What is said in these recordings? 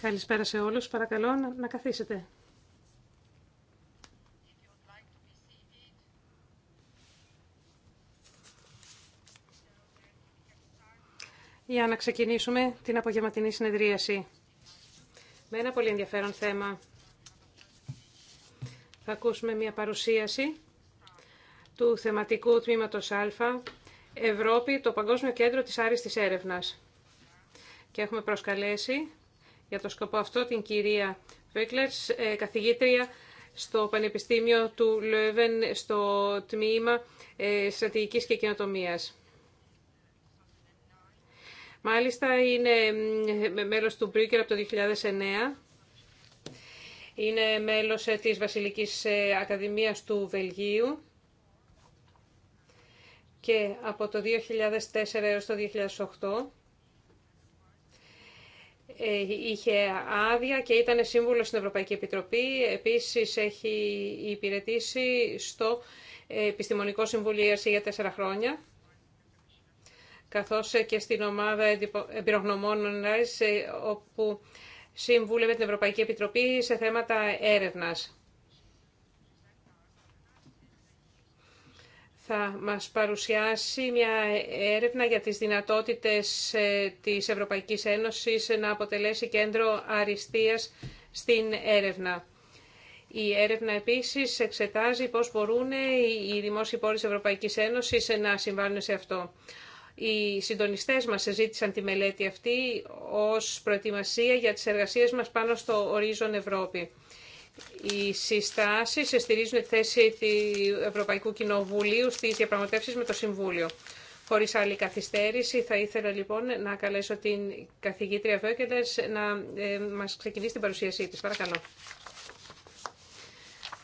Καλησπέρα σε όλους. Παρακαλώ να, να καθίσετε. Για να ξεκινήσουμε την απογευματινή συνεδρίαση. Με ένα πολύ ενδιαφέρον θέμα. Θα ακούσουμε μια παρουσίαση του θεματικού τμήματος Α Ευρώπη, το Παγκόσμιο Κέντρο της Άριστης Έρευνας. Και έχουμε προσκαλέσει για το σκοπό αυτό την κυρία Βέκλερς, ε, καθηγήτρια στο Πανεπιστήμιο του Λεύεν, στο τμήμα ε, στρατηγικής και κοινοτομίας. Μάλιστα είναι ε, μέλος του Μπρίκερ από το 2009. Είναι μέλος της Βασιλικής Ακαδημίας του Βελγίου και από το 2004 έως το 2008 ε, είχε άδεια και ήταν σύμβουλο στην Ευρωπαϊκή Επιτροπή. Επίσης έχει υπηρετήσει στο Επιστημονικό Συμβούλιο ερση για τέσσερα χρόνια καθώς και στην ομάδα εμπειρογνωμόνων όπου συμβούλευε την Ευρωπαϊκή Επιτροπή σε θέματα έρευνας. θα μας παρουσιάσει μια έρευνα για τις δυνατότητες ε, της Ευρωπαϊκής Ένωσης να αποτελέσει κέντρο αριστείας στην έρευνα. Η έρευνα επίσης εξετάζει πώς μπορούν οι δημόσιοι πόροι Ευρωπαϊκής Ένωσης να συμβάλλουν σε αυτό. Οι συντονιστές μας ζήτησαν τη μελέτη αυτή ως προετοιμασία για τις εργασίες μας πάνω στο ορίζον Ευρώπη. Οι συστάσεις στηρίζουν τη θέση του Ευρωπαϊκού Κοινοβουλίου στις διαπραγματεύσεις με το Συμβούλιο. Χωρίς άλλη καθυστέρηση, θα ήθελα λοιπόν να καλέσω την καθηγήτρια Βέκελες να ε, μας ξεκινήσει την παρουσίασή της. Παρακαλώ.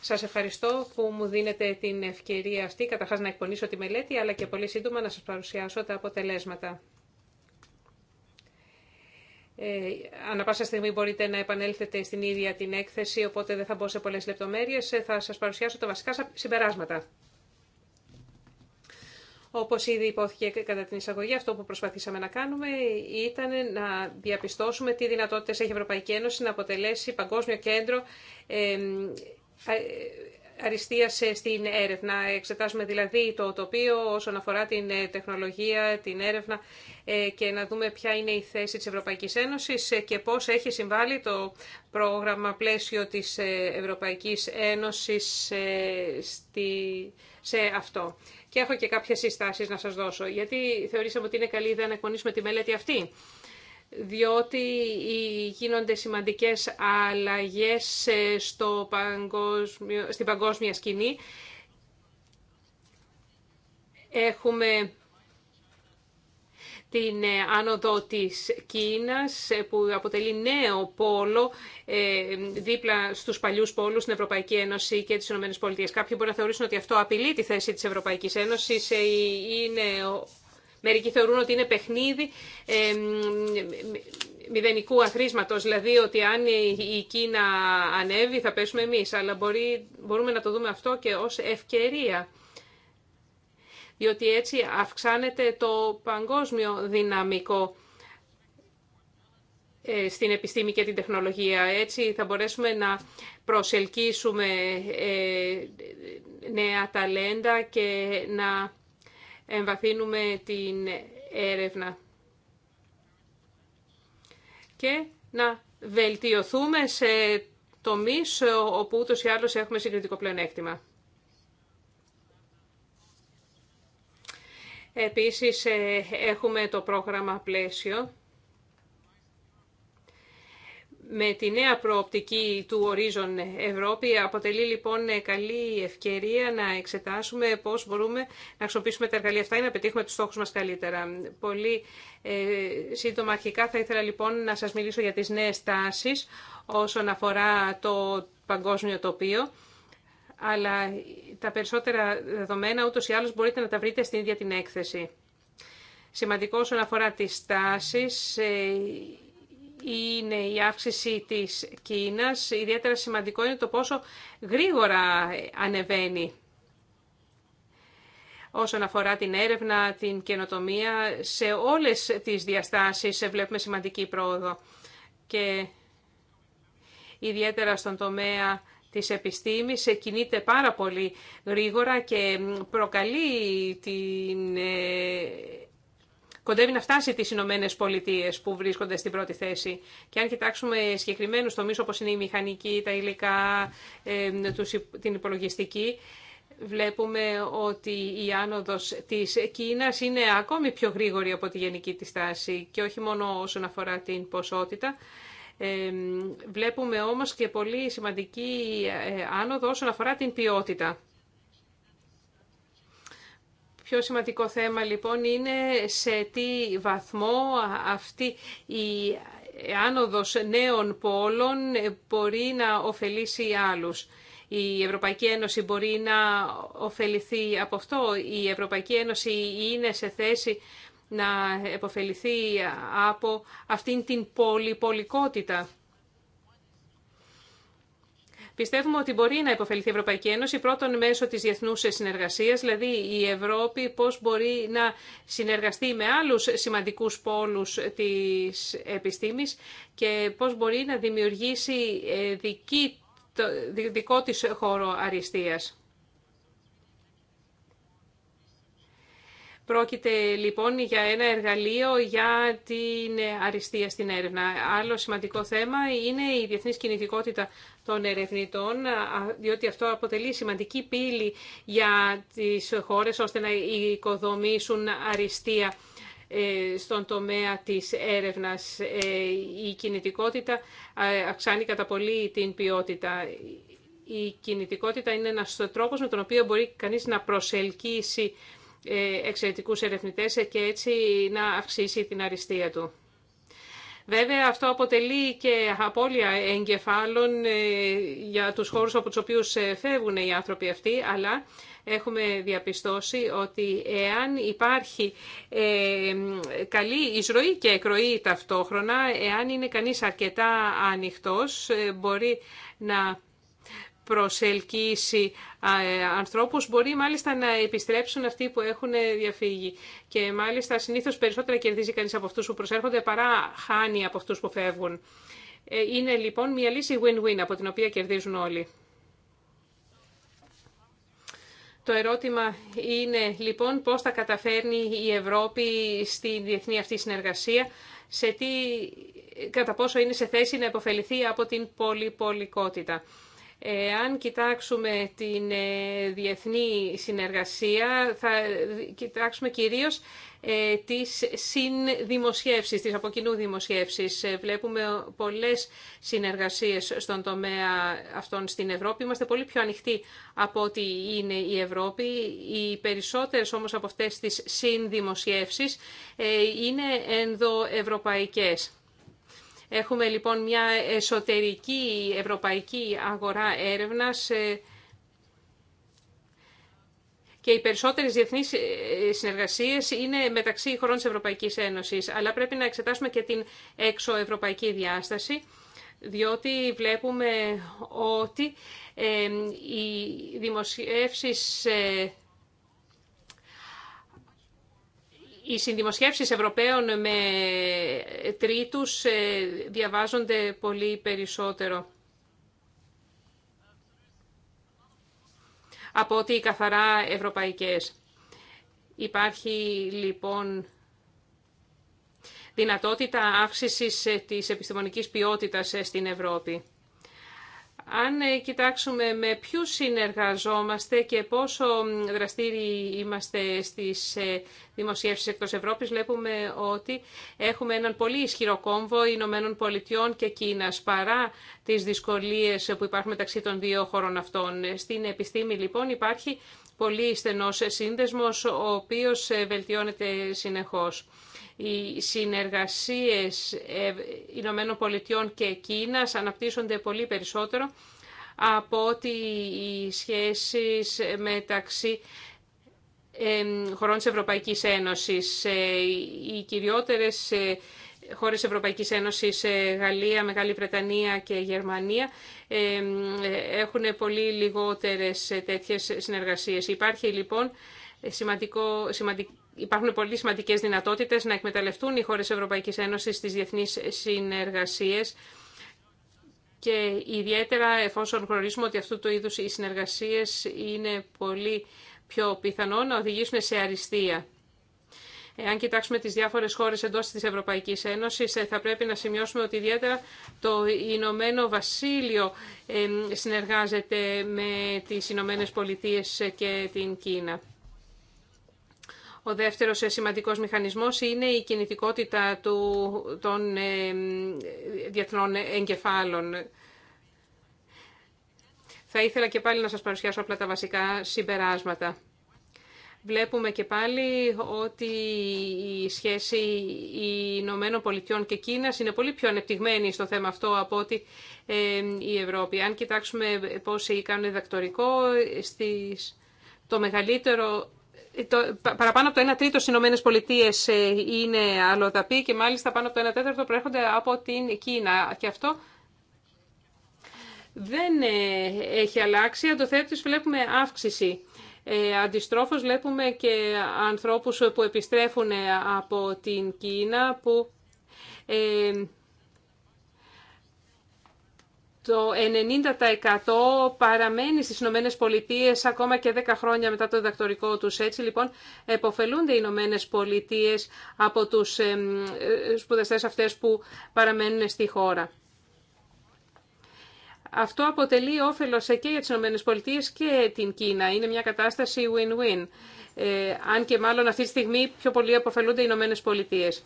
Σας ευχαριστώ που μου δίνετε την ευκαιρία αυτή, καταρχάς να εκπονήσω τη μελέτη, αλλά και πολύ σύντομα να σας παρουσιάσω τα αποτελέσματα. Ε, ανά πάσα στιγμή μπορείτε να επανέλθετε στην ίδια την έκθεση, οπότε δεν θα μπω σε πολλές λεπτομέρειες. Ε, θα σας παρουσιάσω τα βασικά συμπεράσματα. Όπως ήδη υπόθηκε κατά την εισαγωγή, αυτό που προσπαθήσαμε να κάνουμε ήταν να διαπιστώσουμε τι δυνατότητες έχει η Ευρωπαϊκή Ένωση να αποτελέσει παγκόσμιο κέντρο ε, αριστείας στην έρευνα. Εξετάζουμε δηλαδή το τοπίο όσον αφορά την ε, τεχνολογία, την έρευνα ε, και να δούμε ποια είναι η θέση της Ευρωπαϊκής Ένωσης ε, και πώς έχει συμβάλει το πρόγραμμα πλαίσιο της Ευρωπαϊκής Ένωσης σε αυτό. Και έχω και κάποιες συστάσεις να σας δώσω, γιατί θεωρήσαμε ότι είναι καλή ιδέα να εκπονήσουμε τη μελέτη αυτή διότι γίνονται σημαντικές αλλαγές στο παγκόσμιο, στην παγκόσμια σκηνή. Έχουμε την ε, άνοδο της Κίνας ε, που αποτελεί νέο πόλο ε, δίπλα στους παλιούς πόλους στην Ευρωπαϊκή Ένωση και τις Ηνωμένες Πολιτείες. Κάποιοι μπορεί να θεωρήσουν ότι αυτό απειλεί τη θέση της Ευρωπαϊκής Ένωσης. Είναι Μερικοί θεωρούν ότι είναι παιχνίδι ε, μηδενικού αθροίσματος, δηλαδή ότι αν η Κίνα ανέβει θα πέσουμε εμείς, αλλά μπορεί, μπορούμε να το δούμε αυτό και ως ευκαιρία, διότι έτσι αυξάνεται το παγκόσμιο δυναμικό ε, στην επιστήμη και την τεχνολογία. Έτσι θα μπορέσουμε να προσελκύσουμε ε, νέα ταλέντα και να εμβαθύνουμε την έρευνα και να βελτιωθούμε σε τομείς όπου ούτως ή άλλως έχουμε συγκριτικό πλεονέκτημα. Επίσης, ε, έχουμε το πρόγραμμα πλαίσιο με τη νέα προοπτική του Horizon Ευρώπη αποτελεί λοιπόν καλή ευκαιρία να εξετάσουμε πώς μπορούμε να χρησιμοποιήσουμε τα εργαλεία αυτά ή να πετύχουμε τους στόχους μας καλύτερα. Πολύ ε, σύντομα αρχικά θα ήθελα λοιπόν να σας μιλήσω για τις νέες τάσεις όσον αφορά το παγκόσμιο τοπίο. Αλλά τα περισσότερα δεδομένα ούτως ή άλλως μπορείτε να τα βρείτε στην ίδια την έκθεση. Σημαντικό όσον αφορά τις τάσεις ε, είναι η αύξηση της Κίνας. Ιδιαίτερα σημαντικό είναι το πόσο γρήγορα ανεβαίνει όσον αφορά την έρευνα, την καινοτομία. Σε όλες τις διαστάσεις βλέπουμε σημαντική πρόοδο και ιδιαίτερα στον τομέα της επιστήμης κινείται πάρα πολύ γρήγορα και προκαλεί την ε, κοντεύει να φτάσει τις Ηνωμένε Πολιτείε που βρίσκονται στην πρώτη θέση. Και αν κοιτάξουμε συγκεκριμένου τομεί όπω είναι η μηχανική, τα υλικά, την υπολογιστική, βλέπουμε ότι η άνοδος της Κίνα είναι ακόμη πιο γρήγορη από τη γενική τη τάση και όχι μόνο όσον αφορά την ποσότητα. βλέπουμε όμως και πολύ σημαντική ε, άνοδο όσον αφορά την ποιότητα. Πιο σημαντικό θέμα λοιπόν είναι σε τι βαθμό αυτή η άνοδος νέων πόλων μπορεί να ωφελήσει άλλους. Η Ευρωπαϊκή Ένωση μπορεί να ωφεληθεί από αυτό. Η Ευρωπαϊκή Ένωση είναι σε θέση να επωφεληθεί από αυτήν την πολυπολικότητα Πιστεύουμε ότι μπορεί να υποφεληθεί η Ευρωπαϊκή Ένωση πρώτον μέσω της διεθνού συνεργασία, δηλαδή η Ευρώπη πώς μπορεί να συνεργαστεί με άλλους σημαντικούς πόλους της επιστήμης και πώς μπορεί να δημιουργήσει ε, δική, δικό της χώρο αριστείας. Πρόκειται λοιπόν για ένα εργαλείο για την αριστεία στην έρευνα. Άλλο σημαντικό θέμα είναι η διεθνής κινητικότητα των ερευνητών, διότι αυτό αποτελεί σημαντική πύλη για τις χώρες ώστε να οικοδομήσουν αριστεία ε, στον τομέα της έρευνας. Ε, η κινητικότητα αυξάνει κατά πολύ την ποιότητα. Η κινητικότητα είναι ένας τρόπος με τον οποίο μπορεί κανείς να προσελκύσει ε, εξαιρετικούς ερευνητές ε, και έτσι να αυξήσει την αριστεία του. Βέβαια, αυτό αποτελεί και απώλεια εγκεφάλων ε, για τους χώρους από τους οποίους φεύγουν οι άνθρωποι αυτοί, αλλά έχουμε διαπιστώσει ότι εάν υπάρχει καλή εισρωή και εκροή ταυτόχρονα, εάν είναι κανείς αρκετά ανοιχτός, μπορεί να προσελκύσει ε, ανθρώπους, μπορεί μάλιστα να επιστρέψουν αυτοί που έχουν διαφύγει. Και μάλιστα συνήθως περισσότερα κερδίζει κανείς από αυτούς που προσέρχονται παρά χάνει από αυτούς που φεύγουν. Ε, είναι λοιπόν μια λύση win-win από την οποία κερδίζουν όλοι. Το ερώτημα είναι λοιπόν πώς θα καταφέρνει η Ευρώπη στη διεθνή αυτή συνεργασία, σε τι, κατά πόσο είναι σε θέση να υποφεληθεί από την πολυπολικότητα. Αν κοιτάξουμε την ε, διεθνή συνεργασία, θα κοιτάξουμε κυρίως ε, τις συνδημοσιεύσεις, τις αποκοινού δημοσιεύσεις. Ε, βλέπουμε πολλές συνεργασίες στον τομέα αυτών στην Ευρώπη. Είμαστε πολύ πιο ανοιχτοί από ό,τι είναι η Ευρώπη. Οι περισσότερες όμως από αυτές τις συνδημοσιεύσεις είναι ενδοευρωπαϊκές. Έχουμε λοιπόν μια εσωτερική ευρωπαϊκή αγορά έρευνας ε, και οι περισσότερες διεθνείς ε, συνεργασίες είναι μεταξύ χωρών της Ευρωπαϊκής Ένωσης, αλλά πρέπει να εξετάσουμε και την εξωευρωπαϊκή διάσταση, διότι βλέπουμε ότι ε, οι δημοσιεύσεις Οι συνδημοσιεύσεις Ευρωπαίων με τρίτους ε, διαβάζονται πολύ περισσότερο. από ότι οι καθαρά ευρωπαϊκές. Υπάρχει λοιπόν δυνατότητα αύξησης ε, της επιστημονικής ποιότητας ε, στην Ευρώπη. Αν ε, κοιτάξουμε με ποιους συνεργαζόμαστε και πόσο δραστήριοι είμαστε στις ε, δημοσίευσεις εκτός Ευρώπης, βλέπουμε ότι έχουμε έναν πολύ ισχυρό κόμβο Ηνωμένων Πολιτειών και Κίνας, παρά τις δυσκολίες που υπάρχουν μεταξύ των δύο χωρών αυτών. Στην επιστήμη λοιπόν υπάρχει πολύ στενός σύνδεσμος, ο οποίος ε, βελτιώνεται συνεχώς. Οι συνεργασίες ε, Ηνωμένων Πολιτειών και Κίνας αναπτύσσονται πολύ περισσότερο από ότι οι σχέσεις μεταξύ χωρών της Ευρωπαϊκής Ένωσης. Ε, οι κυριότερες ε, χώρες Ευρωπαϊκής Ένωσης, Γαλλία, Μεγάλη Βρετανία και Γερμανία, έχουν πολύ λιγότερες τέτοιες συνεργασίες. Υπάρχει λοιπόν σημαντικό, σημαντικό υπάρχουν πολύ σημαντικέ δυνατότητε να εκμεταλλευτούν οι χώρε Ευρωπαϊκή Ένωση στι διεθνεί συνεργασίε. και ιδιαίτερα εφόσον γνωρίζουμε ότι αυτού του είδους οι συνεργασίες είναι πολύ πιο πιθανό να οδηγήσουν σε αριστεία. Εάν κοιτάξουμε τις διάφορες χώρες εντός της Ευρωπαϊκής Ένωσης, ε, θα πρέπει να σημειώσουμε ότι ιδιαίτερα το Ηνωμένο Βασίλειο ε, συνεργάζεται με τις Ηνωμένε Πολιτείες και την Κίνα. Ο δεύτερος ε, σημαντικός μηχανισμός είναι η κινητικότητα του, των ε, διεθνών εγκεφάλων. Θα ήθελα και πάλι να σας παρουσιάσω απλά τα βασικά συμπεράσματα. Βλέπουμε και πάλι ότι η σχέση Ηνωμένων Πολιτειών και Κίνας είναι πολύ πιο ανεπτυγμένη στο θέμα αυτό από ότι ε, η Ευρώπη. Αν κοιτάξουμε πώς κάνουν διδακτορικό, το μεγαλύτερο παραπάνω από το 1 τρίτο στι Ηνωμένε Πολιτείε ε, είναι αλλοδαπή και μάλιστα πάνω από το 1 τέταρτο προέρχονται από την Κίνα. Και αυτό δεν ε, έχει αλλάξει. Αν το θέτει, βλέπουμε αύξηση. Ε, αντιστρόφως βλέπουμε και ανθρώπου που επιστρέφουν ε, από την Κίνα που το 90% παραμένει στις Ηνωμένε Πολιτείε ακόμα και 10 χρόνια μετά το διδακτορικό τους. Έτσι λοιπόν εποφελούνται οι Ηνωμένε Πολιτείε από τους ε, σπουδαστές αυτές που παραμένουν στη χώρα. Αυτό αποτελεί όφελος και για τις Ηνωμένε Πολιτείε και την Κίνα. Είναι μια κατάσταση win-win. Ε, αν και μάλλον αυτή τη στιγμή πιο πολύ αποφελούνται οι Ηνωμένε Πολιτείες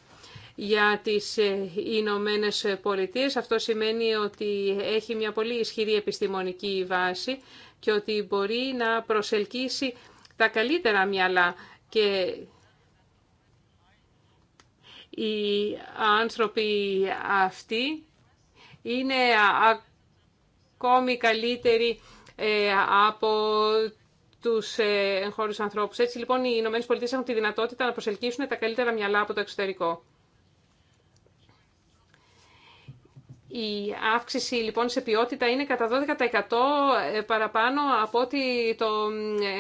για τις ε, Ηνωμένε Πολιτείε. Αυτό σημαίνει ότι έχει μια πολύ ισχυρή επιστημονική βάση και ότι μπορεί να προσελκύσει τα καλύτερα μυαλά και οι άνθρωποι αυτοί είναι ακόμη καλύτεροι ε, από τους ε, εγχώριους ανθρώπους. Έτσι λοιπόν οι Ηνωμένες Πολιτείες έχουν τη δυνατότητα να προσελκύσουν τα καλύτερα μυαλά από το εξωτερικό. Η αύξηση λοιπόν σε ποιότητα είναι κατά 12% ε, παραπάνω από ότι το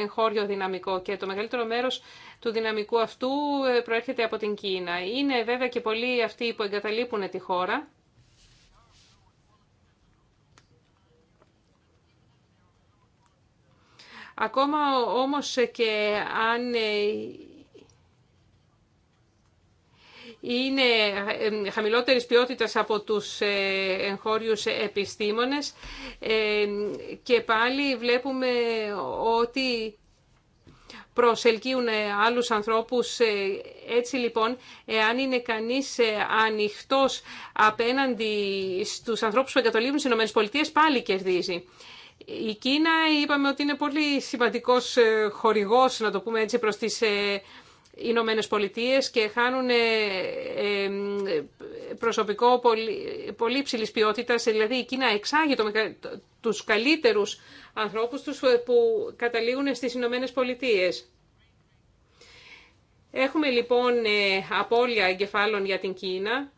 εγχώριο δυναμικό και το μεγαλύτερο μέρος του δυναμικού αυτού ε, προέρχεται από την Κίνα. Είναι βέβαια και πολλοί αυτοί που εγκαταλείπουν τη χώρα. Ακόμα όμως και αν ε, είναι χαμηλότερης ποιότητας από τους ε, εγχώριους επιστήμονες και πάλι βλέπουμε ότι προσελκύουν ε, άλλους ανθρώπους. Ε, έτσι λοιπόν, εάν είναι κανείς ανοιχτός απέναντι στους ανθρώπους που εγκαταλείπουν στις ΗΠΑ, πάλι κερδίζει. Η Κίνα είπαμε ότι είναι πολύ σημαντικός χορηγός, να το πούμε έτσι, προς τις Ηνωμένε Πολιτείε και χάνουν ε, ε, προσωπικό πολύ, πολύ ποιότητα. ποιότητας. Δηλαδή η Κίνα εξάγει το, τους καλύτερους ανθρώπους ε, που καταλήγουν στις Ηνωμένε Πολιτείε. Έχουμε λοιπόν απώλεια εγκεφάλων για την Κίνα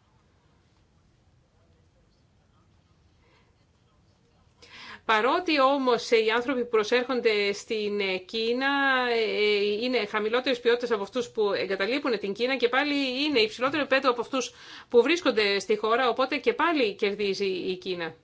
Παρότι όμως οι άνθρωποι που προσέρχονται στην Κίνα ε, είναι χαμηλότερες ποιότητες από αυτούς που εγκαταλείπουν την Κίνα και πάλι είναι υψηλότερο πέτο από αυτούς που βρίσκονται στη χώρα, οπότε και πάλι κερδίζει η Κίνα.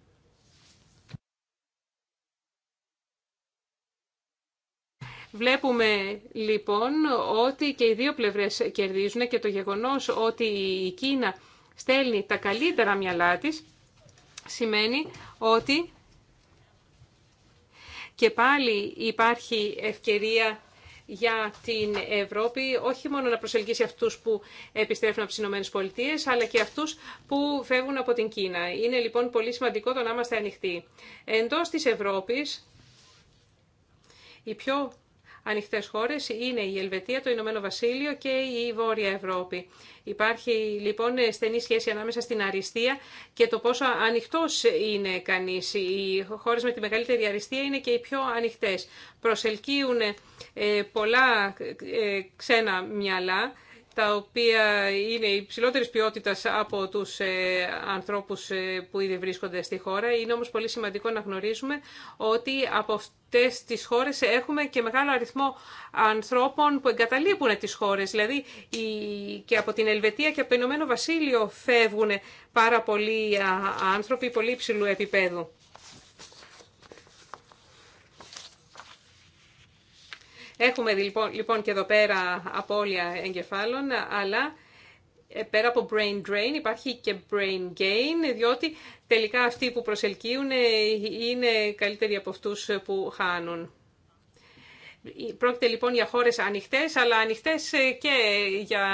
Βλέπουμε λοιπόν ότι και οι δύο πλευρές κερδίζουν και το γεγονός ότι η Κίνα στέλνει τα καλύτερα μυαλά της σημαίνει ότι και πάλι υπάρχει ευκαιρία για την Ευρώπη όχι μόνο να προσελκύσει αυτούς που επιστρέφουν από τις Ηνωμένες Πολιτείες, αλλά και αυτούς που φεύγουν από την Κίνα. Είναι λοιπόν πολύ σημαντικό το να είμαστε ανοιχτοί. Εντός της Ευρώπης, η πιο Ανοιχτέ χώρες είναι η Ελβετία, το Ηνωμένο Βασίλειο και η Βόρεια Ευρώπη. Υπάρχει λοιπόν στενή σχέση ανάμεσα στην αριστεία και το πόσο ανοιχτός είναι κάνει Οι χώρε με τη μεγαλύτερη αριστεία είναι και οι πιο ανοιχτές. Προσελκύουν ε, πολλά ε, ξένα μυαλά τα οποία είναι υψηλότερης ποιότητας από τους ε, ανθρώπους ε, που ήδη βρίσκονται στη χώρα. Είναι όμως πολύ σημαντικό να γνωρίζουμε ότι από αυτές τις χώρες έχουμε και μεγάλο αριθμό ανθρώπων που εγκαταλείπουν τις χώρες. Δηλαδή και από την Ελβετία και από το Ηνωμένο Βασίλειο φεύγουν πάρα πολλοί άνθρωποι πολύ υψηλού επίπεδου. Έχουμε λοιπόν, λοιπόν και εδώ πέρα απώλεια εγκεφάλων, αλλά ε, πέρα από brain drain υπάρχει και brain gain, διότι τελικά αυτοί που προσελκύουν ε, είναι καλύτεροι από αυτούς που χάνουν. Πρόκειται λοιπόν για χώρες ανοιχτές, αλλά ανοιχτές ε, και για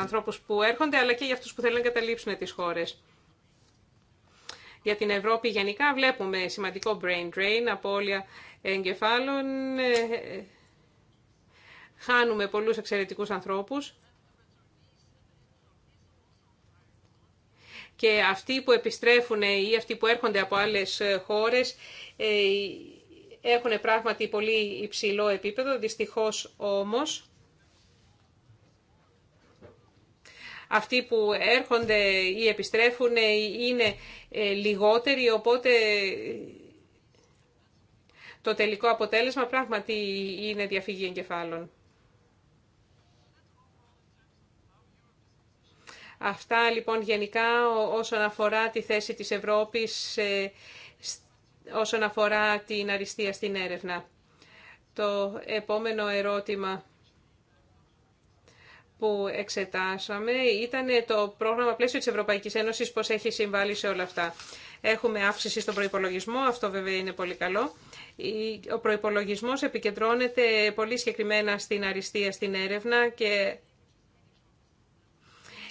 ανθρώπους που έρχονται, αλλά και για αυτούς που θέλουν να καταλήψουν τις χώρες. Για την Ευρώπη γενικά βλέπουμε σημαντικό brain drain, απώλεια εγκεφάλων, χάνουμε πολλούς εξαιρετικούς ανθρώπους και αυτοί που επιστρέφουν ή αυτοί που έρχονται από άλλες χώρες ε, έχουν πράγματι πολύ υψηλό επίπεδο, δυστυχώς όμως. Αυτοί που έρχονται ή επιστρέφουν ε, είναι ε, λιγότεροι, οπότε το τελικό αποτέλεσμα πράγματι είναι διαφυγή εγκεφάλων. Αυτά λοιπόν γενικά όσον αφορά τη θέση της Ευρώπης, ε, όσον αφορά την αριστεία στην έρευνα. Το επόμενο ερώτημα που εξετάσαμε ήταν το πρόγραμμα πλαίσιο της Ευρωπαϊκής Ένωσης, πώς έχει συμβάλει σε όλα αυτά. Έχουμε αύξηση στον προϋπολογισμό, αυτό βέβαια είναι πολύ καλό. Ο προϋπολογισμός επικεντρώνεται πολύ συγκεκριμένα στην αριστεία, στην έρευνα και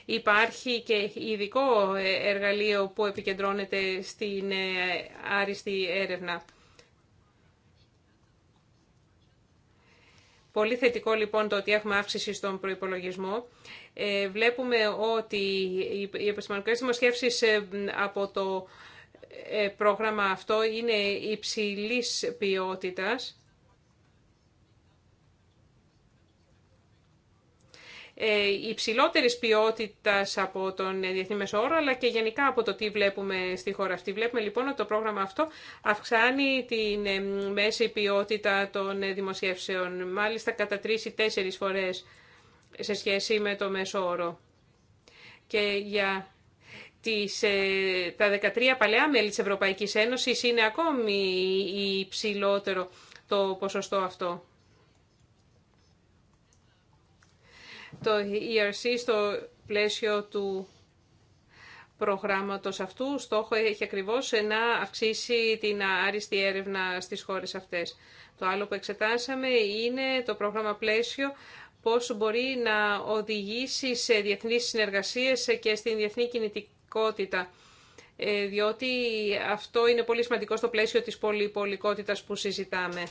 Υπάρχει και ειδικό εργαλείο που επικεντρώνεται στην ε, άριστη έρευνα. Πολύ θετικό λοιπόν το ότι έχουμε αύξηση στον προϋπολογισμό. Ε, βλέπουμε ότι οι επιστημονικές δημοσχεύσεις ε, από το πρόγραμμα αυτό είναι υψηλής ποιότητας. Ε, υψηλότερης ποιότητα από τον διεθνή μεσόωρο, αλλά και γενικά από το τι βλέπουμε στη χώρα αυτή. Βλέπουμε λοιπόν ότι το πρόγραμμα αυτό αυξάνει την ε, μέση ποιότητα των δημοσιεύσεων, μάλιστα κατά κατά ή τέσσερις φορές σε σχέση με το μέσο όρο. Και για τις, ε, τα 13 παλαιά μέλη της Ευρωπαϊκής Ένωσης είναι ακόμη υψηλότερο το ποσοστό αυτό. το ERC στο πλαίσιο του προγράμματος αυτού. Στόχο έχει ακριβώς να αυξήσει την άριστη έρευνα στις χώρες αυτές. Το άλλο που εξετάσαμε είναι το πρόγραμμα πλαίσιο πώς μπορεί να οδηγήσει σε διεθνείς συνεργασίες και στην διεθνή κινητικότητα ε, διότι αυτό είναι πολύ σημαντικό στο πλαίσιο της πολυπολικότητας που συζητάμε.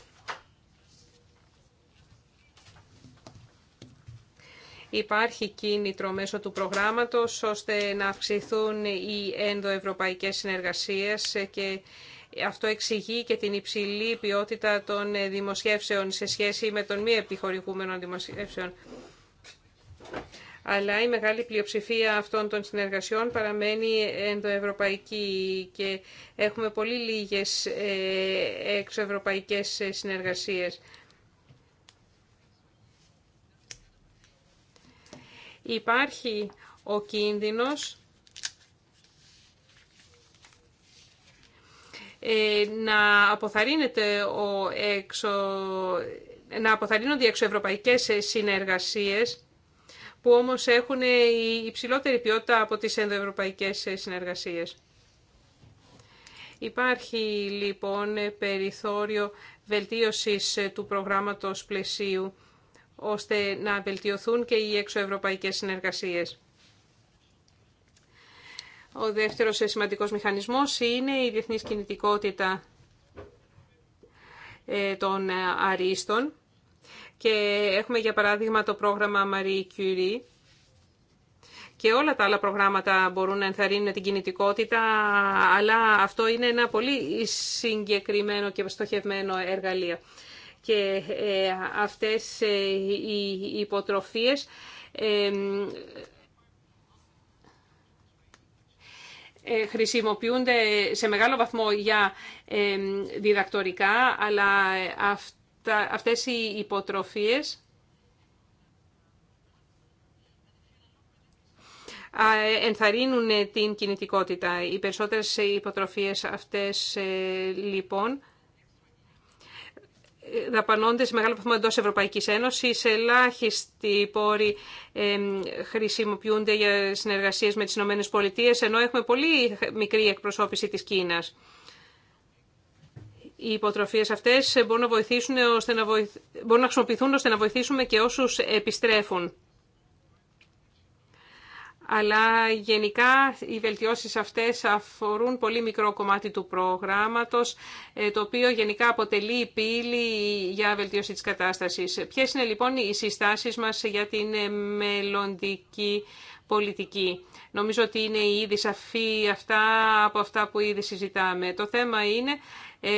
Υπάρχει κίνητρο μέσω του προγράμματος ώστε να αυξηθούν οι ενδοευρωπαϊκές συνεργασίες και αυτό εξηγεί και την υψηλή ποιότητα των δημοσιεύσεων σε σχέση με τον μη επιχορηγούμενο δημοσιεύσεων. Αλλά η μεγάλη πλειοψηφία αυτών των συνεργασιών παραμένει ενδοευρωπαϊκή και έχουμε πολύ λίγες ε, εξωευρωπαϊκές συνεργασίες. υπάρχει ο κίνδυνος ε, να αποθαρρύνεται ο εξω... να αποθαρρύνονται οι εξωευρωπαϊκές συνεργασίες που όμως έχουν υψηλότερη ποιότητα από τις ενδοευρωπαϊκές συνεργασίες. Υπάρχει λοιπόν περιθώριο βελτίωσης του προγράμματος πλαισίου ώστε να βελτιωθούν και οι εξωευρωπαϊκές συνεργασίες. Ο δεύτερος σημαντικός μηχανισμός είναι η διεθνής κινητικότητα ε, των αρίστων και έχουμε για παράδειγμα το πρόγραμμα Marie Curie και όλα τα άλλα προγράμματα μπορούν να ενθαρρύνουν την κινητικότητα, αλλά αυτό είναι ένα πολύ συγκεκριμένο και στοχευμένο εργαλείο και ε, αυτές ε, οι υποτροφίες ε, χρησιμοποιούνται σε μεγάλο βαθμό για διδακτορικά, αλλά αυτές οι υποτροφίες ενθαρρύνουν την κινητικότητα. Οι περισσότερες υποτροφίες αυτές, λοιπόν, δαπανώνται σε μεγάλο βαθμό εντό Ευρωπαϊκής Ένωσης. Ελάχιστοι πόροι χρησιμοποιούνται για συνεργασίε με τις ΗΠΑ, Πολιτείες, ενώ έχουμε πολύ μικρή εκπροσώπηση τη Κίνας. Οι υποτροφίες αυτές μπορούν να, να, βοηθ... μπορούν να χρησιμοποιηθούν ώστε να βοηθήσουμε και όσους επιστρέφουν αλλά γενικά οι βελτιώσεις αυτές αφορούν πολύ μικρό κομμάτι του προγράμματος, ε, το οποίο γενικά αποτελεί πύλη για βελτίωση της κατάστασης. Ποιες είναι λοιπόν οι συστάσεις μας για την ε, μελλοντική πολιτική. Νομίζω ότι είναι ήδη σαφή αυτά από αυτά που ήδη συζητάμε. Το θέμα είναι ε,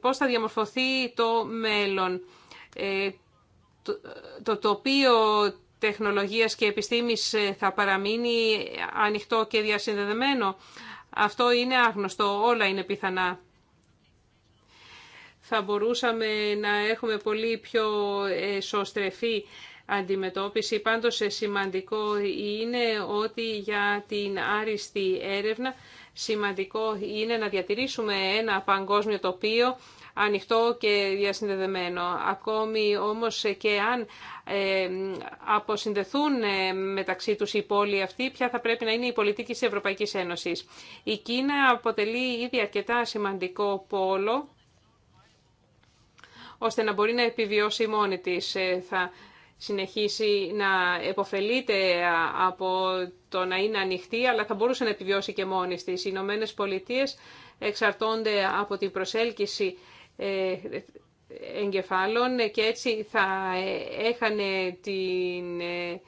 πώς θα διαμορφωθεί το μέλλον. το, το τοπίο τεχνολογίας και επιστήμης ε, θα παραμείνει ανοιχτό και διασυνδεδεμένο. Αυτό είναι άγνωστο, όλα είναι πιθανά. Θα μπορούσαμε να έχουμε πολύ πιο σωστρεφή αντιμετώπιση. Πάντως ε, σημαντικό είναι ότι για την άριστη έρευνα σημαντικό είναι να διατηρήσουμε ένα παγκόσμιο τοπίο ανοιχτό και διασυνδεδεμένο. Ακόμη όμως και αν ε, αποσυνδεθούν ε, μεταξύ τους οι πόλοι αυτοί, ποια θα πρέπει να είναι η πολιτική της Ευρωπαϊκής Ένωσης. Η Κίνα αποτελεί ήδη αρκετά σημαντικό πόλο ώστε να μπορεί να επιβιώσει μόνη της. Ε, θα συνεχίσει να επωφελείται από το να είναι ανοιχτή, αλλά θα μπορούσε να επιβιώσει και μόνη της. Οι Ηνωμένε Πολιτείες εξαρτώνται από την προσέλκυση ε, εγκεφάλων και έτσι θα ε, έχανε την ε,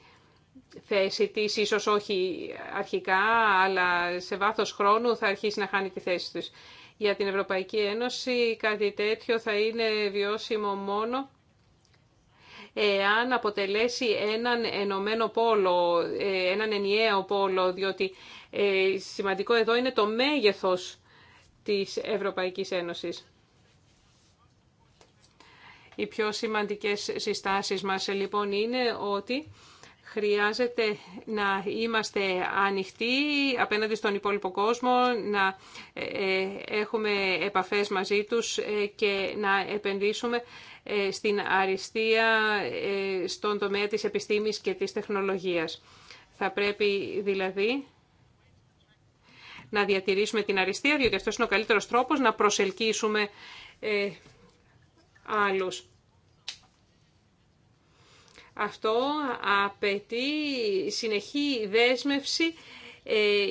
θέση της, ίσως όχι αρχικά, αλλά σε βάθος χρόνου θα αρχίσει να χάνει τη θέση της. Για την Ευρωπαϊκή Ένωση κάτι τέτοιο θα είναι βιώσιμο μόνο εάν αποτελέσει έναν ενωμένο πόλο, έναν ενιαίο πόλο, διότι σημαντικό εδώ είναι το μέγεθος της Ευρωπαϊκής Ένωσης. Οι πιο σημαντικές συστάσεις μας λοιπόν είναι ότι χρειάζεται να είμαστε ανοιχτοί απέναντι στον υπόλοιπο κόσμο, να ε, ε, έχουμε επαφές μαζί τους ε, και να επενδύσουμε στην αριστεία στον τομέα της επιστήμης και της τεχνολογίας. Θα πρέπει δηλαδή να διατηρήσουμε την αριστεία, διότι αυτός είναι ο καλύτερος τρόπος να προσελκύσουμε άλλους. Αυτό απαιτεί συνεχή δέσμευση ε,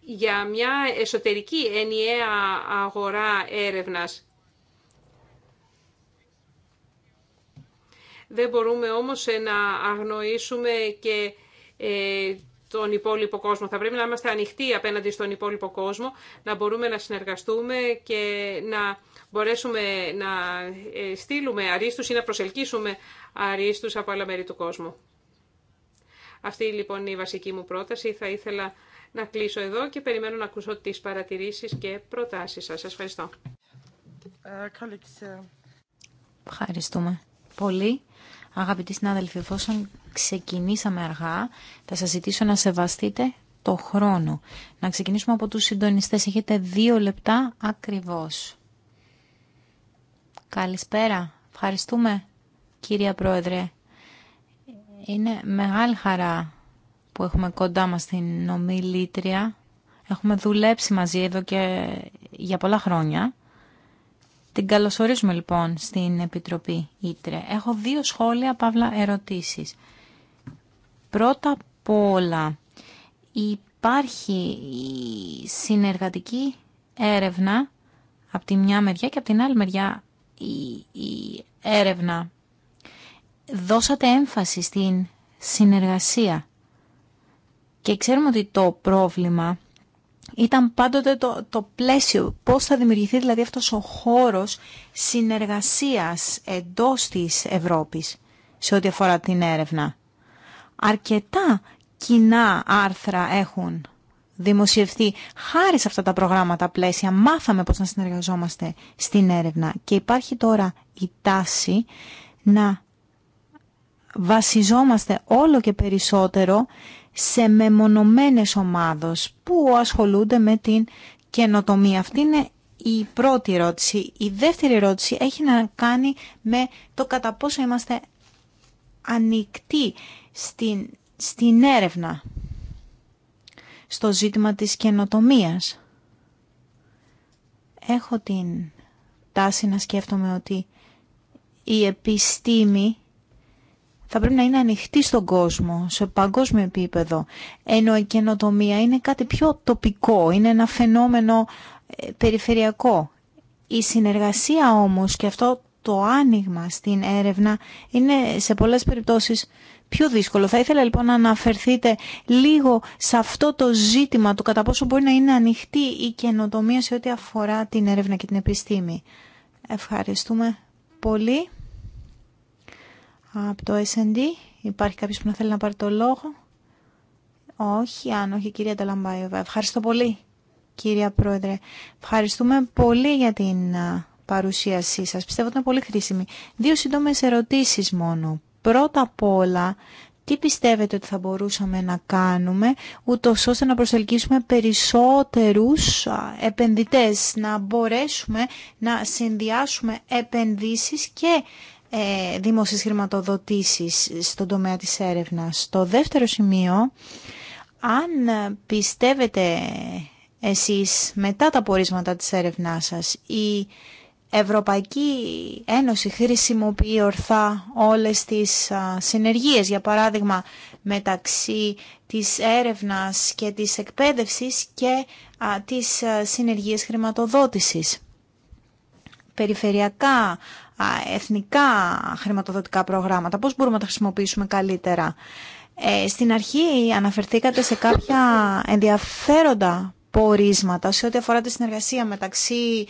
για μια εσωτερική ενιαία αγορά έρευνας. Δεν μπορούμε όμως να αγνοήσουμε και ε, τον υπόλοιπο κόσμο. Θα πρέπει να είμαστε ανοιχτοί απέναντι στον υπόλοιπο κόσμο, να μπορούμε να συνεργαστούμε και να μπορέσουμε να ε, στείλουμε αρίστους ή να προσελκύσουμε αρίστους από άλλα μέρη του κόσμου. Αυτή λοιπόν είναι η βασική μου πρόταση. Θα ήθελα να κλείσω εδώ και περιμένω να ακούσω τις παρατηρήσεις και προτάσεις σας. Σας ευχαριστώ. Ε, ε, Ευχαριστούμε πολύ. Αγαπητοί συνάδελφοι, εφόσον ξεκινήσαμε αργά, θα σας ζητήσω να σεβαστείτε το χρόνο. Να ξεκινήσουμε από τους συντονιστές. Έχετε δύο λεπτά ακριβώς. Καλησπέρα. Ευχαριστούμε, κύρια Πρόεδρε. Είναι μεγάλη χαρά που έχουμε κοντά μας την ομιλήτρια. Έχουμε δουλέψει μαζί εδώ και για πολλά χρόνια. Την καλωσορίζουμε λοιπόν στην Επιτροπή Ήτρε. Έχω δύο σχόλια, παύλα ερωτήσεις. Πρώτα απ' όλα, υπάρχει συνεργατική έρευνα από τη μια μεριά και από την άλλη μεριά η, η έρευνα. Δώσατε έμφαση στην συνεργασία. Και ξέρουμε ότι το πρόβλημα ήταν πάντοτε το, το πλαίσιο, πώς θα δημιουργηθεί δηλαδή αυτός ο χώρος συνεργασίας εντός της Ευρώπης σε ό,τι αφορά την έρευνα. Αρκετά κοινά άρθρα έχουν δημοσιευθεί χάρη σε αυτά τα προγράμματα πλαίσια. Μάθαμε πώς να συνεργαζόμαστε στην έρευνα και υπάρχει τώρα η τάση να βασιζόμαστε όλο και περισσότερο σε μεμονωμένες ομάδες που ασχολούνται με την καινοτομία. Αυτή είναι η πρώτη ερώτηση. Η δεύτερη ερώτηση έχει να κάνει με το κατά πόσο είμαστε ανοιχτοί στην, στην έρευνα στο ζήτημα της καινοτομίας. Έχω την τάση να σκέφτομαι ότι η επιστήμη θα πρέπει να είναι ανοιχτή στον κόσμο, σε παγκόσμιο επίπεδο. Ενώ η καινοτομία είναι κάτι πιο τοπικό, είναι ένα φαινόμενο ε, περιφερειακό. Η συνεργασία όμως και αυτό το άνοιγμα στην έρευνα είναι σε πολλές περιπτώσεις πιο δύσκολο. Θα ήθελα λοιπόν να αναφερθείτε λίγο σε αυτό το ζήτημα του κατά πόσο μπορεί να είναι ανοιχτή η καινοτομία σε ό,τι αφορά την έρευνα και την επιστήμη. Ευχαριστούμε πολύ. Από το S&D υπάρχει κάποιος που να θέλει να πάρει το λόγο. Όχι, αν όχι, κυρία Ταλαμπάιοβα. Ευχαριστώ πολύ, κυρία Πρόεδρε. Ευχαριστούμε πολύ για την παρουσίασή σας. Πιστεύω ότι είναι πολύ χρήσιμη. Δύο σύντομες ερωτήσεις μόνο. Πρώτα απ' όλα, τι πιστεύετε ότι θα μπορούσαμε να κάνουμε, ούτω ώστε να προσελκύσουμε περισσότερους επενδυτές, να μπορέσουμε να συνδυάσουμε επενδύσεις και ε, δημόσιες χρηματοδοτήσεις στον τομέα της έρευνας. Το δεύτερο σημείο, αν πιστεύετε εσείς μετά τα πορίσματα της έρευνάς σας η Ευρωπαϊκή Ένωση χρησιμοποιεί ορθά όλες τις συνεργίες, για παράδειγμα μεταξύ της έρευνας και της εκπαίδευσης και της συνεργίες χρηματοδότησης. Περιφερειακά εθνικά χρηματοδοτικά προγράμματα, πώς μπορούμε να τα χρησιμοποιήσουμε καλύτερα. Ε, στην αρχή αναφερθήκατε σε κάποια ενδιαφέροντα πορίσματα σε ό,τι αφορά τη συνεργασία μεταξύ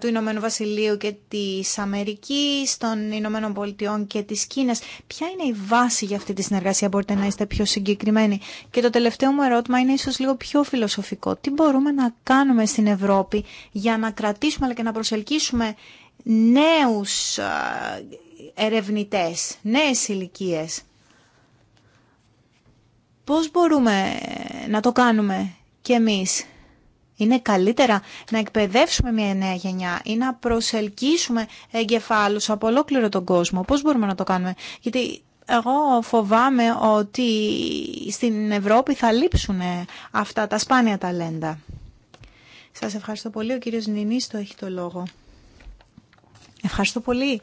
του Ηνωμένου Βασιλείου και της Αμερικής, των Ηνωμένων Πολιτειών και της Κίνας. Ποια είναι η βάση για αυτή τη συνεργασία, μπορείτε να είστε πιο συγκεκριμένοι. Και το τελευταίο μου ερώτημα είναι ίσως λίγο πιο φιλοσοφικό. Τι μπορούμε να κάνουμε στην Ευρώπη για να κρατήσουμε αλλά και να προσελκύσουμε νέους ερευνητές, νέες ηλικίε. Πώς μπορούμε να το κάνουμε κι εμείς. Είναι καλύτερα να εκπαιδεύσουμε μια νέα γενιά ή να προσελκύσουμε εγκεφάλους από ολόκληρο τον κόσμο. Πώς μπορούμε να το κάνουμε. Γιατί εγώ φοβάμαι ότι στην Ευρώπη θα λείψουν αυτά τα σπάνια ταλέντα. Σας ευχαριστώ πολύ. Ο κύριος Νινής το έχει το λόγο. Ευχαριστώ πολύ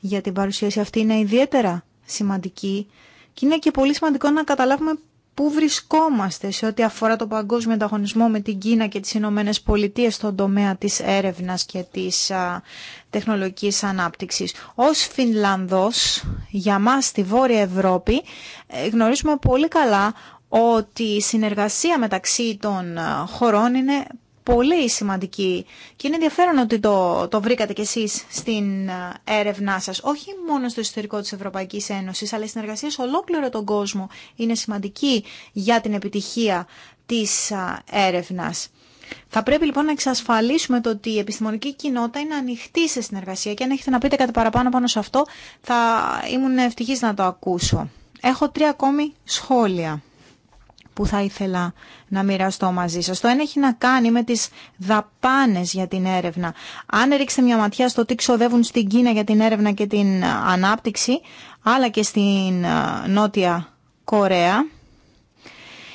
για την παρουσίαση αυτή. Είναι ιδιαίτερα σημαντική και είναι και πολύ σημαντικό να καταλάβουμε πού βρισκόμαστε σε ό,τι αφορά το παγκόσμιο ανταγωνισμό με την Κίνα και τις Ηνωμένε Πολιτείες στον τομέα της έρευνας και της α, τεχνολογικής ανάπτυξης. Ως Φινλανδός, για μας στη Βόρεια Ευρώπη, ε, γνωρίζουμε πολύ καλά ότι η συνεργασία μεταξύ των χωρών είναι πολύ σημαντική και είναι ενδιαφέρον ότι το, το βρήκατε κι εσείς στην ε, έρευνά σας. Όχι μόνο στο ιστορικό της Ευρωπαϊκής Ένωσης, αλλά η συνεργασία σε ολόκληρο τον κόσμο είναι σημαντική για την επιτυχία της ε, έρευνας. Θα πρέπει λοιπόν να εξασφαλίσουμε το ότι η επιστημονική κοινότητα είναι ανοιχτή σε συνεργασία και αν έχετε να πείτε κάτι παραπάνω πάνω σε αυτό θα ήμουν ευτυχής να το ακούσω. Έχω τρία ακόμη σχόλια που θα ήθελα να μοιραστώ μαζί σας. Το ένα έχει να κάνει με τις δαπάνες για την έρευνα. Αν ρίξετε μια ματιά στο τι ξοδεύουν στην Κίνα για την έρευνα και την ανάπτυξη, αλλά και στην Νότια Κορέα,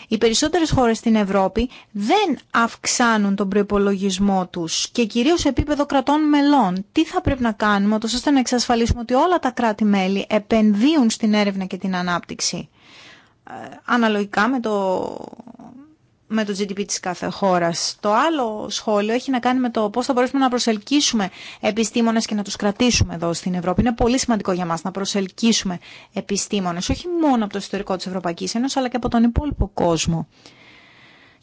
οι περισσότερες χώρες στην Ευρώπη δεν αυξάνουν τον προϋπολογισμό τους και κυρίως σε επίπεδο κρατών μελών. Τι θα πρέπει να κάνουμε ώστε να εξασφαλίσουμε ότι όλα τα κράτη-μέλη επενδύουν στην έρευνα και την ανάπτυξη. Ε, αναλογικά με το, με το GDP της κάθε χώρας. Το άλλο σχόλιο έχει να κάνει με το πώς θα μπορέσουμε να προσελκύσουμε επιστήμονες και να τους κρατήσουμε εδώ στην Ευρώπη. Είναι πολύ σημαντικό για μας να προσελκύσουμε επιστήμονες, όχι μόνο από το ιστορικό της Ευρωπαϊκής Ένωσης, αλλά και από τον υπόλοιπο κόσμο.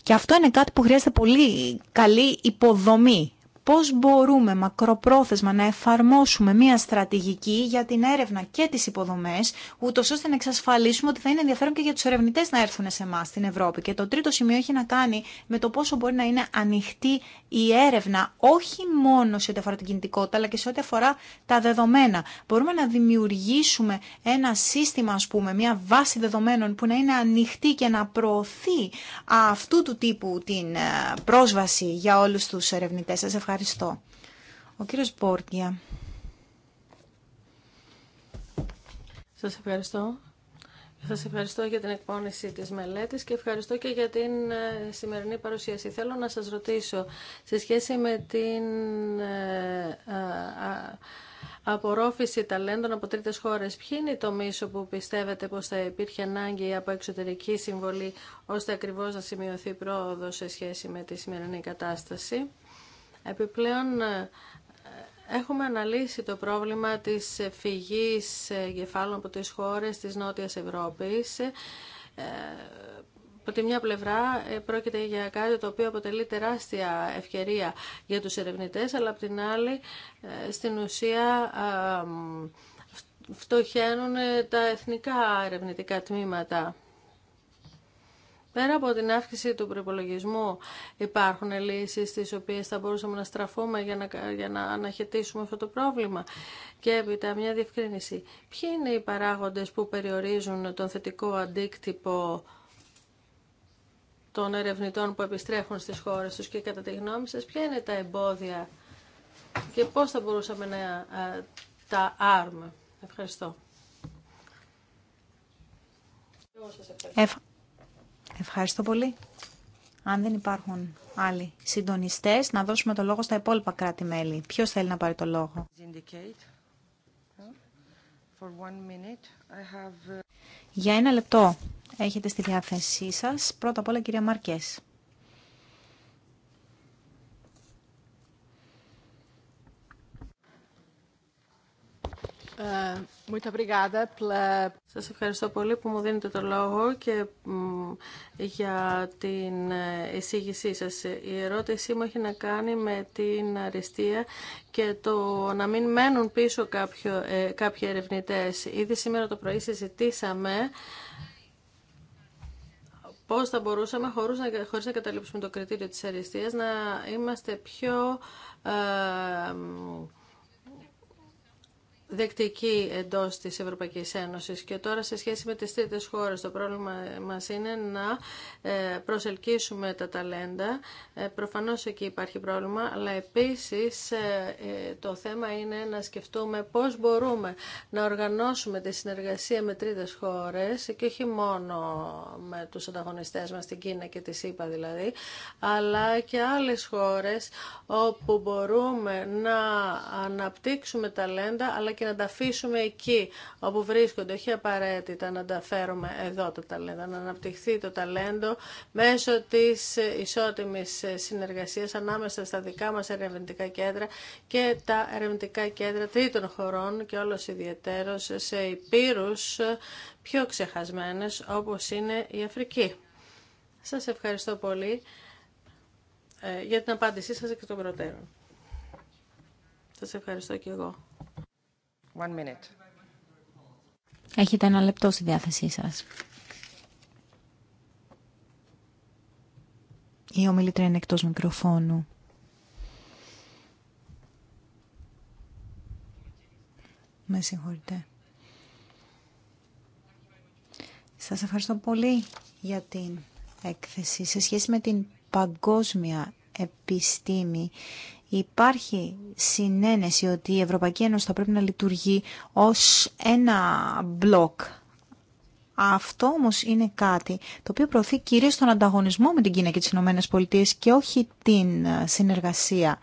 Και αυτό είναι κάτι που χρειάζεται πολύ καλή υποδομή πώς μπορούμε μακροπρόθεσμα να εφαρμόσουμε μια στρατηγική για την έρευνα και τις υποδομές, ούτω ώστε να εξασφαλίσουμε ότι θα είναι ενδιαφέρον και για τους ερευνητές να έρθουν σε εμά στην Ευρώπη. Και το τρίτο σημείο έχει να κάνει με το πόσο μπορεί να είναι ανοιχτή η έρευνα, όχι μόνο σε ό,τι αφορά την κινητικότητα, αλλά και σε ό,τι αφορά τα δεδομένα. Μπορούμε να δημιουργήσουμε ένα σύστημα, ας πούμε, μια βάση δεδομένων που να είναι ανοιχτή και να προωθεί αυτού του τύπου την ε, πρόσβαση για όλους τους ερευνητές. Σας Ευχαριστώ. Ο κύριος Μπόρκια. Σας ευχαριστώ. Σας ευχαριστώ για την εκπόνηση της μελέτης και ευχαριστώ και για την ε, σημερινή παρουσίαση. Θέλω να σας ρωτήσω, σε σχέση με την ε, απορρόφηση ταλέντων από τρίτες χώρες, ποιοι είναι οι τομείς που πιστεύετε πως θα υπήρχε ανάγκη από εξωτερική συμβολή, ώστε ακριβώς να σημειωθεί πρόοδο σε σχέση με τη σημερινή κατάσταση. Επιπλέον, ε, Έχουμε αναλύσει το πρόβλημα της φυγής εγκεφάλων από τις χώρες της Νότιας Ευρώπης. Ε, από τη μια πλευρά ε, πρόκειται για κάτι το οποίο αποτελεί τεράστια ευκαιρία για τους ερευνητές, αλλά από την άλλη στην ουσία φτωχαίνουν τα εθνικά ερευνητικά τμήματα. Πέρα από την αύξηση του προπολογισμού υπάρχουν λύσει στις οποίες θα μπορούσαμε να στραφούμε για να, για να αναχαιτήσουμε αυτό το πρόβλημα. Και έπειτα μια διευκρίνηση. Ποιοι είναι οι παράγοντες που περιορίζουν τον θετικό αντίκτυπο των ερευνητών που επιστρέφουν στις χώρες τους και κατά τη γνώμη σας ποια είναι τα εμπόδια και πώς θα μπορούσαμε να τα άρουμε. Ευχαριστώ. Ευχαριστώ. Ευχαριστώ πολύ. Αν δεν υπάρχουν άλλοι συντονιστές, να δώσουμε το λόγο στα υπόλοιπα κράτη-μέλη. Ποιο θέλει να πάρει το λόγο. Uh, Για ένα λεπτό έχετε στη διάθεσή σας. Πρώτα απ' όλα κυρία Μαρκές. Ε, σας ευχαριστώ πολύ που μου δίνετε το λόγο και για την ε, εισήγησή σας. Η ερώτησή μου έχει να κάνει με την αριστεία και το να μην μένουν πίσω κάποιο, ε, κάποιοι ερευνητές. Ήδη σήμερα το πρωί συζητήσαμε πώς θα μπορούσαμε, χωρίς να, χωρίς καταλήψουμε το κριτήριο της αριστείας, να είμαστε πιο... Ε, δεκτική εντός της Ευρωπαϊκή Ένωσης και τώρα σε σχέση με τις τρίτες χώρες το πρόβλημα μας είναι να ε, προσελκύσουμε τα ταλέντα ε, προφανώς εκεί υπάρχει πρόβλημα αλλά επίσης ε, το θέμα είναι να σκεφτούμε πώς μπορούμε να οργανώσουμε τη συνεργασία με τρίτες χώρες και όχι μόνο με τους ανταγωνιστές μας την Κίνα και τη ΣΥΠΑ δηλαδή αλλά και άλλες χώρες όπου μπορούμε να αναπτύξουμε ταλέντα αλλά και να τα αφήσουμε εκεί όπου βρίσκονται, όχι απαραίτητα να τα φέρουμε εδώ το ταλέντο, να αναπτυχθεί το ταλέντο μέσω της ισότιμης συνεργασίας ανάμεσα στα δικά μας ερευνητικά κέντρα και τα ερευνητικά κέντρα τρίτων χωρών και όλος ιδιαίτερος σε υπήρους πιο ξεχασμένες όπως είναι η Αφρική. Σας ευχαριστώ πολύ ε, για την απάντησή σας και των προτέρων. Σας ευχαριστώ και εγώ. Έχετε ένα λεπτό στη διάθεσή σας. Η ομιλήτρια είναι εκτός μικροφώνου. Με συγχωρείτε. Σας ευχαριστώ πολύ για την έκθεση. Σε σχέση με την παγκόσμια επιστήμη, υπάρχει συνένεση ότι η Ευρωπαϊκή Ένωση θα πρέπει να λειτουργεί ως ένα μπλοκ. Αυτό όμως είναι κάτι το οποίο προωθεί κυρίως τον ανταγωνισμό με την Κίνα και τις Ηνωμένες Πολιτείες και όχι την συνεργασία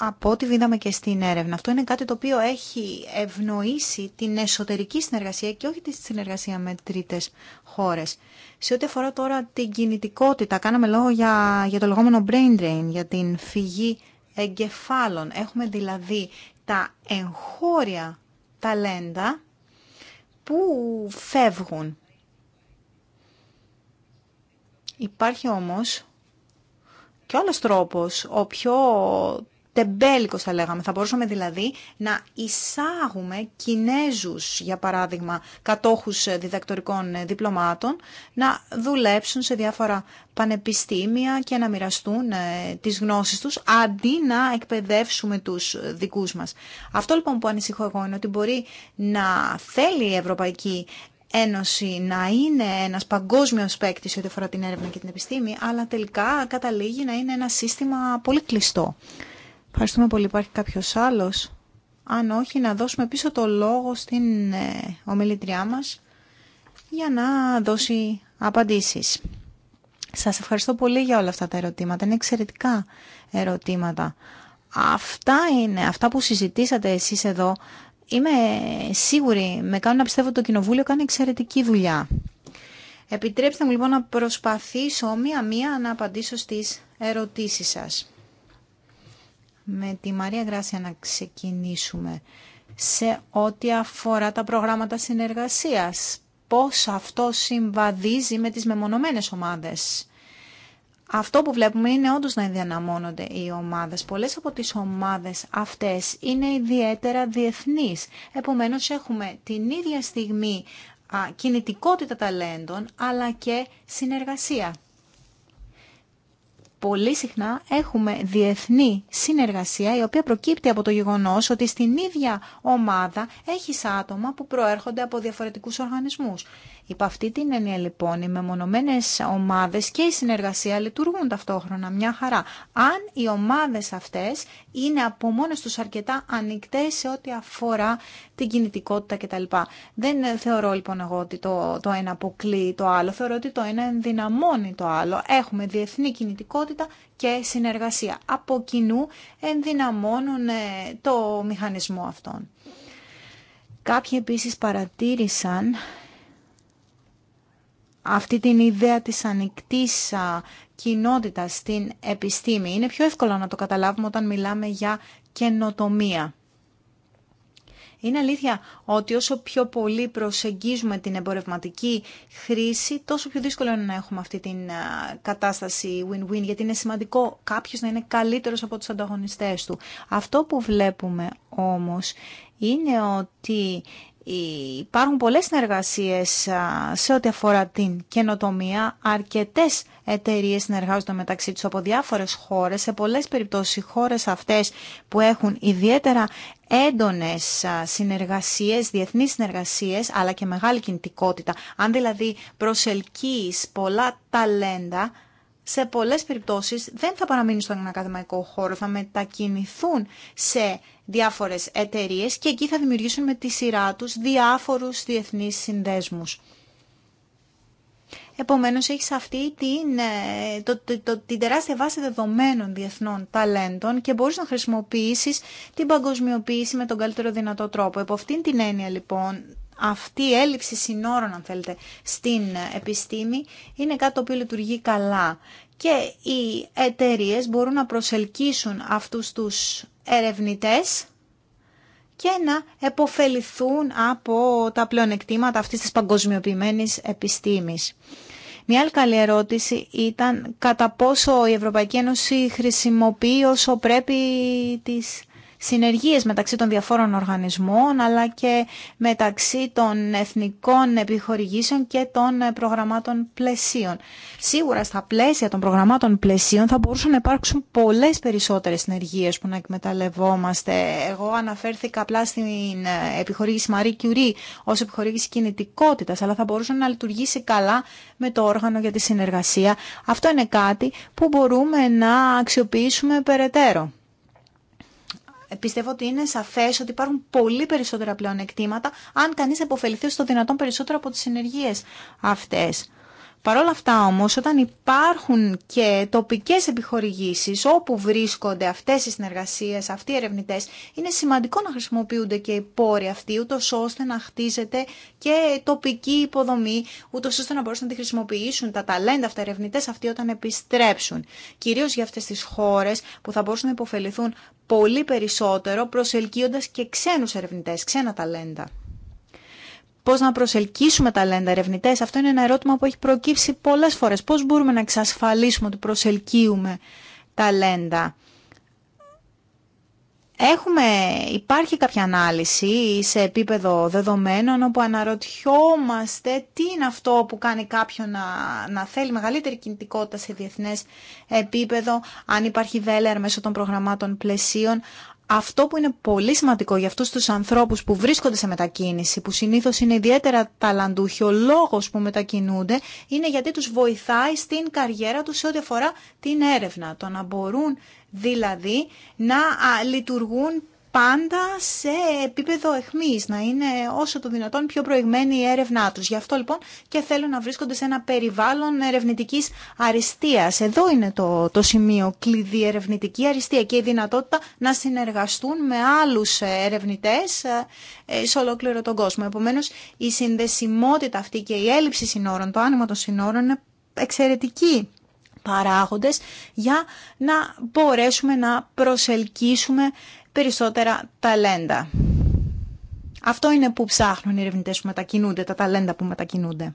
από ό,τι βιδάμε και στην έρευνα. Αυτό είναι κάτι το οποίο έχει ευνοήσει την εσωτερική συνεργασία και όχι τη συνεργασία με τρίτες χώρες. Σε ό,τι αφορά τώρα την κινητικότητα, κάναμε λόγο για, για το λεγόμενο brain drain, για την φυγή εγκεφάλων. Έχουμε δηλαδή τα εγχώρια ταλέντα που φεύγουν. Υπάρχει όμως και άλλος τρόπος, ο πιο τεμπέλικος θα λέγαμε. Θα μπορούσαμε δηλαδή να εισάγουμε Κινέζους, για παράδειγμα, κατόχους διδακτορικών διπλωμάτων, να δουλέψουν σε διάφορα πανεπιστήμια και να μοιραστούν ε, τις γνώσεις τους, αντί να εκπαιδεύσουμε τους δικούς μας. Αυτό λοιπόν που ανησυχώ εγώ είναι ότι μπορεί να θέλει η Ευρωπαϊκή Ένωση να είναι ένας παγκόσμιος παίκτη ό,τι αφορά την έρευνα και την επιστήμη, αλλά τελικά καταλήγει να είναι ένα σύστημα πολύ κλειστό. Ευχαριστούμε πολύ. Υπάρχει κάποιο άλλος. Αν όχι, να δώσουμε πίσω το λόγο στην ε, ομιλητριά μας για να δώσει απαντήσεις. Σας ευχαριστώ πολύ για όλα αυτά τα ερωτήματα. Είναι εξαιρετικά ερωτήματα. Αυτά είναι, αυτά που συζητήσατε εσείς εδώ, είμαι σίγουρη, με κάνουν να πιστεύω ότι το Κοινοβούλιο κάνει εξαιρετική δουλειά. Επιτρέψτε μου λοιπόν να προσπαθήσω μία-μία να απαντήσω στις ερωτήσεις σας με τη Μαρία Γράσια να ξεκινήσουμε σε ό,τι αφορά τα προγράμματα συνεργασίας. Πώς αυτό συμβαδίζει με τις μεμονωμένες ομάδες. Αυτό που βλέπουμε είναι όντως να ενδιαναμώνονται οι ομάδες. Πολλές από τις ομάδες αυτές είναι ιδιαίτερα διεθνείς. Επομένως έχουμε την ίδια στιγμή κινητικότητα ταλέντων αλλά και συνεργασία πολύ συχνά έχουμε διεθνή συνεργασία η οποία προκύπτει από το γεγονός ότι στην ίδια ομάδα έχεις άτομα που προέρχονται από διαφορετικούς οργανισμούς. Υπ' αυτή την έννοια λοιπόν οι μεμονωμένες ομάδες και η συνεργασία λειτουργούν ταυτόχρονα μια χαρά. Αν οι ομάδες αυτές είναι από μόνες τους αρκετά ανοιχτέ σε ό,τι αφορά την κινητικότητα κτλ. Δεν θεωρώ λοιπόν εγώ ότι το, το ένα αποκλείει το άλλο, θεωρώ ότι το ένα ενδυναμώνει το άλλο. Έχουμε διεθνή κινητικότητα και συνεργασία. Από κοινού ενδυναμώνουν ε, το μηχανισμό αυτόν. Κάποιοι επίσης παρατήρησαν αυτή την ιδέα της ανοιχτής κοινότητας στην επιστήμη. Είναι πιο εύκολο να το καταλάβουμε όταν μιλάμε για καινοτομία. Είναι αλήθεια ότι όσο πιο πολύ προσεγγίζουμε την εμπορευματική χρήση, τόσο πιο δύσκολο είναι να έχουμε αυτή την κατάσταση win-win, γιατί είναι σημαντικό κάποιος να είναι καλύτερος από τους ανταγωνιστές του. Αυτό που βλέπουμε όμως είναι ότι Υπάρχουν πολλές συνεργασίες σε ό,τι αφορά την καινοτομία. Αρκετές εταιρείες συνεργάζονται μεταξύ τους από διάφορες χώρες. Σε πολλές περιπτώσεις οι χώρες αυτές που έχουν ιδιαίτερα έντονες συνεργασίες, διεθνείς συνεργασίες, αλλά και μεγάλη κινητικότητα. Αν δηλαδή προσελκύεις πολλά ταλέντα, σε πολλές περιπτώσεις δεν θα παραμείνουν στον ακαδημαϊκό χώρο, θα μετακινηθούν σε διάφορες εταιρείε και εκεί θα δημιουργήσουν με τη σειρά τους διάφορους διεθνείς συνδέσμους. Επομένως, έχεις αυτή την, ε, το, το, το, την τεράστια βάση δεδομένων διεθνών ταλέντων και μπορείς να χρησιμοποιήσεις την παγκοσμιοποίηση με τον καλύτερο δυνατό τρόπο. Επό αυτήν την έννοια, λοιπόν, αυτή η έλλειψη συνόρων, αν θέλετε, στην επιστήμη είναι κάτι το οποίο λειτουργεί καλά. Και οι εταιρείε μπορούν να προσελκύσουν αυτούς τους ερευνητές και να επωφεληθούν από τα πλεονεκτήματα αυτής της παγκοσμιοποιημένης επιστήμης. Μια άλλη καλή ερώτηση ήταν κατά πόσο η Ευρωπαϊκή Ένωση χρησιμοποιεί όσο πρέπει τις συνεργίες μεταξύ των διαφόρων οργανισμών αλλά και μεταξύ των εθνικών επιχορηγήσεων και των προγραμμάτων πλαισίων. Σίγουρα στα πλαίσια των προγραμμάτων πλαισίων θα μπορούσαν να υπάρξουν πολλές περισσότερες συνεργίες που να εκμεταλλευόμαστε. Εγώ αναφέρθηκα απλά στην ε, επιχορήγηση Marie Curie ως επιχορήγηση κινητικότητας αλλά θα μπορούσε να λειτουργήσει καλά με το όργανο για τη συνεργασία. Αυτό είναι κάτι που μπορούμε να αξιοποιήσουμε περαιτέρω πιστεύω ότι είναι σαφέ ότι υπάρχουν πολύ περισσότερα πλέον αν κανείς επωφεληθεί στο δυνατόν περισσότερο από τις συνεργίες αυτές. Παρ' όλα αυτά όμως όταν υπάρχουν και τοπικές επιχορηγήσεις όπου βρίσκονται αυτές οι συνεργασίες, αυτοί οι ερευνητές, είναι σημαντικό να χρησιμοποιούνται και οι πόροι αυτοί, ούτως ώστε να χτίζεται και τοπική υποδομή, ούτως ώστε να μπορούν να τη χρησιμοποιήσουν τα ταλέντα αυτά ερευνητές αυτοί όταν επιστρέψουν. Κυρίως για αυτές τις χώρες που θα μπορούσαν να υποφεληθούν πολύ περισσότερο προσελκύοντας και ξένους ερευνητές, ξένα ταλέντα πώς να προσελκύσουμε ταλέντα ερευνητέ, αυτό είναι ένα ερώτημα που έχει προκύψει πολλές φορές. Πώς μπορούμε να εξασφαλίσουμε ότι προσελκύουμε ταλέντα. Έχουμε, υπάρχει κάποια ανάλυση σε επίπεδο δεδομένων όπου αναρωτιόμαστε τι είναι αυτό που κάνει κάποιον να, να θέλει μεγαλύτερη κινητικότητα σε διεθνές επίπεδο, αν υπάρχει βέλερ μέσω των προγραμμάτων πλαισίων, αυτό που είναι πολύ σημαντικό για αυτούς τους ανθρώπους που βρίσκονται σε μετακίνηση, που συνήθως είναι ιδιαίτερα ταλαντούχοι, ο λόγος που μετακινούνται είναι γιατί τους βοηθάει στην καριέρα τους σε ό,τι αφορά την έρευνα. Το να μπορούν δηλαδή να λειτουργούν πάντα σε επίπεδο εχμής, να είναι όσο το δυνατόν πιο προηγμένη η έρευνά τους. Γι' αυτό λοιπόν και θέλουν να βρίσκονται σε ένα περιβάλλον ερευνητικής αριστείας. Εδώ είναι το, το σημείο κλειδί ερευνητική αριστεία και η δυνατότητα να συνεργαστούν με άλλους ερευνητές ε, ε, σε ολόκληρο τον κόσμο. Επομένως η συνδεσιμότητα αυτή και η έλλειψη συνόρων, το άνοιγμα των συνόρων είναι εξαιρετική παράγοντες για να μπορέσουμε να προσελκύσουμε περισσότερα ταλέντα. Αυτό είναι που ψάχνουν οι ερευνητέ που μετακινούνται, τα ταλέντα που μετακινούνται.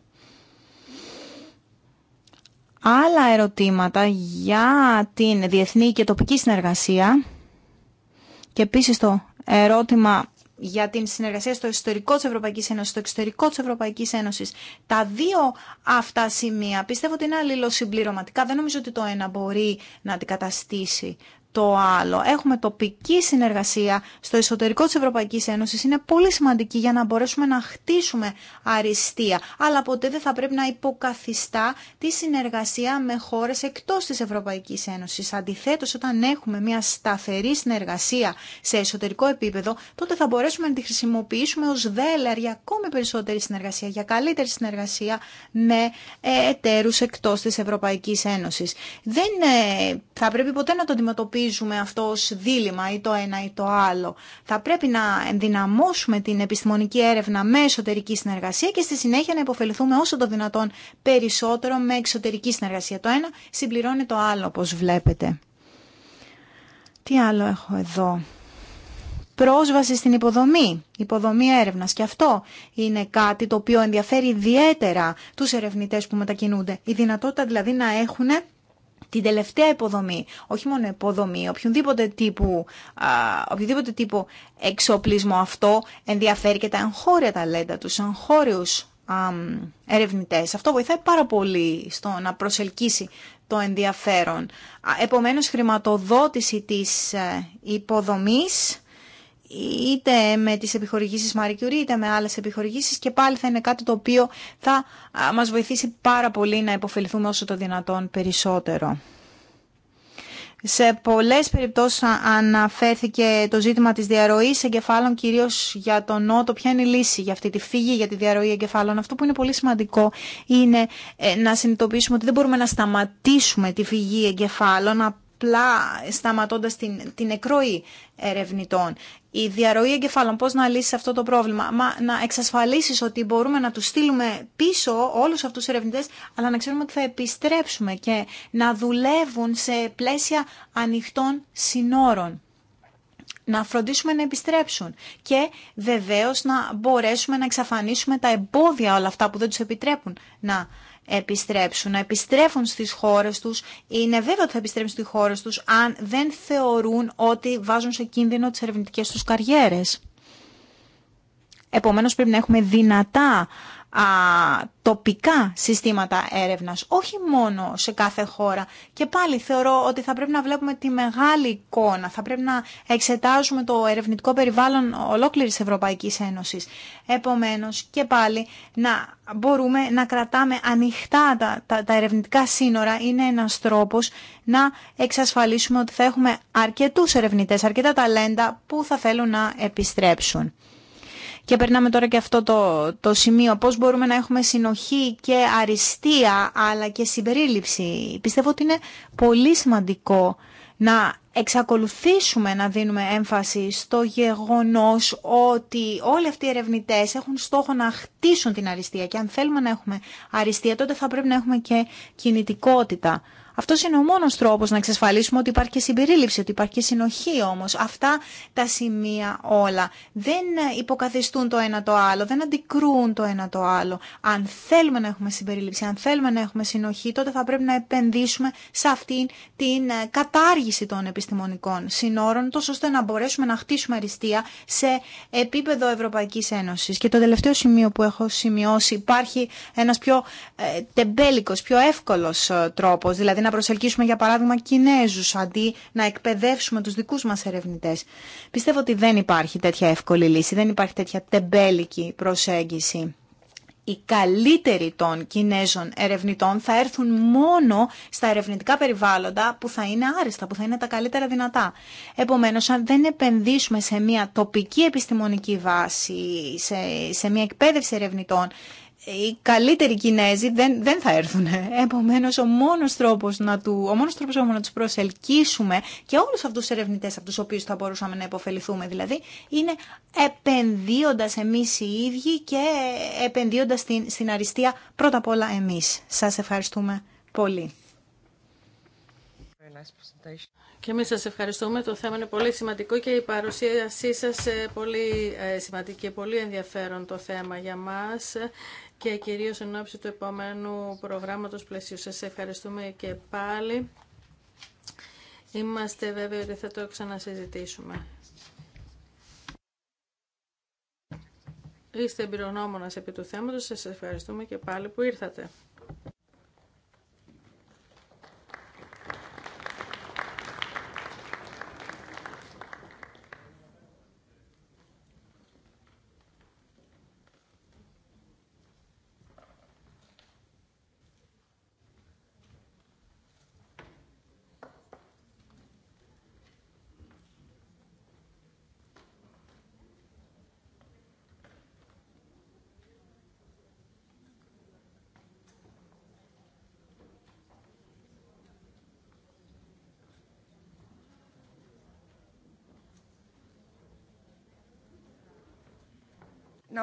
Άλλα ερωτήματα για την διεθνή και τοπική συνεργασία και επίση το ερώτημα για την συνεργασία στο ιστορικό της Ευρωπαϊκής Ένωσης, στο εξωτερικό της Ευρωπαϊκής Ένωσης. Τα δύο αυτά σημεία πιστεύω ότι είναι αλληλοσυμπληρωματικά. Δεν νομίζω ότι το ένα μπορεί να αντικαταστήσει το άλλο. Έχουμε τοπική συνεργασία στο εσωτερικό της Ευρωπαϊκής Ένωσης. Είναι πολύ σημαντική για να μπορέσουμε να χτίσουμε αριστεία. Αλλά ποτέ δεν θα πρέπει να υποκαθιστά τη συνεργασία με χώρες εκτός της Ευρωπαϊκής Ένωσης. Αντιθέτως, όταν έχουμε μια σταθερή συνεργασία σε εσωτερικό επίπεδο, τότε θα μπορέσουμε να τη χρησιμοποιήσουμε ως δέλεαρ για ακόμη περισσότερη συνεργασία, για καλύτερη συνεργασία με ε, εταίρους εκτός της Ευρωπαϊκής Ένωσης. Δεν ε, θα πρέπει ποτέ να το αντιμετωπίσουμε αντιμετωπίζουμε αυτό ως δίλημα ή το ένα ή το άλλο. Θα πρέπει να ενδυναμώσουμε την επιστημονική έρευνα με εσωτερική συνεργασία και στη συνέχεια να υποφεληθούμε όσο το δυνατόν περισσότερο με εξωτερική συνεργασία. Το ένα συμπληρώνει το άλλο όπως βλέπετε. Τι άλλο έχω εδώ πρόσβαση στην υποδομή, υποδομή έρευνας. Και αυτό είναι κάτι το οποίο ενδιαφέρει ιδιαίτερα τους ερευνητές που μετακινούνται. Η δυνατότητα δηλαδή να έχουν την τελευταία υποδομή, όχι μόνο υποδομή, οποιονδήποτε τύπου, α, οποιοδήποτε τύπου εξοπλισμό αυτό ενδιαφέρει και τα εγχώρια ταλέντα, τους εγχώριους α, ερευνητές. Αυτό βοηθάει πάρα πολύ στο να προσελκύσει το ενδιαφέρον. Επομένως, χρηματοδότηση της ε, υποδομής είτε με τις επιχορηγήσεις Marie είτε με άλλες επιχορηγήσεις και πάλι θα είναι κάτι το οποίο θα μας βοηθήσει πάρα πολύ να υποφεληθούμε όσο το δυνατόν περισσότερο. Σε πολλές περιπτώσεις αναφέρθηκε το ζήτημα της διαρροής εγκεφάλων, κυρίως για τον νότο. Ποια είναι η λύση για αυτή τη φύγη, για τη διαρροή εγκεφάλων. Αυτό που είναι πολύ σημαντικό είναι ε, να συνειδητοποιήσουμε ότι δεν μπορούμε να σταματήσουμε τη φυγή εγκεφάλων απλά σταματώντας την, την εκροή ερευνητών η διαρροή εγκεφάλων, πώς να λύσεις αυτό το πρόβλημα, μα να εξασφαλίσεις ότι μπορούμε να τους στείλουμε πίσω όλους αυτούς τους ερευνητές, αλλά να ξέρουμε ότι θα επιστρέψουμε και να δουλεύουν σε πλαίσια ανοιχτών συνόρων. Να φροντίσουμε να επιστρέψουν και βεβαίως να μπορέσουμε να εξαφανίσουμε τα εμπόδια όλα αυτά που δεν τους επιτρέπουν να επιστρέψουν, να επιστρέφουν στις χώρες τους. Είναι βέβαιο ότι θα επιστρέψουν στις χώρες τους αν δεν θεωρούν ότι βάζουν σε κίνδυνο τις ερευνητικές τους καριέρες. Επομένως πρέπει να έχουμε δυνατά τοπικά συστήματα έρευνας, όχι μόνο σε κάθε χώρα. Και πάλι θεωρώ ότι θα πρέπει να βλέπουμε τη μεγάλη εικόνα, θα πρέπει να εξετάζουμε το ερευνητικό περιβάλλον ολόκληρης Ευρωπαϊκής Ένωσης. Επομένως και πάλι να μπορούμε να κρατάμε ανοιχτά τα, τα, ερευνητικά σύνορα είναι ένας τρόπος να εξασφαλίσουμε ότι θα έχουμε αρκετούς ερευνητές, αρκετά ταλέντα που θα θέλουν να επιστρέψουν. Και περνάμε τώρα και αυτό το, το σημείο, πώς μπορούμε να έχουμε συνοχή και αριστεία αλλά και συμπερίληψη. Πιστεύω ότι είναι πολύ σημαντικό να εξακολουθήσουμε να δίνουμε έμφαση στο γεγονός ότι όλοι αυτοί οι ερευνητές έχουν στόχο να χτίσουν την αριστεία και αν θέλουμε να έχουμε αριστεία τότε θα πρέπει να έχουμε και κινητικότητα. Αυτό είναι ο μόνο τρόπο να εξασφαλίσουμε ότι υπάρχει και συμπερίληψη, ότι υπάρχει και συνοχή όμω Αυτά τα σημεία όλα δεν υποκαθιστούν το ένα το άλλο, δεν αντικρούν το ένα το άλλο. Αν θέλουμε να έχουμε συμπερίληψη, αν θέλουμε να έχουμε συνοχή, τότε θα πρέπει να επενδύσουμε σε αυτήν την ε, κατάργηση των επιστημονικών συνόρων, τόσο ώστε να μπορέσουμε να χτίσουμε αριστεία σε επίπεδο Ευρωπαϊκή Ένωση. Και το τελευταίο σημείο που έχω σημειώσει, υπάρχει ένα πιο ε, τεμπέλικο, πιο εύκολος ε, τρόπο. δηλαδή να προσελκύσουμε για παράδειγμα Κινέζους αντί να εκπαιδεύσουμε τους δικούς μας ερευνητές. Πιστεύω ότι δεν υπάρχει τέτοια εύκολη λύση, δεν υπάρχει τέτοια τεμπέλικη προσέγγιση. Οι καλύτεροι των Κινέζων ερευνητών θα έρθουν μόνο στα ερευνητικά περιβάλλοντα που θα είναι άριστα, που θα είναι τα καλύτερα δυνατά. Επομένως, αν δεν επενδύσουμε σε μια τοπική επιστημονική βάση, σε, σε μια εκπαίδευση ερευνητών, οι καλύτεροι Κινέζοι δεν, δεν θα έρθουν. Επομένω, ο μόνο τρόπο να, του, ο μόνος τρόπος να του προσελκύσουμε και όλου αυτού του ερευνητέ από του οποίου θα μπορούσαμε να υποφεληθούμε δηλαδή, είναι επενδύοντα εμεί οι ίδιοι και επενδύοντα στην, στην αριστεία πρώτα απ' όλα εμεί. Σα ευχαριστούμε πολύ. Και εμείς σας ευχαριστούμε. Το θέμα είναι πολύ σημαντικό και η παρουσίασή σας ε, πολύ ε, σημαντική και πολύ ενδιαφέρον το θέμα για μας και κυρίως εν ώψη του επόμενου προγράμματος πλαισίου. Σας ευχαριστούμε και πάλι. Είμαστε βέβαιοι ότι θα το ξανασυζητήσουμε. Είστε εμπειρογνώμονας επί του θέματος. Σας ευχαριστούμε και πάλι που ήρθατε.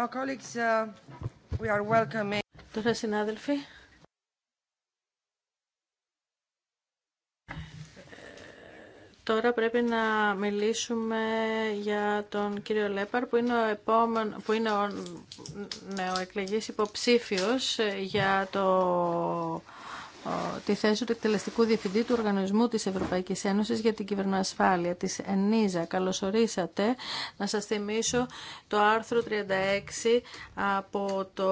Uh, τώρα, συνάδελφοι, τώρα πρέπει να μιλήσουμε για τον κύριο Λέπαρ που είναι ο, επόμενο, που είναι ο νεοεκλεγής υποψήφιος για το τη θέση του εκτελεστικού διευθυντή του Οργανισμού της Ευρωπαϊκής Ένωσης για την Κυβερνοασφάλεια, της ΕΝΙΖΑ. Καλωσορίσατε. Να σας θυμίσω το άρθρο 36 από το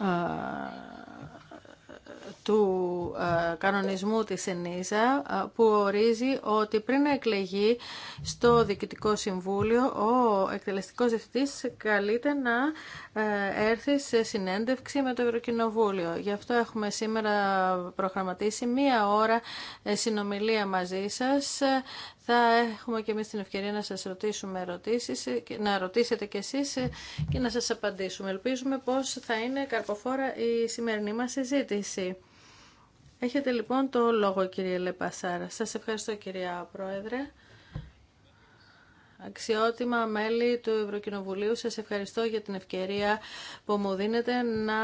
ε, του ε, κανονισμού της ΕΝΙΖΑ ε, που ορίζει ότι πριν να εκλεγεί στο Διοικητικό Συμβούλιο ο εκτελεστικός διευθυντής καλείται να ε, έρθει σε συνέντευξη με το Ευρωκοινοβούλιο. Γι' αυτό έχουμε σήμερα προγραμματίσει μία ώρα ε, συνομιλία μαζί σας. Θα έχουμε και εμείς την ευκαιρία να σας ρωτήσουμε ερωτήσεις, ε, να ρωτήσετε κι εσείς και να σας απαντήσουμε. Ελπίζουμε πώς θα είναι καρποφόρα η σημερινή μας συζήτηση. Έχετε λοιπόν το λόγο κύριε Λεπασάρα. Σας ευχαριστώ κυρία Πρόεδρε. Αξιότιμα μέλη του Ευρωκοινοβουλίου, σας ευχαριστώ για την ευκαιρία που μου δίνετε να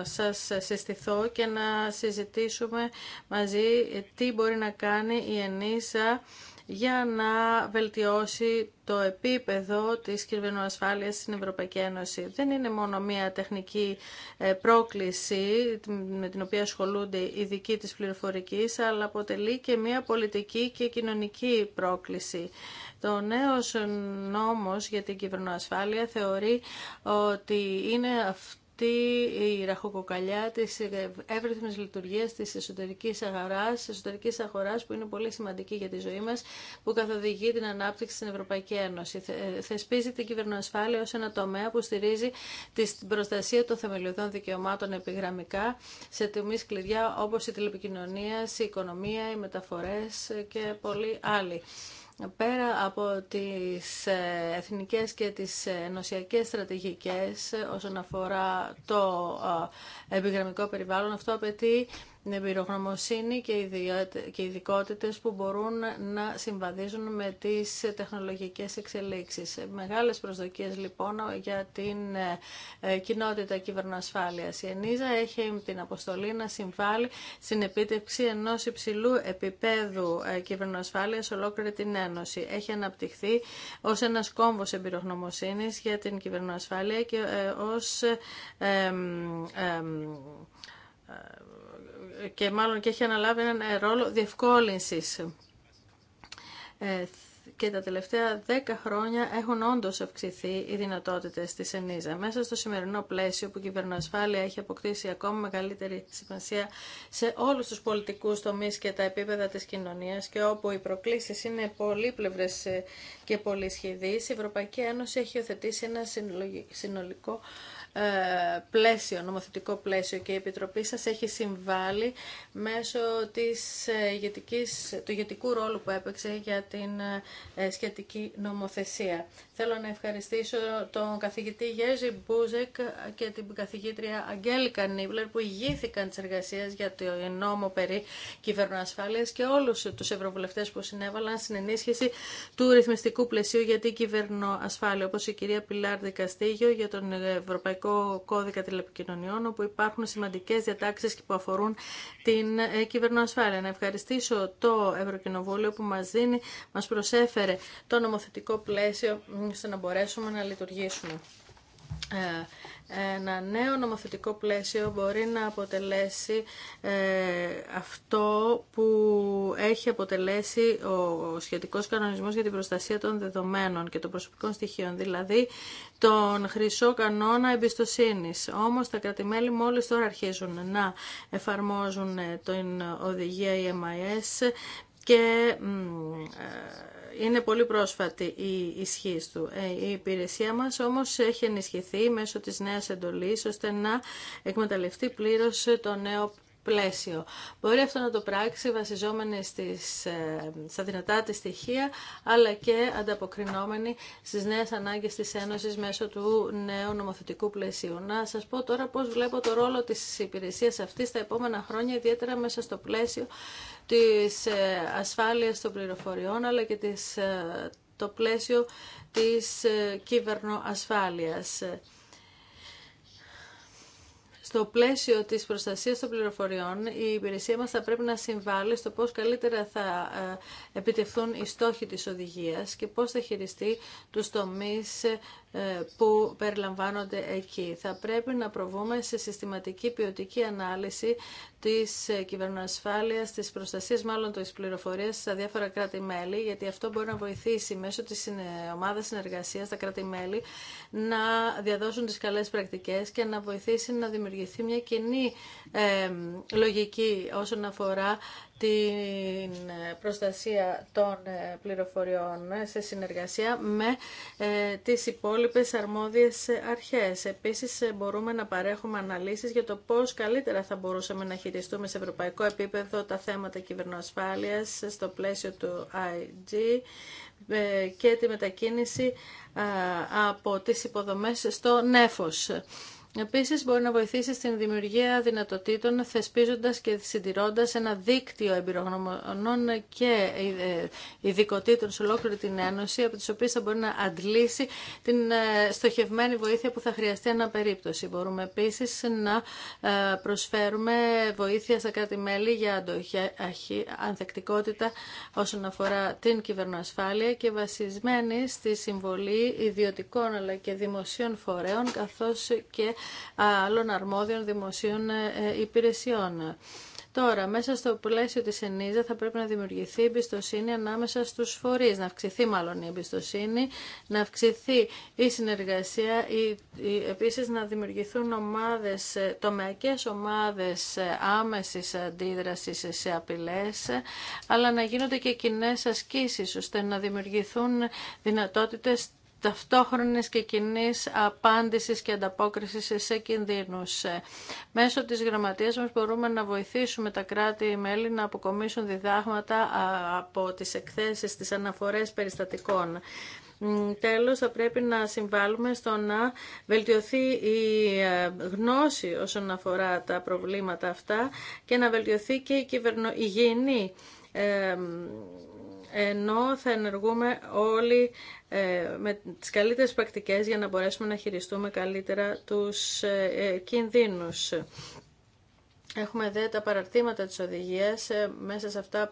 ε, σας συστηθώ και να συζητήσουμε μαζί τι μπορεί να κάνει η ΕΝΙΣΑ για να βελτιώσει το επίπεδο της κυβερνοασφάλειας στην Ευρωπαϊκή Ένωση. Δεν είναι μόνο μια τεχνική ε, πρόκληση με την οποία ασχολούνται οι ειδικοί της πληροφορικής, αλλά αποτελεί και μια πολιτική και κοινωνική πρόκληση. Το νέο νόμος για την κυβερνοασφάλεια θεωρεί ότι είναι αυτή η ραχοκοκαλιά της εύρυθμης λειτουργίας της εσωτερικής αγοράς, εσωτερικής αγοράς που είναι πολύ σημαντική για τη ζωή μας, που καθοδηγεί την ανάπτυξη στην Ευρωπαϊκή Ένωση. Θεσπίζει την κυβερνοασφάλεια ως ένα τομέα που στηρίζει την προστασία των θεμελιωδών δικαιωμάτων επιγραμμικά σε τομείς κλειδιά όπως η τηλεπικοινωνία, η οικονομία, οι μεταφορές και πολλοί άλλοι πέρα από τις ε, εθνικές και τις ε, ενωσιακές στρατηγικές ε, όσον αφορά το επιγραμμικό περιβάλλον, αυτό απαιτεί την εμπειρογνωμοσύνη και ειδικότητε που μπορούν να συμβαδίζουν με τις τεχνολογικές εξελίξεις. Μεγάλες προσδοκίες λοιπόν για την ε, κοινότητα κυβερνοασφάλειας. Η ΕΝΙΖΑ έχει την αποστολή να συμβάλλει στην επίτευξη ενός υψηλού επίπεδου ε, κυβερνοασφάλειας ολόκληρη την Ένωση. Έχει αναπτυχθεί ως ένας κόμβος εμπειρογνωμοσύνης για την κυβερνοασφάλεια και ε, ως και μάλλον και έχει αναλάβει έναν ε, ρόλο διευκόλυνσης. Ε, και τα τελευταία δέκα χρόνια έχουν όντω αυξηθεί οι δυνατότητε τη ΕΝΙΖΑ. Μέσα στο σημερινό πλαίσιο που η κυβερνοασφάλεια έχει αποκτήσει ακόμα μεγαλύτερη σημασία σε όλου του πολιτικού τομεί και τα επίπεδα τη κοινωνία και όπου οι προκλήσει είναι πολύπλευρε ε, και πολυσχηδεί, η Ευρωπαϊκή Ένωση έχει οθετήσει ένα συνολικό ε, πλαίσιο, νομοθετικό πλαίσιο και η Επιτροπή σας έχει συμβάλει μέσω της ε, γετικής του ηγετικού ρόλου που έπαιξε για την ε, σχετική νομοθεσία. Θέλω να ευχαριστήσω τον καθηγητή Γέζη Μπούζεκ και την καθηγήτρια Αγγέλικα Νίβλερ που ηγήθηκαν τη εργασία για το νόμο περί κυβερνοασφάλεια και όλου του ευρωβουλευτέ που συνέβαλαν στην ενίσχυση του ρυθμιστικού πλαισίου για την κυβερνοασφάλεια, Όπω η κυρία Πιλάρ Δικαστήγιο για τον Ευρωπαϊκό Κώδικα Τηλεπικοινωνιών, όπου υπάρχουν σημαντικές διατάξεις που αφορούν την ε, κυβερνοασφάλεια. Να ευχαριστήσω το Ευρωκοινοβούλιο που μα δίνει, μα προσέφερε το νομοθετικό πλαίσιο ώστε να μπορέσουμε να λειτουργήσουμε. Ε, ένα νέο νομοθετικό πλαίσιο μπορεί να αποτελέσει ε, αυτό που έχει αποτελέσει ο σχετικός κανονισμός για την προστασία των δεδομένων και των προσωπικών στοιχείων, δηλαδή τον χρυσό κανόνα εμπιστοσύνης. Όμως τα κρατημέλη μόλις τώρα αρχίζουν να εφαρμόζουν ε, την οδηγία EMIS και είναι πολύ πρόσφατη η ισχύ του. Ε, η υπηρεσία μας όμως έχει ενισχυθεί μέσω της νέας εντολής ώστε να εκμεταλλευτεί πλήρως το νέο πλαίσιο. Μπορεί αυτό να το πράξει βασιζόμενη στις, ε, στα δυνατά της στοιχεία, αλλά και ανταποκρινόμενη στις νέες ανάγκες της Ένωσης μέσω του νέου νομοθετικού πλαισίου. Να σας πω τώρα πώς βλέπω το ρόλο της υπηρεσίας αυτής τα επόμενα χρόνια, ιδιαίτερα μέσα στο πλαίσιο της ε, ασφάλειας των πληροφοριών αλλά και της, ε, το πλαίσιο της ε, κυβερνοασφάλειας. Στο πλαίσιο της προστασίας των πληροφοριών, η υπηρεσία μας θα πρέπει να συμβάλλει στο πώς καλύτερα θα επιτευχθούν οι στόχοι της οδηγίας και πώς θα χειριστεί τους τομείς ε, που περιλαμβάνονται εκεί. Θα πρέπει να προβούμε σε συστηματική ποιοτική ανάλυση της ε, κυβερνοασφάλειας, της προστασίας μάλλον τη πληροφορία στα διάφορα κράτη-μέλη, γιατί αυτό μπορεί να βοηθήσει μέσω της ομάδας συνεργασίας τα κράτη-μέλη να διαδώσουν τις καλές πρακτικές και να βοηθήσει να δημιουργηθεί μια κοινή ε, λογική όσον αφορά την προστασία των ε, πληροφοριών ε, σε συνεργασία με ε, τις υπόλοιπες αρμόδιες αρχές. Επίσης μπορούμε να παρέχουμε αναλύσεις για το πώς καλύτερα θα μπορούσαμε να χειριστούμε σε ευρωπαϊκό επίπεδο τα θέματα κυβερνοασφάλειας στο πλαίσιο του IG και τη μετακίνηση από τις υποδομές στο νέφος. Επίσης μπορεί να βοηθήσει στην δημιουργία δυνατοτήτων θεσπίζοντας και συντηρώντας ένα δίκτυο εμπειρογνωμονών και ε, ε, ειδικοτήτων σε ολόκληρη την Ένωση από τις οποίες θα μπορεί να αντλήσει την ε, στοχευμένη βοήθεια που θα χρειαστεί ένα περίπτωση. Μπορούμε επίσης να προσφέρουμε βοήθεια στα κράτη-μέλη για ανθεκτικότητα όσον αφορά την κυβερνοασφάλεια και βασισμένη στη συμβολή ιδιωτικών αλλά και δημοσίων φορέων καθώς και άλλων αρμόδιων δημοσίων ε, ε, υπηρεσιών. Τώρα, μέσα στο πλαίσιο της ΕΝΙΖΑ θα πρέπει να δημιουργηθεί εμπιστοσύνη ανάμεσα στους φορείς, να αυξηθεί μάλλον η εμπιστοσύνη, να αυξηθεί η συνεργασία, η, επίσης να δημιουργηθούν ομάδες, ε, τομεακές ομάδες άμεσης αντίδρασης σε απειλές, αλλά να γίνονται και κοινέ ασκήσεις, ώστε να δημιουργηθούν δυνατότητες ταυτόχρονης και κοινή απάντησης και ανταπόκρισης σε κινδύνους. Ε, μέσω της γραμματείας μας μπορούμε να βοηθήσουμε τα κράτη-μέλη να αποκομίσουν διδάγματα από τις εκθέσεις, τις αναφορές περιστατικών. Τέλος, θα πρέπει να συμβάλλουμε στο να βελτιωθεί η ε, γνώση όσον αφορά τα προβλήματα αυτά και να βελτιωθεί και η, υγιεινή ε, ενώ θα ενεργούμε όλοι ε, με τις καλύτερες πρακτικές για να μπορέσουμε να χειριστούμε καλύτερα τους ε, ε, κινδύνους. Έχουμε δε τα παραρτήματα της οδηγίας. Μέσα σε αυτά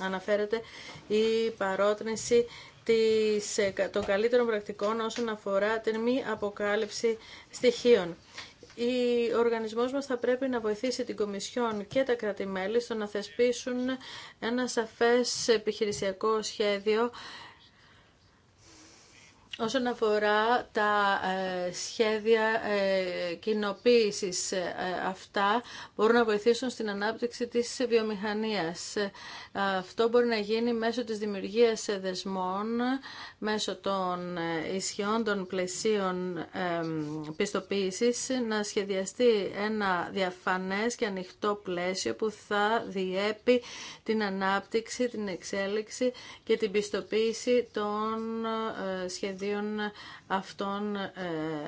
αναφέρεται η παρότρινση των καλύτερων πρακτικών όσον αφορά την μη αποκάλυψη στοιχείων ο οργανισμός μας θα πρέπει να βοηθήσει την Κομισιόν και τα κράτη-μέλη στο να θεσπίσουν ένα σαφές επιχειρησιακό σχέδιο όσον αφορά τα ε, σχέδια ε, κοινοποίησης ε, αυτά μπορούν να βοηθήσουν στην ανάπτυξη της βιομηχανίας. Αυτό μπορεί να γίνει μέσω της δημιουργίας δεσμών, μέσω των ισχυών των πλαισίων πιστοποίησης, να σχεδιαστεί ένα διαφανές και ανοιχτό πλαίσιο που θα διέπει την ανάπτυξη, την εξέλιξη και την πιστοποίηση των σχεδίων αυτόν αυτών ε,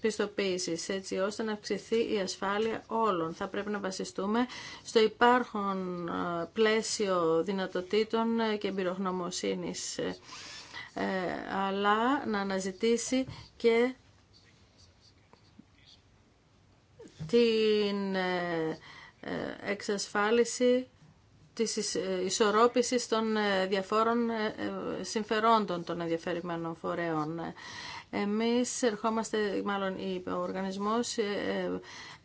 πιστοποίησης, έτσι ώστε να αυξηθεί η ασφάλεια όλων. Θα πρέπει να βασιστούμε στο υπάρχον ε, πλαίσιο δυνατοτήτων ε, και εμπειρογνωμοσύνης, αλλά να αναζητήσει και την εξασφάλιση της ε, ισορρόπησης των ε, διαφόρων ε, συμφερόντων των ενδιαφερειμένων φορέων. Εμείς ερχόμαστε, μάλλον ο οργανισμός ε, ε,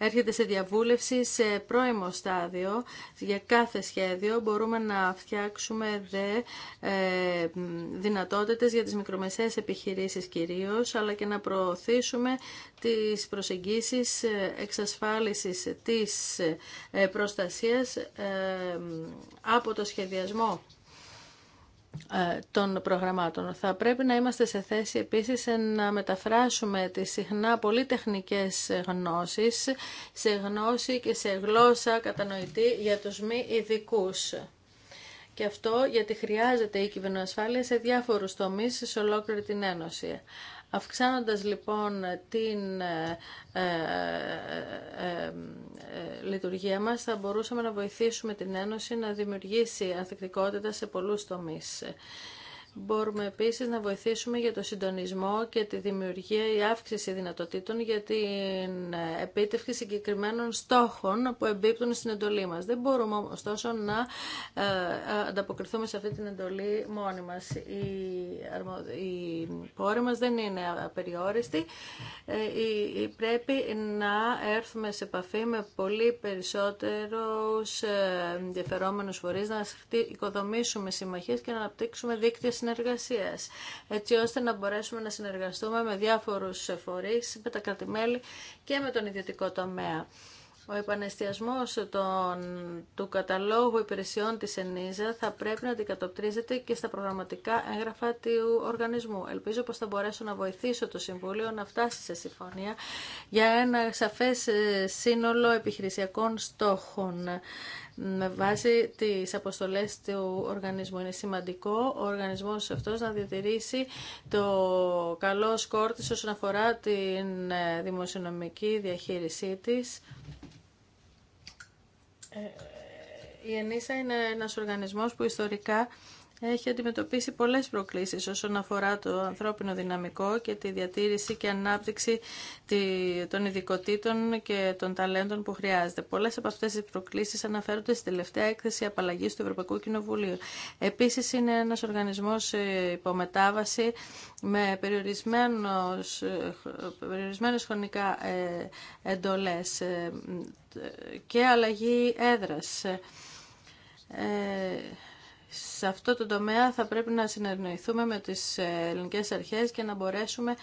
έρχεται σε διαβούλευση σε πρώιμο στάδιο για κάθε σχέδιο. Μπορούμε να φτιάξουμε δε ε, δυνατότητες για τις μικρομεσαίες επιχειρήσεις κυρίως, αλλά και να προωθήσουμε τις προσεγγίσεις εξασφάλισης της προστασίας από το σχεδιασμό ε, των προγραμμάτων. Θα πρέπει να είμαστε σε θέση επίσης να μεταφράσουμε τις συχνά πολύ τεχνικές γνώσεις σε γνώση και σε γλώσσα κατανοητή για τους μη ειδικού. Και αυτό γιατί χρειάζεται η κυβερνοασφάλεια σε διάφορους τομείς σε ολόκληρη την Ένωση. Αυξάνοντας λοιπόν την ε, ε, ε, λειτουργία μας θα μπορούσαμε να βοηθήσουμε την Ένωση να δημιουργήσει ανθεκτικότητα σε πολλούς τομείς. Μπορούμε επίσης να βοηθήσουμε για το συντονισμό και τη δημιουργία ή αύξηση δυνατοτήτων για την επίτευξη συγκεκριμένων στόχων που εμπίπτουν στην εντολή μας. Δεν μπορούμε ωστόσο να ε, ανταποκριθούμε σε αυτή την εντολή μόνοι μας. Οι πόροι μας δεν είναι απεριόριστοι. Ε, πρέπει να έρθουμε σε επαφή με πολύ περισσότερους ε, ενδιαφερόμενους φορείς, να οικοδομήσουμε συμμαχίες και να αναπτύξουμε δίκτυα συνεργασίας έτσι ώστε να μπορέσουμε να συνεργαστούμε με διάφορους φορείς, με τα κρατημέλη και με τον ιδιωτικό τομέα. Ο επανεστιασμός του καταλόγου υπηρεσιών της ΕΝΙΖΑ θα πρέπει να αντικατοπτρίζεται και στα προγραμματικά έγγραφα του οργανισμού. Ελπίζω πως θα μπορέσω να βοηθήσω το Συμβούλιο να φτάσει σε συμφωνία για ένα σαφές ε, σύνολο επιχειρησιακών στόχων με βάση τις αποστολές του οργανισμού. Είναι σημαντικό ο οργανισμός αυτός να διατηρήσει το καλό σκόρ της όσον αφορά την ε, δημοσιονομική διαχείρισή της. Ε, ε, η ΕΝΙΣΑ είναι ένας οργανισμός που ιστορικά έχει αντιμετωπίσει πολλές προκλήσεις όσον αφορά το ανθρώπινο δυναμικό και τη διατήρηση και ανάπτυξη των ειδικοτήτων και των ταλέντων που χρειάζεται. Πολλές από αυτές τις προκλήσεις αναφέρονται στη τελευταία έκθεση απαλλαγής του Ευρωπαϊκού Κοινοβουλίου. Επίσης είναι ένας οργανισμός ε, υπομετάβαση με ε, περιορισμένες χρονικά ε, εντολές και αλλαγή έδρας σε αυτό το τομέα θα πρέπει να συνεννοηθούμε με τις ε, ελληνικές αρχές και να μπορέσουμε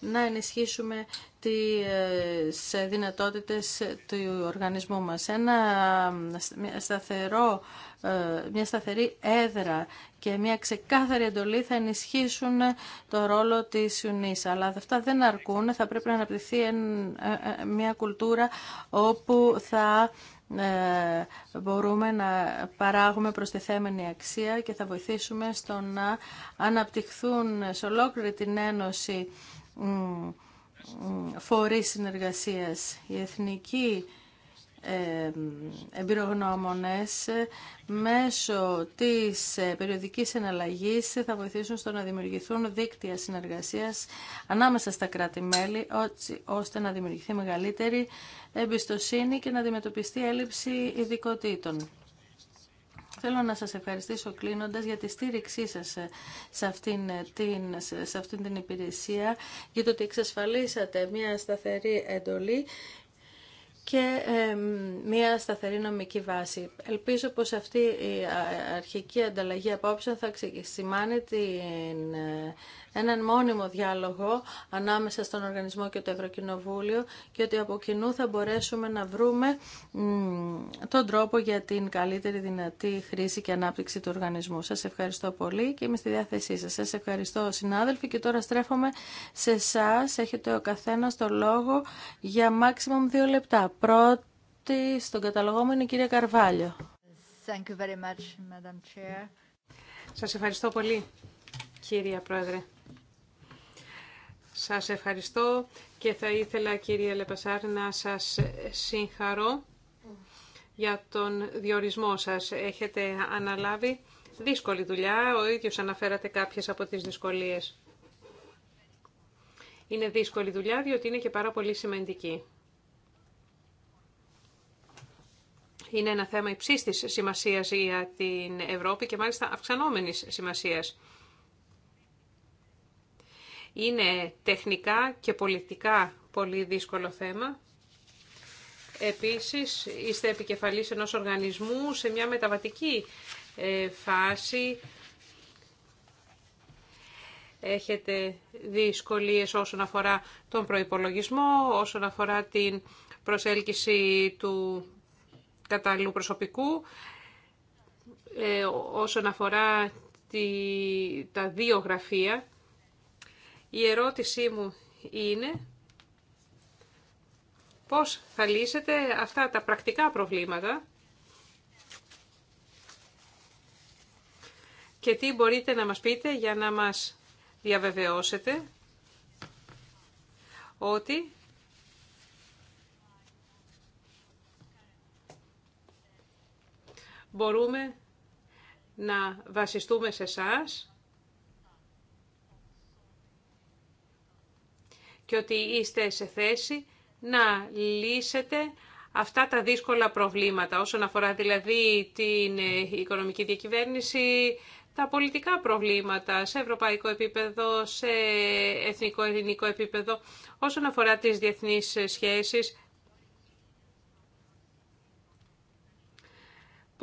να ενισχύσουμε τις ε, δυνατότητες του οργανισμού μας. Ένα σταθερό, ε, μια σταθερή έδρα και μια ξεκάθαρη εντολή θα ενισχύσουν το ρόλο της Ιουνής. Αλλά αυτά δεν αρκούν, θα πρέπει να αναπτυχθεί μια κουλτούρα όπου θα ε, μπορούμε να παράγουμε προστιθέμενη αξία και θα βοηθήσουμε στο να αναπτυχθούν σε ολόκληρη την Ένωση φορείς συνεργασίας. Η εθνική ε, εμπειρογνώμονες ε, μέσω της ε, περιοδικής εναλλαγής θα βοηθήσουν στο να δημιουργηθούν δίκτυα συνεργασίας ανάμεσα στα κράτη-μέλη ώστε να δημιουργηθεί μεγαλύτερη εμπιστοσύνη και να αντιμετωπιστεί έλλειψη ειδικοτήτων. Θέλω να σας ευχαριστήσω κλείνοντας για τη στήριξή σας σε αυτήν την, σε αυτήν την υπηρεσία, για το ότι εξασφαλίσατε μια σταθερή εντολή και μια σταθερή νομική βάση. Ελπίζω πως αυτή η αρχική ανταλλαγή απόψεων θα σημάνει την, ε, έναν μόνιμο διάλογο ανάμεσα στον οργανισμό και το Ευρωκοινοβούλιο και ότι από κοινού θα μπορέσουμε να βρούμε τον τρόπο για την καλύτερη δυνατή χρήση και ανάπτυξη του οργανισμού. Σας ευχαριστώ πολύ και είμαι στη διάθεσή σας. Σας ευχαριστώ συνάδελφοι και τώρα στρέφομαι σε εσά. Έχετε ο καθένας το λόγο για μάξιμουμ δύο λεπτά πρώτη στον καταλογό μου είναι η κυρία Καρβάλιο. Thank Σας ευχαριστώ πολύ, κυρία Πρόεδρε. Σας ευχαριστώ και θα ήθελα, κυρία Λεπασάρ, να σας συγχαρώ για τον διορισμό σας. Έχετε αναλάβει δύσκολη δουλειά, ο ίδιος αναφέρατε κάποιες από τις δυσκολίες. Είναι δύσκολη δουλειά διότι είναι και πάρα πολύ σημαντική. είναι ένα θέμα υψίστης σημασίας για την Ευρώπη και μάλιστα αυξανόμενης σημασίας. Είναι τεχνικά και πολιτικά πολύ δύσκολο θέμα. Επίσης, είστε επικεφαλής ενός οργανισμού σε μια μεταβατική ε, φάση. Έχετε δυσκολίες όσον αφορά τον προϋπολογισμό, όσον αφορά την προσέλκυση του κατάλληλου προσωπικού ε, όσον αφορά τη, τα δύο γραφεία. Η ερώτησή μου είναι πώς θα λύσετε αυτά τα πρακτικά προβλήματα και τι μπορείτε να μας πείτε για να μας διαβεβαιώσετε ότι μπορούμε να βασιστούμε σε εσά. και ότι είστε σε θέση να λύσετε αυτά τα δύσκολα προβλήματα όσον αφορά δηλαδή την ε, οικονομική διακυβέρνηση, τα πολιτικά προβλήματα σε ευρωπαϊκό επίπεδο, σε εθνικό ελληνικό επίπεδο, όσον αφορά τις διεθνείς ε, σχέσεις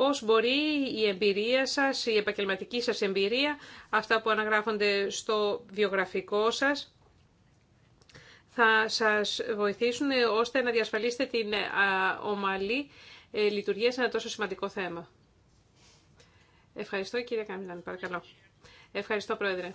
πώς μπορεί η εμπειρία σας, η επαγγελματική σας εμπειρία, αυτά που αναγράφονται στο βιογραφικό σας, θα σας βοηθήσουν ώστε να διασφαλίσετε την ομαλή ε, λειτουργία σε ένα τόσο σημαντικό θέμα. Ευχαριστώ κύριε Καμιλάν, παρακαλώ. Ευχαριστώ πρόεδρε.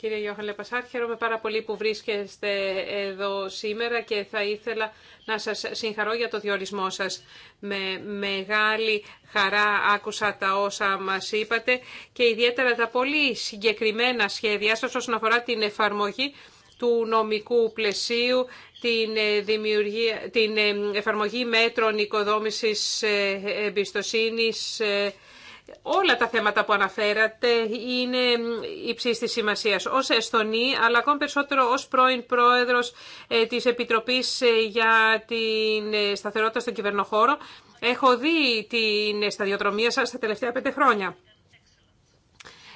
Κύριε Γιώχαλε Λεπασάρ, χαίρομαι πάρα πολύ που βρίσκεστε εδώ σήμερα και θα ήθελα να σας συγχαρώ για το διορισμό σας. Με μεγάλη χαρά άκουσα τα όσα μας είπατε και ιδιαίτερα τα πολύ συγκεκριμένα σχέδιά σας όσον αφορά την εφαρμογή του νομικού πλαισίου, την, ε, δημιουργία, την ε, εφαρμογή μέτρων οικοδόμησης ε, εμπιστοσύνης, Όλα τα θέματα που αναφέρατε είναι υψής της σημασίας ως Εστονή, αλλά ακόμη περισσότερο ως πρώην πρόεδρος ε, της Επιτροπής ε, για την ε, Σταθερότητα στον Κυβερνοχώρο. Έχω δει την σταδιοδρομία σας τα τελευταία πέντε χρόνια.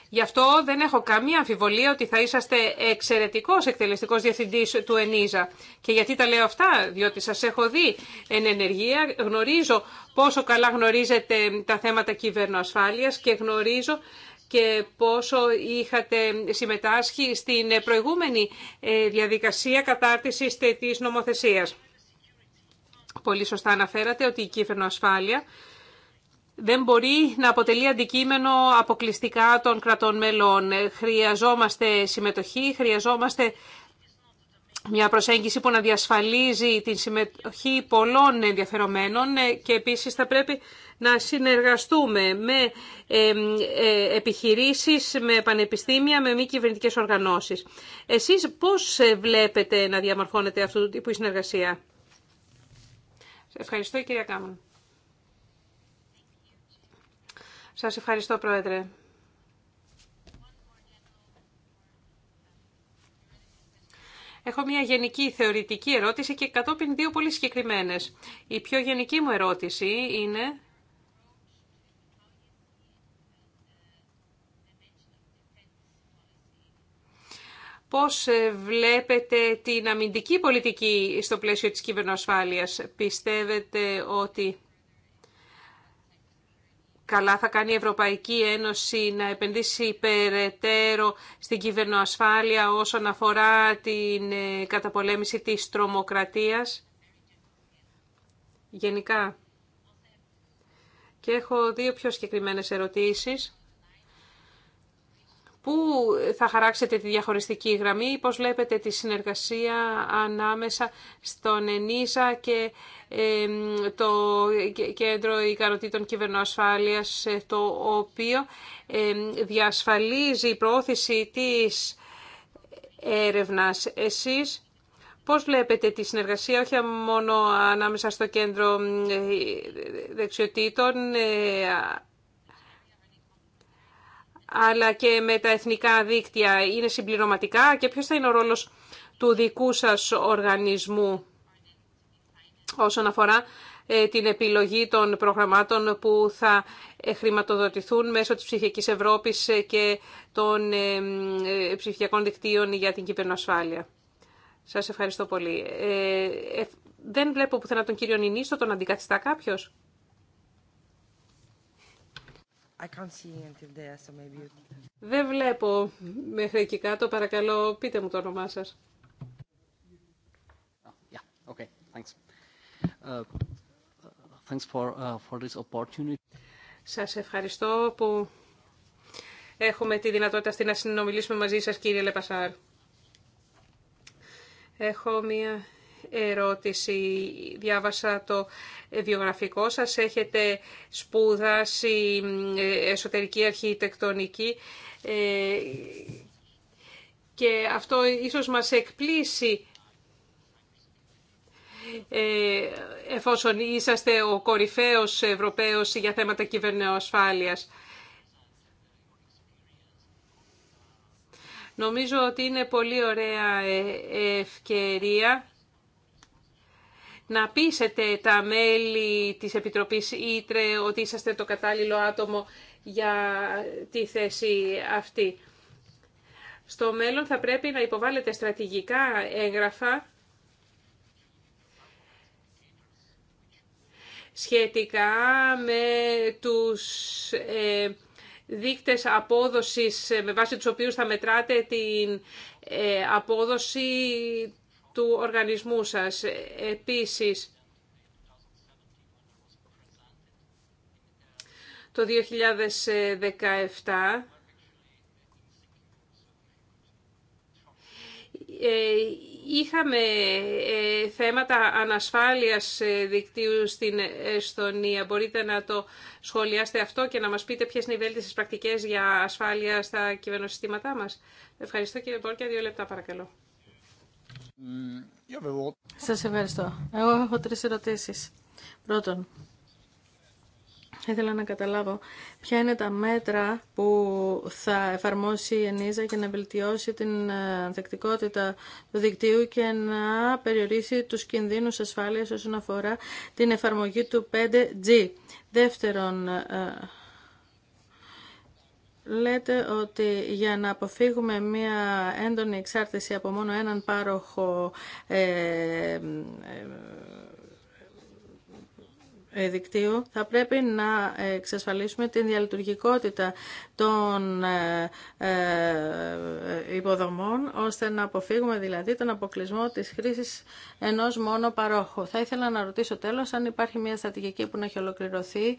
Γι' αυτό δεν έχω καμία αμφιβολία ότι θα είσαστε εξαιρετικός εκτελεστικός διευθυντής του ΕΝΙΖΑ. Και γιατί τα λέω αυτά, διότι σας έχω δει εν ενεργεία, γνωρίζω πόσο καλά γνωρίζετε τα θέματα κυβερνοασφάλειας και γνωρίζω και πόσο είχατε συμμετάσχει στην προηγούμενη ε, διαδικασία κατάρτισης της νομοθεσίας. Πολύ σωστά αναφέρατε ότι η κύβερνοασφάλεια δεν μπορεί να αποτελεί αντικείμενο αποκλειστικά των κρατών μελών. Ε, χρειαζόμαστε συμμετοχή, χρειαζόμαστε μια προσέγγιση που να διασφαλίζει την συμμετοχή πολλών ενδιαφερομένων ε, και επίσης θα πρέπει να συνεργαστούμε με ε, επιχειρήσεις, με πανεπιστήμια, με μη κυβερνητικέ οργανώσεις. Εσείς πώς βλέπετε να διαμορφώνετε αυτού του τύπου η συνεργασία. Ευχαριστώ κυρία Κάμον. Σας ευχαριστώ, Πρόεδρε. Έχω μια γενική θεωρητική ερώτηση και κατόπιν δύο πολύ συγκεκριμένες. Η πιο γενική μου ερώτηση είναι... Πώς ε, βλέπετε την αμυντική πολιτική στο πλαίσιο της κυβερνοασφάλειας. Πιστεύετε ότι Καλά θα κάνει η Ευρωπαϊκή Ένωση να επενδύσει περαιτέρω στην κυβερνοασφάλεια όσον αφορά την ε, καταπολέμηση της τρομοκρατίας. Γενικά. Και έχω δύο πιο συγκεκριμένες ερωτήσεις. Πού θα χαράξετε τη διαχωριστική γραμμή, πώς βλέπετε τη συνεργασία ανάμεσα στον ΕΝΙΖΑ και το Κέντρο Ικανοτήτων Κυβερνοασφάλειας, το οποίο διασφαλίζει η προώθηση της έρευνας. Εσείς πώς βλέπετε τη συνεργασία, όχι μόνο ανάμεσα στο Κέντρο ε, Δεξιοτήτων, ε, αλλά και με τα εθνικά δίκτυα είναι συμπληρωματικά και ποιος θα είναι ο ρόλος του δικού σας οργανισμού όσον αφορά ε, την επιλογή των προγραμμάτων που θα ε, χρηματοδοτηθούν μέσω της ψηφιακής Ευρώπης ε, και των ψηφιακών δικτύων για την κυβερνοασφάλεια. Σας ευχαριστώ πολύ. Ε, δεν βλέπω πουθενά τον κύριο Νινίστο, τον αντικαθιστά κάποιος. Δεν βλέπω μέχρι εκεί κάτω. Παρακαλώ, πείτε μου το όνομά σας. Yeah, uh, uh, ευχαριστώ που έχουμε τη δυνατότητα αυτή να συνομιλήσουμε μαζί σας, κύριε Λεπασάρ. Έχω μία ερώτηση. Διάβασα το βιογραφικό σας. Έχετε σπούδαση ε, εσωτερική αρχιτεκτονική ε, και αυτό ίσως μας εκπλήσει ε, εφόσον είσαστε ο κορυφαίος Ευρωπαίος για θέματα κυβερνοασφάλειας. Νομίζω ότι είναι πολύ ωραία ευκαιρία να πείσετε τα μέλη της Επιτροπής Ήτρε ότι είσαστε το κατάλληλο άτομο για τη θέση αυτή. Στο μέλλον θα πρέπει να υποβάλλετε στρατηγικά έγγραφα σχετικά με τους ε, δείκτες απόδοσης με βάση τους οποίους θα μετράτε την ε, απόδοση του οργανισμού σας. Επίσης, το 2017 ε, είχαμε ε, θέματα ανασφάλειας ε, δικτύου στην Εστονία. Μπορείτε να το σχολιάσετε αυτό και να μας πείτε ποιες είναι οι βέλτιστες πρακτικές για ασφάλεια στα κυβερνοσυστήματά μας. Ευχαριστώ κύριε Πόρκια. Δύο λεπτά παρακαλώ. Σα ευχαριστώ. Εγώ έχω τρεις ερωτήσεις. Πρώτον, ήθελα να καταλάβω ποια είναι τα μέτρα που θα εφαρμόσει η ΕΝΙΖΑ για να βελτιώσει την ε, ανθεκτικότητα του δικτύου και να περιορίσει τους κινδύνους ασφάλειας όσον αφορά την εφαρμογή του 5G. Δεύτερον, ε, λέτε ότι για να αποφύγουμε μία έντονη εξάρτηση από μόνο έναν πάροχο ε, ε, ε, δικτύου θα πρέπει να εξασφαλίσουμε την διαλειτουργικότητα των ε, ε, υποδομών ώστε να αποφύγουμε δηλαδή τον αποκλεισμό της χρήσης ενός μόνο παρόχου. Θα ήθελα να ρωτήσω τέλος αν υπάρχει μια στρατηγική που να έχει ολοκληρωθεί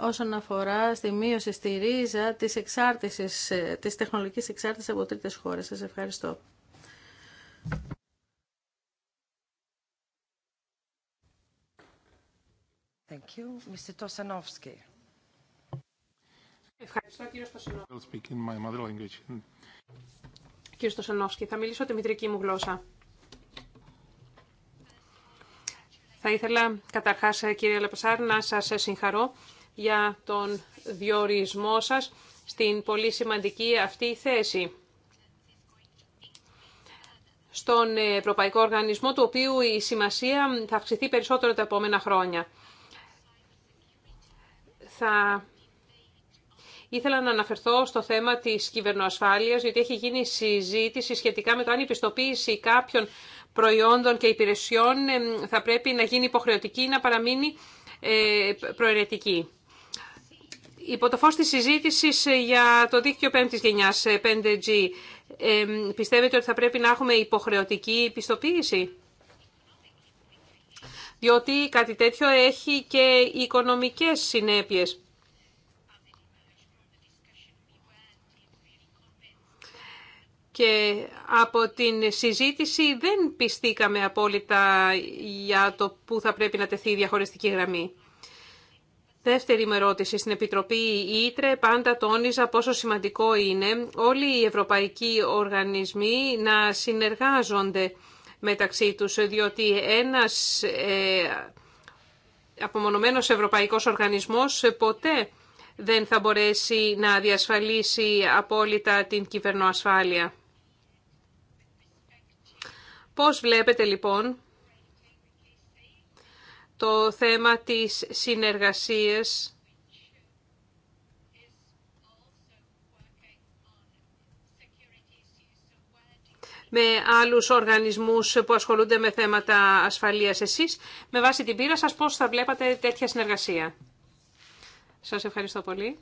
όσον αφορά στη μείωση στη ρίζα της, εξάρτησης, της τεχνολογικής εξάρτησης από τρίτες χώρες. Σας ευχαριστώ. Ευχαριστώ, κύριε Στοσανόφσκι, θα μιλήσω τη μητρική μου γλώσσα. Θα ήθελα καταρχάς, ε, κύριε Λαπασάρ, να σας ε, συγχαρώ για τον διορισμό σας στην πολύ σημαντική αυτή θέση στον ε, Ευρωπαϊκό Οργανισμό, του οποίου η σημασία θα αυξηθεί περισσότερο τα επόμενα χρόνια. Θα ήθελα να αναφερθώ στο θέμα της κυβερνοασφάλειας, γιατί έχει γίνει συζήτηση σχετικά με το αν η πιστοποίηση κάποιων προϊόντων και υπηρεσιών θα πρέπει να γίνει υποχρεωτική ή να παραμείνει ε, προαιρετική. Υπό το φως της συζήτησης ε, για το δίκτυο 5ης γενιάς 5G, ε, πιστεύετε ότι θα πρέπει να έχουμε υποχρεωτική πιστοποίηση διότι κάτι τέτοιο έχει και οικονομικές συνέπειες. Και από την συζήτηση δεν πιστήκαμε απόλυτα για το πού θα πρέπει να τεθεί η διαχωριστική γραμμή. Δεύτερη μου ερώτηση. Στην Επιτροπή Ήτρε πάντα τόνιζα πόσο σημαντικό είναι όλοι οι ευρωπαϊκοί οργανισμοί να συνεργάζονται μεταξύ τους, διότι ένας ε, απομονωμένος ευρωπαϊκός οργανισμός ποτέ δεν θα μπορέσει να διασφαλίσει απόλυτα την κυβερνοασφάλεια. Πώς βλέπετε λοιπόν το θέμα της συνεργασίας με άλλους οργανισμούς που ασχολούνται με θέματα ασφαλείας. Εσείς, με βάση την πείρα σας, πώς θα βλέπατε τέτοια συνεργασία. Σας ευχαριστώ πολύ.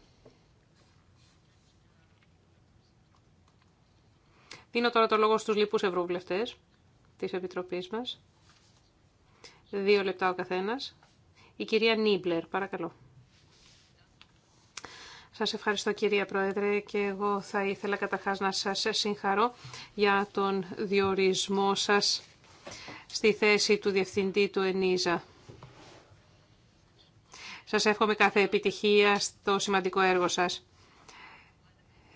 Δίνω τώρα το λόγο στους λοιπούς ευρωβουλευτές της Επιτροπής μας. Δύο λεπτά ο καθένας. Η κυρία Νίμπλερ, παρακαλώ. Σας ευχαριστώ κυρία Πρόεδρε και εγώ θα ήθελα καταρχάς να σας συγχαρώ για τον διορισμό σας στη θέση του Διευθυντή του ΕΝΙΖΑ. Σας εύχομαι κάθε επιτυχία στο σημαντικό έργο σας.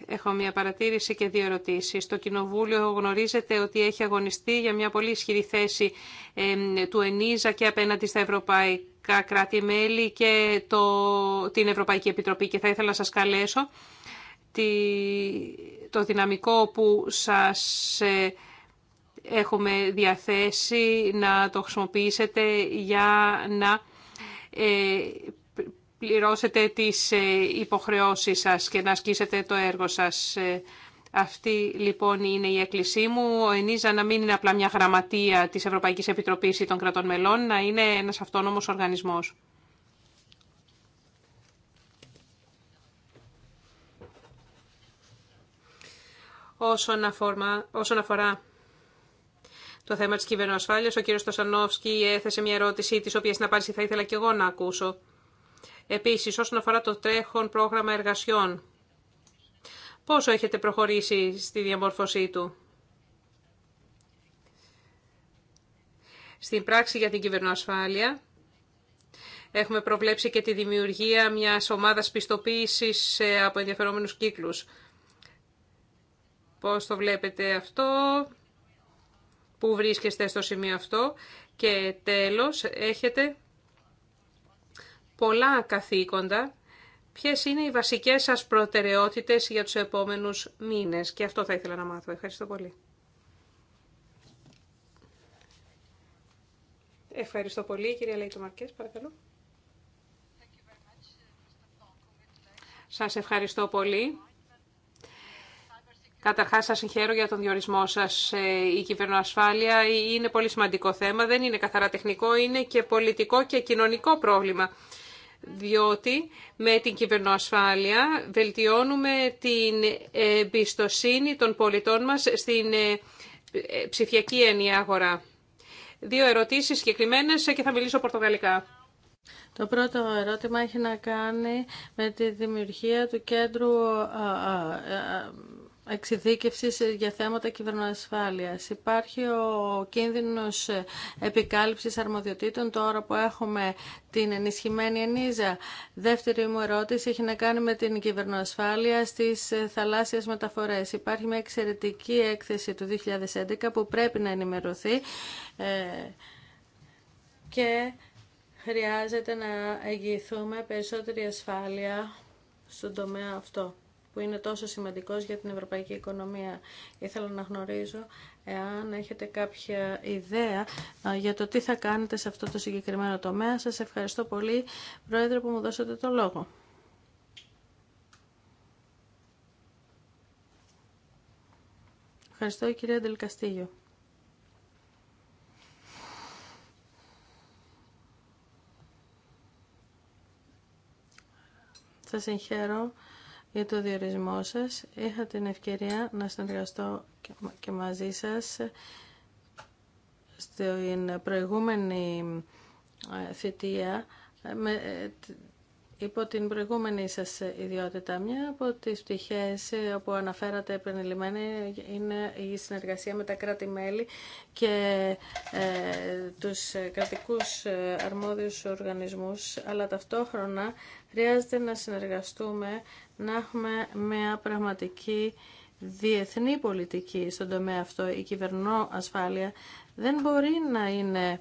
Έχω μια παρατήρηση και δύο ερωτήσεις. Το Κοινοβούλιο γνωρίζετε ότι έχει αγωνιστεί για μια πολύ ισχυρή θέση του ΕΝΙΖΑ και απέναντι στα ευρωπαϊκά κρατη κράτη-μέλη και το, την Ευρωπαϊκή Επιτροπή. Και θα ήθελα να σας καλέσω τη, το δυναμικό που σας ε, έχουμε διαθέσει να το χρησιμοποιήσετε για να ε, πληρώσετε τις ε, υποχρεώσεις σας και να ασκήσετε το έργο σας. Αυτή λοιπόν είναι η έκκλησή μου. Ο ΕΝΙΖΑ να μην είναι απλά μια γραμματεία της Ευρωπαϊκής Επιτροπής ή των κρατών μελών, να είναι ένας αυτόνομος οργανισμός. Όσον αφορά, όσον αφορά το θέμα της κυβερνοασφάλειας, ο κύριος Στοσανόφσκι έθεσε μια ερώτηση της οποίας να απάντηση θα ήθελα και εγώ να ακούσω. Επίσης, όσον αφορά το τρέχον πρόγραμμα εργασιών, Πόσο έχετε προχωρήσει στη διαμόρφωσή του. Στην πράξη για την κυβερνοασφάλεια έχουμε προβλέψει και τη δημιουργία μιας ομάδας πιστοποίησης από ενδιαφερόμενους κύκλους. Πώς το βλέπετε αυτό, πού βρίσκεστε στο σημείο αυτό και τέλος έχετε πολλά καθήκοντα ποιες είναι οι βασικές σας προτεραιότητες για τους επόμενους μήνες. Και αυτό θα ήθελα να μάθω. Ευχαριστώ πολύ. Ευχαριστώ πολύ, κυρία Λέιτο Μαρκές, παρακαλώ. Σας ευχαριστώ πολύ. Καταρχάς, σας συγχαίρω για τον διορισμό σας. Η κυβερνοασφάλεια είναι πολύ σημαντικό θέμα. Δεν είναι καθαρά τεχνικό, είναι και πολιτικό και κοινωνικό πρόβλημα διότι με την κυβερνοασφάλεια βελτιώνουμε την εμπιστοσύνη των πολιτών μας στην ε, ε, ψηφιακή ενιαία αγορά. Δύο ερωτήσεις συγκεκριμένε και θα μιλήσω πορτογαλικά. Το πρώτο ερώτημα έχει να κάνει με τη δημιουργία του κέντρου εξειδίκευσης για θέματα κυβερνοασφάλειας. Υπάρχει ο κίνδυνος επικάλυψης αρμοδιοτήτων τώρα που έχουμε την ενισχυμένη ενίζα. Δεύτερη μου ερώτηση έχει να κάνει με την κυβερνοασφάλεια στις θαλάσσιες μεταφορές. Υπάρχει μια εξαιρετική έκθεση του 2011 που πρέπει να ενημερωθεί ε, και χρειάζεται να εγγυηθούμε περισσότερη ασφάλεια στον τομέα αυτό που είναι τόσο σημαντικός για την ευρωπαϊκή οικονομία. Ήθελα να γνωρίζω εάν έχετε κάποια ιδέα ε, για το τι θα κάνετε σε αυτό το συγκεκριμένο τομέα. Σας ευχαριστώ πολύ, Πρόεδρε, που μου δώσατε το λόγο. Ευχαριστώ, κυρία Ντελκαστήγιο. Σας ευχαριστώ για το διορισμό σας. Είχα την ευκαιρία να συνεργαστώ και μαζί σας στην προηγούμενη ε, θητεία ε, υπό την προηγούμενη σας ιδιότητα. Μια από τις πτυχές ε, που αναφέρατε επενελειμμένα είναι η συνεργασία με τα κράτη-μέλη και ε, τους κρατικούς ε, αρμόδιους οργανισμούς, αλλά ταυτόχρονα χρειάζεται να συνεργαστούμε, να έχουμε μια πραγματική διεθνή πολιτική στον τομέα αυτό. Η κυβερνό ασφάλεια δεν μπορεί να είναι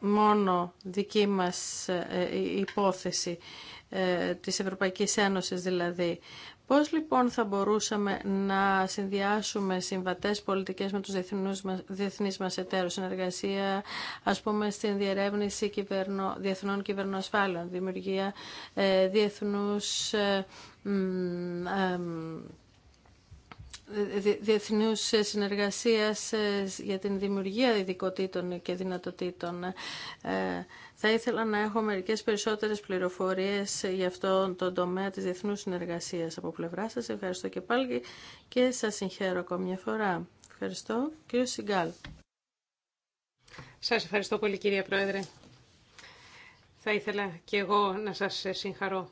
μόνο δική μας ε, ε, υπόθεση ε, της Ευρωπαϊκής Ένωσης δηλαδή. Πώς λοιπόν θα μπορούσαμε να συνδυάσουμε συμβατές πολιτικές με τους διεθνούς μας, διεθνείς μας εταίρους, συνεργασία ας πούμε στην διερεύνηση κυβερνο, διεθνών κυβερνοασφάλων, δημιουργία ε, διεθνούς διεθνούς συνεργασίας ε, για την δημιουργία ειδικοτήτων και δυνατοτήτων. Ε, θα ήθελα να έχω μερικές περισσότερες πληροφορίες για αυτό το τομέα της διεθνούς συνεργασίας από πλευρά σας. Ευχαριστώ και πάλι και σας συγχαίρω ακόμη μια φορά. Ευχαριστώ. Κύριο Σιγκάλ. Σας ευχαριστώ πολύ κυρία Πρόεδρε. Θα ήθελα και εγώ να σας συγχαρώ.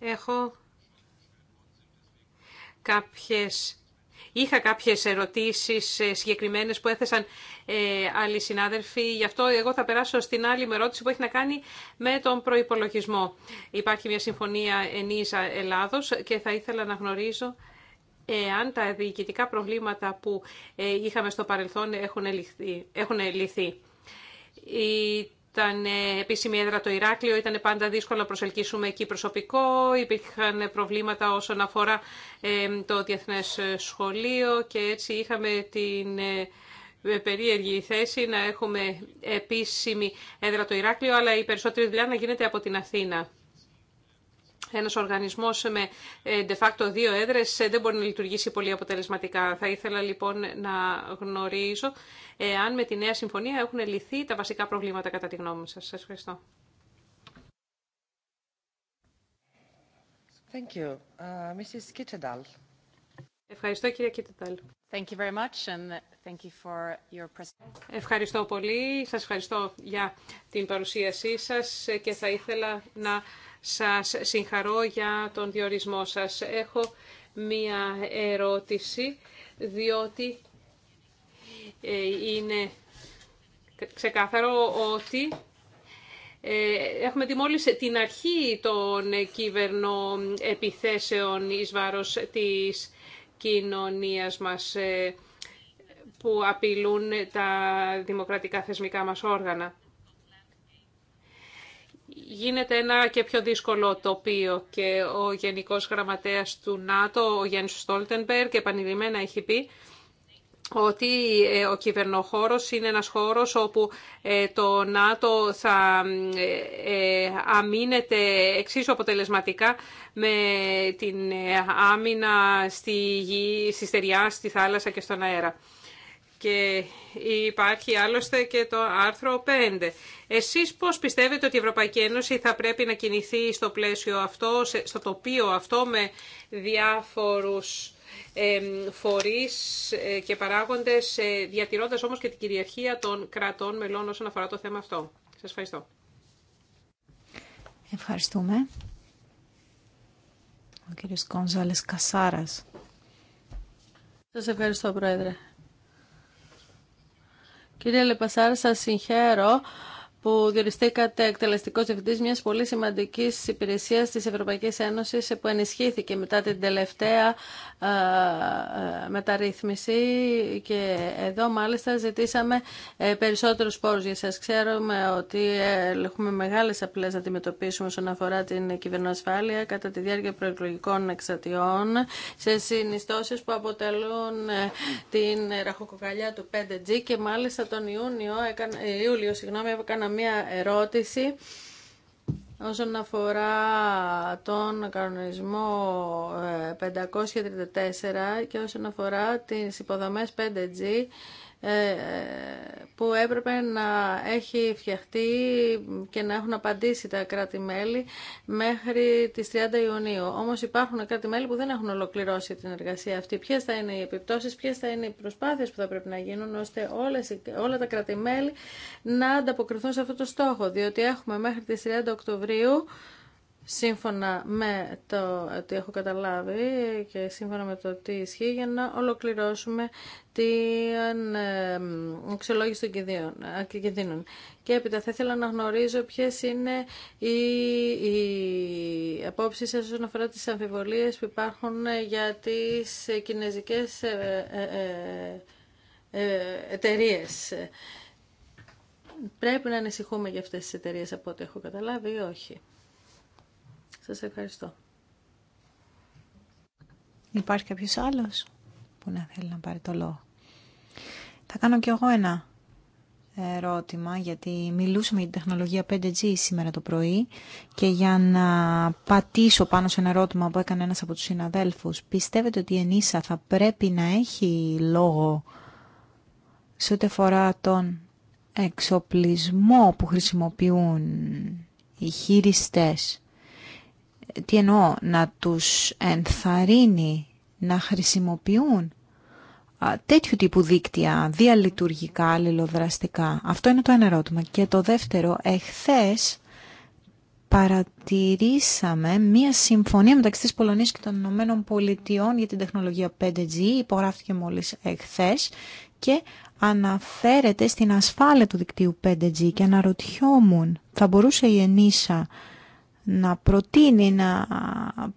Έχω κάποιες... Είχα κάποιες ερωτήσεις ε, συγκεκριμένες που έθεσαν ε, άλλοι συνάδελφοι. Γι' αυτό εγώ θα περάσω στην άλλη με ερώτηση που έχει να κάνει με τον προϋπολογισμό. Υπάρχει μια συμφωνία ενίζα Ελλάδος και θα ήθελα να γνωρίζω εάν τα διοικητικά προβλήματα που ε, είχαμε στο παρελθόν έχουν λυθεί. Έχουν λυθεί. Η ήταν ε, επίσημη έδρα το Ηράκλειο, ήταν πάντα δύσκολο να προσελκύσουμε εκεί προσωπικό, υπήρχαν προβλήματα όσον αφορά ε, το Διεθνές ε, Σχολείο και έτσι είχαμε την περίεργη θέση να έχουμε επίσημη έδρα το Ηράκλειο, αλλά η περισσότερη δουλειά να γίνεται από την Αθήνα ένας οργανισμός με ε, de facto δύο έδρες ε, δεν μπορεί να λειτουργήσει πολύ αποτελεσματικά. Θα ήθελα λοιπόν να γνωρίζω ε, αν με τη νέα συμφωνία έχουν λυθεί τα βασικά προβλήματα κατά τη γνώμη σας. Σας ευχαριστώ. Thank you. Uh, ευχαριστώ κυρία Κίτενταλ ευχαριστώ πολύ. Σας ευχαριστώ για την παρουσίασή σας και θα ήθελα να σας συγχαρώ για τον διορισμό σας. Έχω μία ερώτηση, διότι ε, είναι ξεκάθαρο ότι ε, έχουμε δει μόλις την αρχή των κυβερνοεπιθέσεων εις βάρος της κοινωνίας μας ε, που απειλούν τα δημοκρατικά θεσμικά μας όργανα. Γίνεται ένα και πιο δύσκολο τοπίο και ο Γενικός Γραμματέας του ΝΑΤΟ, ο Γιάννης και επανειλημμένα έχει πει ότι ε, ο κυβερνοχώρος είναι ένας χώρος όπου ε, το ΝΑΤΟ θα ε, αμήνεται εξίσου αποτελεσματικά με την άμυνα στη γη, στη στεριά, στη θάλασσα και στον αέρα. Και υπάρχει άλλωστε και το άρθρο 5. Εσείς πώς πιστεύετε ότι η Ευρωπαϊκή Ένωση θα πρέπει να κινηθεί στο πλαίσιο αυτό, στο τοπίο αυτό με διάφορους φορείς ε, και παράγοντες, ε, διατηρώντας όμως και την κυριαρχία των κρατών μελών όσον αφορά το θέμα αυτό. Σας ευχαριστώ. Ευχαριστούμε. Ο κύριος Κονζάλης Κασάρας. Σας ευχαριστώ, Πρόεδρε. Κύριε Λεπασάρα, σας συγχαίρω που διοριστήκατε εκτελεστικό διευθυντή μια πολύ σημαντική υπηρεσία τη Ευρωπαϊκή Ένωση που ενισχύθηκε μετά την τελευταία ε, ε, μεταρρύθμιση και εδώ μάλιστα ζητήσαμε ε, περισσότερου πόρου για σας. Ξέρουμε ότι έχουμε μεγάλε απλέ να αντιμετωπίσουμε όσον αφορά την κυβερνοασφάλεια κατά τη διάρκεια προεκλογικών εξατιών σε συνιστώσει που αποτελούν την ραχοκοκαλιά του 5G και μάλιστα τον Ιούνιο, Ιούλιο συγγνώμη, έκανα μία ερώτηση όσον αφορά τον κανονισμό 534 ε, και όσον αφορά τις υποδομές 5G ε, που έπρεπε να έχει φτιαχτεί και να έχουν απαντήσει τα κράτη-μέλη μέχρι τις 30 Ιουνίου. Όμως υπάρχουν κράτη-μέλη που δεν έχουν ολοκληρώσει την εργασία αυτή. Ποιες θα είναι οι επιπτώσεις, ποιες θα είναι οι προσπάθειες που θα πρέπει να γίνουν ώστε όλες, όλα τα κράτη-μέλη να ανταποκριθούν σε αυτό το στόχο. Διότι έχουμε μέχρι τις 30 Οκτωβρίου σύμφωνα με το τι έχω καταλάβει και σύμφωνα με το τι ισχύει για να ολοκληρώσουμε την εξολόγηση των κινδύνων. Και έπειτα θα ήθελα να γνωρίζω ποιες είναι οι, οι απόψεις σας όσον αφορά τις αμφιβολίες που υπάρχουν για τις κινέζικες ε, ε, ε, εταιρείε. Πρέπει να ανησυχούμε για αυτές τις εταιρείε από ό,τι έχω καταλάβει ή όχι. Σας ευχαριστώ. Υπάρχει κάποιος άλλος που να θέλει να πάρει το λόγο. Θα κάνω κι εγώ ένα ερώτημα γιατί μιλούσαμε για την τεχνολογία 5G σήμερα το πρωί και για να πατήσω πάνω σε ένα ερώτημα που έκανε ένας από τους συναδέλφους πιστεύετε ότι η ΕΝΙΣΑ θα πρέπει να έχει λόγο σε ό,τι αφορά τον εξοπλισμό που χρησιμοποιούν οι χειριστές τι εννοώ, να τους ενθαρρύνει να χρησιμοποιούν τέτοιου τύπου δίκτυα διαλειτουργικά, αλληλοδραστικά. Αυτό είναι το ένα ερώτημα. Και το δεύτερο, εχθές παρατηρήσαμε μία συμφωνία μεταξύ της Πολωνίας και των Ηνωμένων Πολιτειών για την τεχνολογία 5G, υπογράφηκε μόλις εχθές και αναφέρεται στην ασφάλεια του δικτύου 5G και αναρωτιόμουν, θα μπορούσε η Ενίσα να προτείνει, να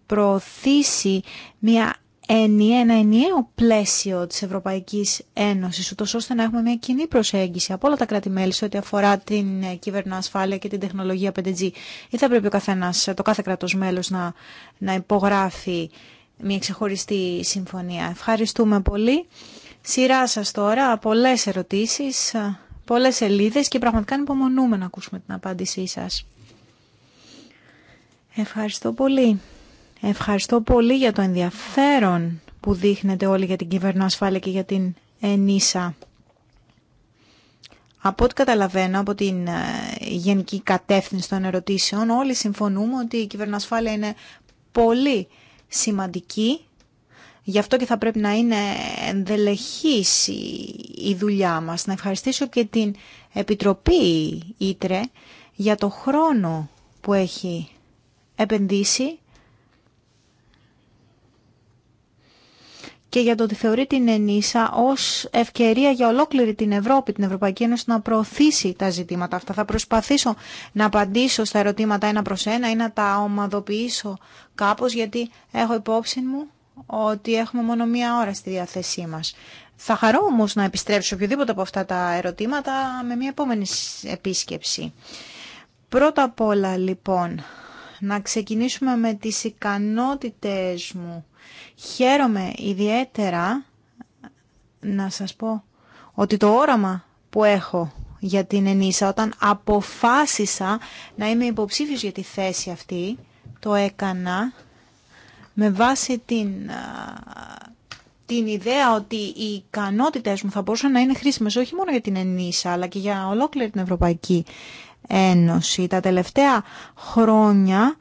προωθήσει μια ενιαία, ένα ενιαίο πλαίσιο της Ευρωπαϊκής Ένωσης, ούτως ώστε να έχουμε μια κοινή προσέγγιση από όλα τα κράτη-μέλη σε ό,τι αφορά την ε, ασφάλεια και την τεχνολογία 5G. Ή θα πρέπει ο καθένας, ε, το κάθε κράτος μέλος να, να υπογράφει μια ξεχωριστή συμφωνία. Ευχαριστούμε πολύ. Σειρά σας τώρα, πολλές ερωτήσεις, ε, πολλές σελίδες και πραγματικά ανυπομονούμε να ακούσουμε την απάντησή σας. Ευχαριστώ πολύ. Ευχαριστώ πολύ για το ενδιαφέρον που δείχνετε όλοι για την κυβερνοασφάλεια και για την ενίσα. Από ό,τι καταλαβαίνω από την ε, γενική κατεύθυνση των ερωτήσεων, όλοι συμφωνούμε ότι η κυβερνοασφάλεια είναι πολύ σημαντική. Γι' αυτό και θα πρέπει να είναι ενδελεχής η δουλειά μας. Να ευχαριστήσω και την Επιτροπή Ήτρε για το χρόνο που έχει επενδύσει και για το ότι θεωρεί την ΕΝΙΣΑ ως ευκαιρία για ολόκληρη την Ευρώπη, την Ευρωπαϊκή Ένωση να προωθήσει τα ζητήματα αυτά. Θα προσπαθήσω να απαντήσω στα ερωτήματα ένα προς ένα ή να τα ομαδοποιήσω κάπως γιατί έχω υπόψη μου ότι έχουμε μόνο μία ώρα στη διάθεσή μας. Θα χαρώ όμως να επιστρέψω οποιοδήποτε από αυτά τα ερωτήματα με μία επόμενη επίσκεψη. Πρώτα απ' όλα λοιπόν, να ξεκινήσουμε με τις ικανότητες μου. Χαίρομαι ιδιαίτερα να σας πω ότι το όραμα που έχω για την Ενίσα όταν αποφάσισα να είμαι υποψήφιος για τη θέση αυτή το έκανα με βάση την, την ιδέα ότι οι ικανότητες μου θα μπορούσαν να είναι χρήσιμες όχι μόνο για την Ενίσα αλλά και για ολόκληρη την Ευρωπαϊκή Ένωση. Τα τελευταία χρόνια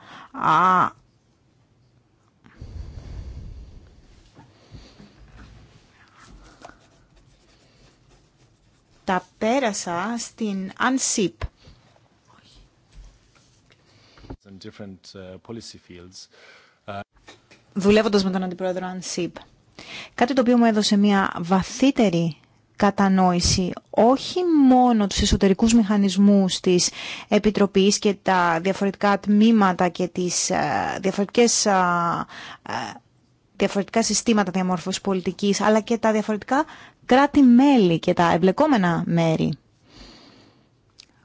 τα πέρασα στην ΑΝΣΥΠ, uh, uh, Δουλεύοντας με τον Αντιπρόεδρο ΑΝΣΥΠ. Κάτι το οποίο μου έδωσε μια βαθύτερη κατανόηση όχι μόνο τους εσωτερικούς μηχανισμούς της Επιτροπής και τα διαφορετικά τμήματα και τις ε, διαφορετικές ε, ε, διαφορετικά συστήματα διαμόρφωσης πολιτικής, αλλά και τα διαφορετικά κράτη-μέλη και τα εμπλεκόμενα μέρη.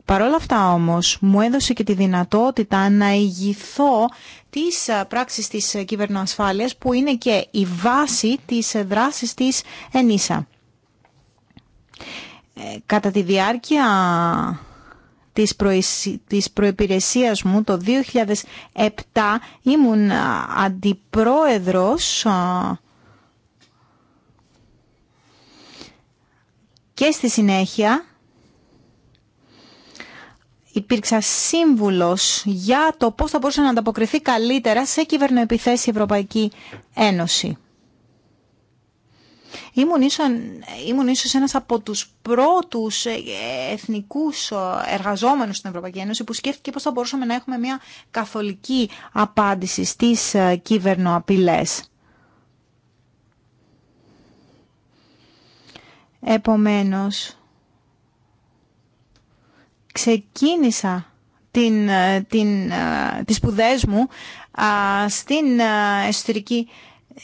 Παρόλα αυτά όμως μου έδωσε και τη δυνατότητα να ηγηθώ της πράξεις της κυβερνοασφάλειας που είναι και η βάση της δράσης της ΕΝΙΣΑ. Ε, κατά τη διάρκεια της, της προϋπηρεσίας μου το 2007 ήμουν αντιπρόεδρος και στη συνέχεια υπήρξα σύμβουλος για το πώς θα μπορούσε να ανταποκριθεί καλύτερα σε κυβερνοεπιθέσεις Ευρωπαϊκή Ένωση. Ήμουν, ίσως, ήμουν ίσως ένας από τους πρώτους ε, εθνικούς ε, εργαζόμενους στην Ευρωπαϊκή Ένωση που σκέφτηκε πώς θα μπορούσαμε να έχουμε μια καθολική απάντηση στις ε, κυβερνοαπειλές. Επομένως, ξεκίνησα την, την, τις σπουδέ μου στην εσωτερική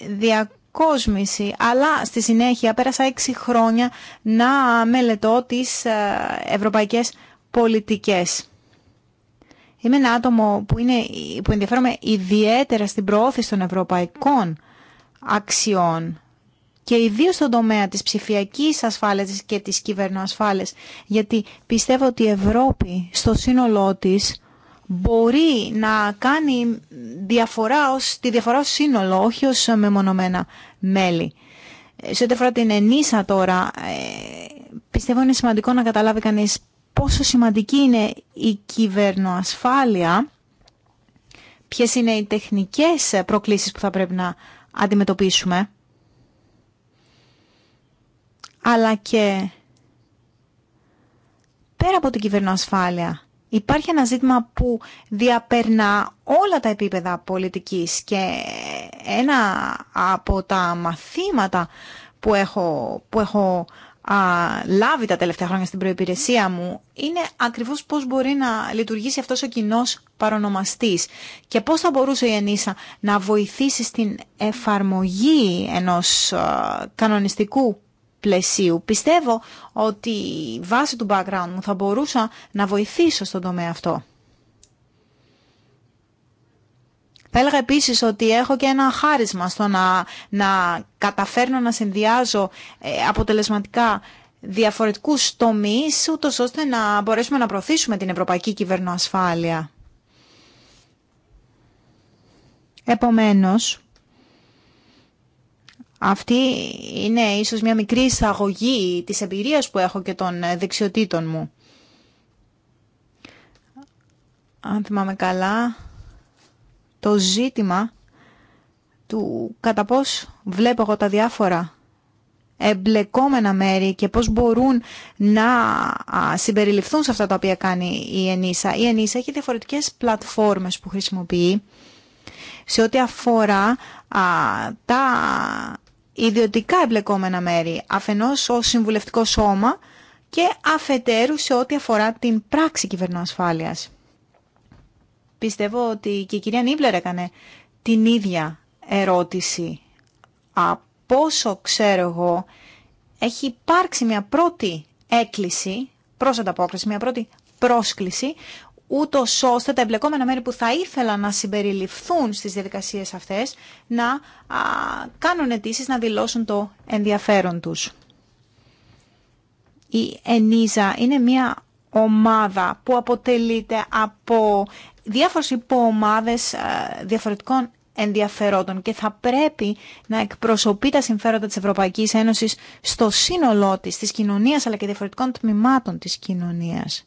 διακοπή κόσμηση, αλλά στη συνέχεια πέρασα έξι χρόνια να μελετώ τις ε, ευρωπαϊκές πολιτικές. Είμαι ένα άτομο που, είναι, που ενδιαφέρομαι ιδιαίτερα στην προώθηση των ευρωπαϊκών αξιών και ιδίως στον τομέα της ψηφιακής ασφάλειας και της κυβερνοασφάλειας, γιατί πιστεύω ότι η Ευρώπη στο σύνολό της μπορεί να κάνει διαφορά ως, τη διαφορά ως σύνολο, όχι ως μεμονωμένα μέλη. Σε ό,τι αφορά την ενίσα τώρα, ε, πιστεύω είναι σημαντικό να καταλάβει κανείς πόσο σημαντική είναι η κυβερνοασφάλεια, ποιες είναι οι τεχνικές προκλήσεις που θα πρέπει να αντιμετωπίσουμε, αλλά και πέρα από την κυβερνοασφάλεια, Υπάρχει ένα ζήτημα που διαπερνά όλα τα επίπεδα πολιτικής και ένα από τα μαθήματα που έχω, που έχω α, λάβει τα τελευταία χρόνια στην προϋπηρεσία μου είναι ακριβώς πώς μπορεί να λειτουργήσει αυτός ο κοινό παρονομαστής και πώς θα μπορούσε η ΕΝΗΣΑ να βοηθήσει στην εφαρμογή ενός κανονιστικού πλαισίου. Πιστεύω ότι βάσει του background μου θα μπορούσα να βοηθήσω στον τομέα αυτό. Θα έλεγα επίσης ότι έχω και ένα χάρισμα στο να, να καταφέρνω να συνδυάζω ε, αποτελεσματικά διαφορετικούς τομείς, ούτω ώστε να μπορέσουμε να προωθήσουμε την ευρωπαϊκή κυβερνοασφάλεια. Επομένως, αυτή είναι ίσως μια μικρή εισαγωγή της εμπειρίας που έχω και των ε, δεξιοτήτων μου. Αν θυμάμαι καλά, το ζήτημα του κατά πώς βλέπω εγώ τα διάφορα εμπλεκόμενα μέρη και πώς μπορούν να συμπεριληφθούν σε αυτά τα οποία κάνει η ΕΝΙΣΑ. Η ΕΝΙΣΑ έχει διαφορετικές πλατφόρμες που χρησιμοποιεί σε ό,τι αφορά τα ιδιωτικά εμπλεκόμενα μέρη, αφενός ως συμβουλευτικό σώμα και αφετέρου σε ό,τι αφορά την πράξη κυβερνοασφάλειας. Πιστεύω ότι και η κυρία Νίμπλερ έκανε την ίδια ερώτηση. Από όσο ξέρω εγώ, έχει υπάρξει μια πρώτη έκκληση, προς ανταπόκριση, μια πρώτη πρόσκληση, ούτω ώστε τα εμπλεκόμενα μέρη που θα ήθελαν να συμπεριληφθούν στις διαδικασίε αυτές να κάνουν αιτήσει να δηλώσουν το ενδιαφέρον τους. Η ΕΝΙΖΑ είναι μια ομάδα που αποτελείται από διάφορες υποομάδες ε, διαφορετικών ενδιαφερόντων και θα πρέπει να εκπροσωπεί τα συμφέροντα της Ευρωπαϊκής Ένωσης στο σύνολό της, της κοινωνίας αλλά και διαφορετικών τμήματων της κοινωνίας.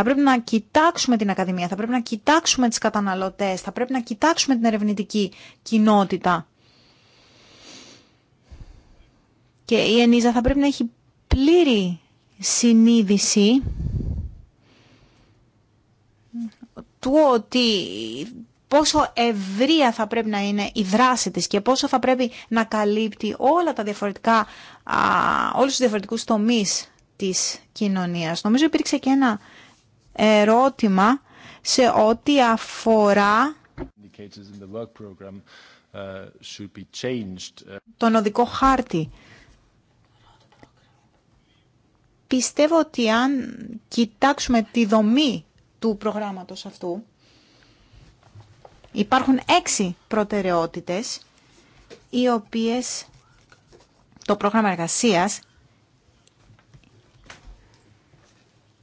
Θα πρέπει να κοιτάξουμε την ακαδημία, θα πρέπει να κοιτάξουμε τις καταναλωτές, θα πρέπει να κοιτάξουμε την ερευνητική κοινότητα. Και η Ενίζα θα πρέπει να έχει πλήρη συνείδηση του ότι πόσο ευρεία θα πρέπει να είναι η δράση της και πόσο θα πρέπει να καλύπτει όλα τα διαφορετικά, όλους τους διαφορετικούς τομείς της κοινωνίας. Νομίζω υπήρξε και ένα ερώτημα σε ό,τι αφορά uh, τον οδικό χάρτη. Πιστεύω ότι αν κοιτάξουμε τη δομή του προγράμματος αυτού, υπάρχουν έξι προτεραιότητες, οι οποίες το πρόγραμμα εργασίας,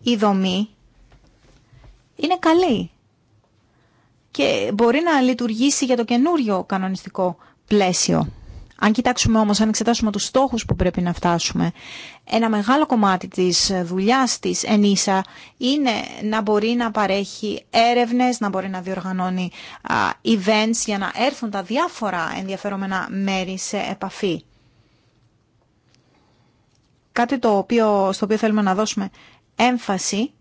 η δομή είναι καλή και μπορεί να λειτουργήσει για το καινούριο κανονιστικό πλαίσιο. Αν κοιτάξουμε όμως, αν εξετάσουμε τους στόχους που πρέπει να φτάσουμε, ένα μεγάλο κομμάτι της δουλειάς της ΕΝΙΣΑ είναι να μπορεί να παρέχει έρευνες, να μπορεί να διοργανώνει events για να έρθουν τα διάφορα ενδιαφερόμενα μέρη σε επαφή. Κάτι το οποίο, στο οποίο θέλουμε να δώσουμε έμφαση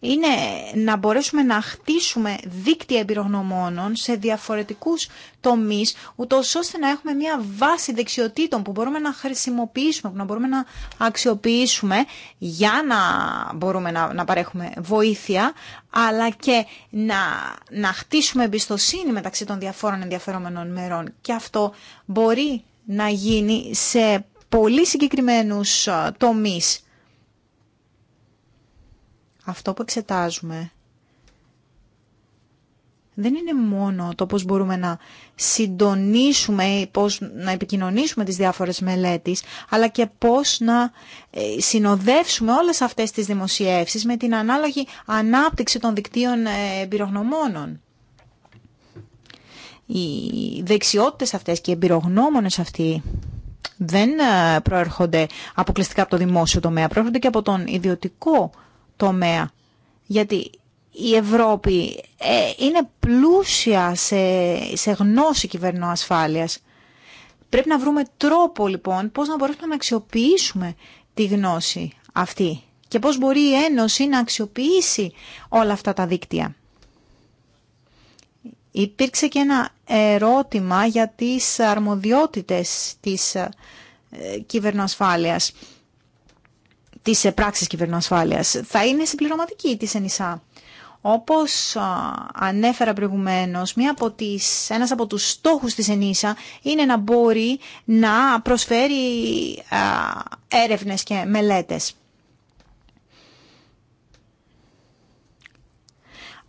είναι να μπορέσουμε να χτίσουμε δίκτυα εμπειρογνωμόνων σε διαφορετικούς τομείς, ούτω ώστε να έχουμε μια βάση δεξιοτήτων που μπορούμε να χρησιμοποιήσουμε, που να μπορούμε να αξιοποιήσουμε για να μπορούμε να, παρέχουμε βοήθεια, αλλά και να, να χτίσουμε εμπιστοσύνη μεταξύ των διαφόρων ενδιαφερόμενων μερών. Και αυτό μπορεί να γίνει σε πολύ συγκεκριμένους ε, τομείς αυτό που εξετάζουμε δεν είναι μόνο το πώς μπορούμε να συντονίσουμε, ή πώς να επικοινωνήσουμε τις διάφορες μελέτες, αλλά και πώς να ε, συνοδεύσουμε όλες αυτές τις δημοσιεύσεις με την ανάλογη ανάπτυξη των δικτύων ε, εμπειρογνωμόνων. Οι δεξιότητες αυτές και οι εμπειρογνώμονες αυτοί δεν ε, προέρχονται αποκλειστικά από το δημόσιο τομέα, προέρχονται και από τον ιδιωτικό τομέα. Γιατί η Ευρώπη ε, είναι πλούσια σε, σε γνώση ασφάλειας. Πρέπει να βρούμε τρόπο λοιπόν πώς να μπορέσουμε να αξιοποιήσουμε τη γνώση αυτή και πώς μπορεί η Ένωση να αξιοποιήσει όλα αυτά τα δίκτυα. Υπήρξε και ένα ερώτημα για τις αρμοδιότητες της ε, κυβερνοασφάλειας τη πράξεις κυβερνοασφάλεια Θα είναι συμπληρωματική τη ΕΝΙΣΑ. Όπως ανέφερα προηγουμένως, ένα από του ένας από τους της ΕΝΙΣΑ είναι να μπορεί να προσφέρει έρευνες και μελέτες.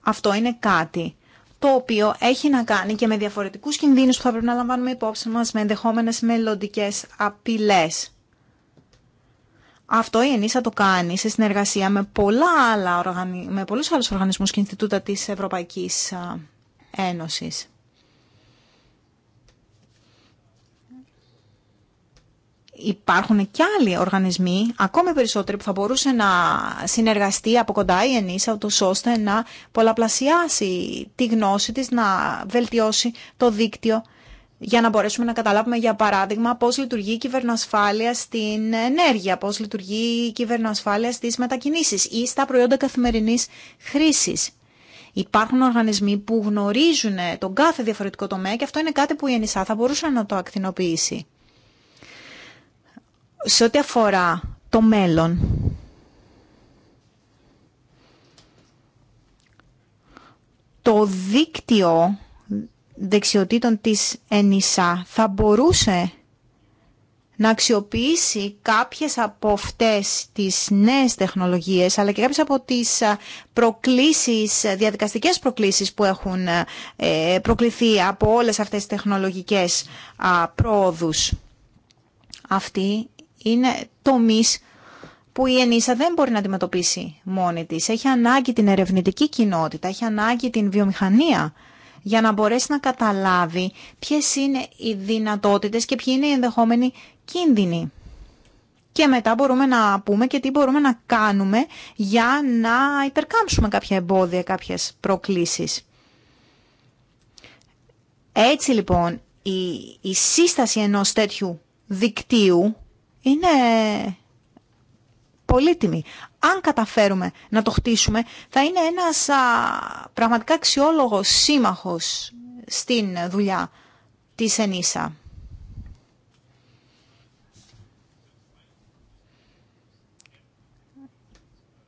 Αυτό είναι κάτι το οποίο έχει να κάνει και με διαφορετικούς κινδύνους που θα πρέπει να λαμβάνουμε υπόψη μας με ενδεχόμενες μελλοντικέ απειλές. Αυτό η ΕΝΗΣΑ το κάνει σε συνεργασία με, πολλά άλλα οργανι... με πολλούς άλλους οργανισμούς και Ινστιτούτα της Ευρωπαϊκής Ένωσης. Υπάρχουν και άλλοι οργανισμοί, ακόμη περισσότεροι, που θα μπορούσε να συνεργαστεί από κοντά η ΕΝΗΣΑ, ούτως ώστε να πολλαπλασιάσει τη γνώση της, να βελτιώσει το δίκτυο για να μπορέσουμε να καταλάβουμε, για παράδειγμα, πώς λειτουργεί η κυβερνοασφάλεια στην ενέργεια, πώς λειτουργεί η κυβερνοασφάλεια στις μετακινήσεις ή στα προϊόντα καθημερινής χρήσης. Υπάρχουν οργανισμοί που γνωρίζουν τον κάθε διαφορετικό τομέα και αυτό είναι κάτι που η ΕΝΙΣΑ θα μπορούσε να το ακτινοποιήσει. Σε ό,τι αφορά το μέλλον, το δίκτυο δεξιοτήτων της ΕΝΙΣΑ θα μπορούσε να αξιοποιήσει κάποιες από αυτές τις νέες τεχνολογίες αλλά και κάποιες από τις προκλήσεις, διαδικαστικές προκλήσεις που έχουν ε, προκληθεί από όλες αυτές τις τεχνολογικές πρόοδους. Αυτή είναι τομείς που η ΕΝΙΣΑ δεν μπορεί να αντιμετωπίσει μόνη της. Έχει ανάγκη την ερευνητική κοινότητα, έχει ανάγκη την βιομηχανία για να μπορέσει να καταλάβει ποιες είναι οι δυνατότητες και ποιοι είναι οι ενδεχόμενοι κίνδυνοι. Και μετά μπορούμε να πούμε και τι μπορούμε να κάνουμε για να υπερκάμψουμε κάποια εμπόδια, κάποιες προκλήσεις. Έτσι λοιπόν η, η σύσταση ενός τέτοιου δικτύου είναι πολύτιμη αν καταφέρουμε να το χτίσουμε, θα είναι ένας πραγματικά αξιόλογος σύμμαχος στην δουλειά της ΕΝΙΣΑ.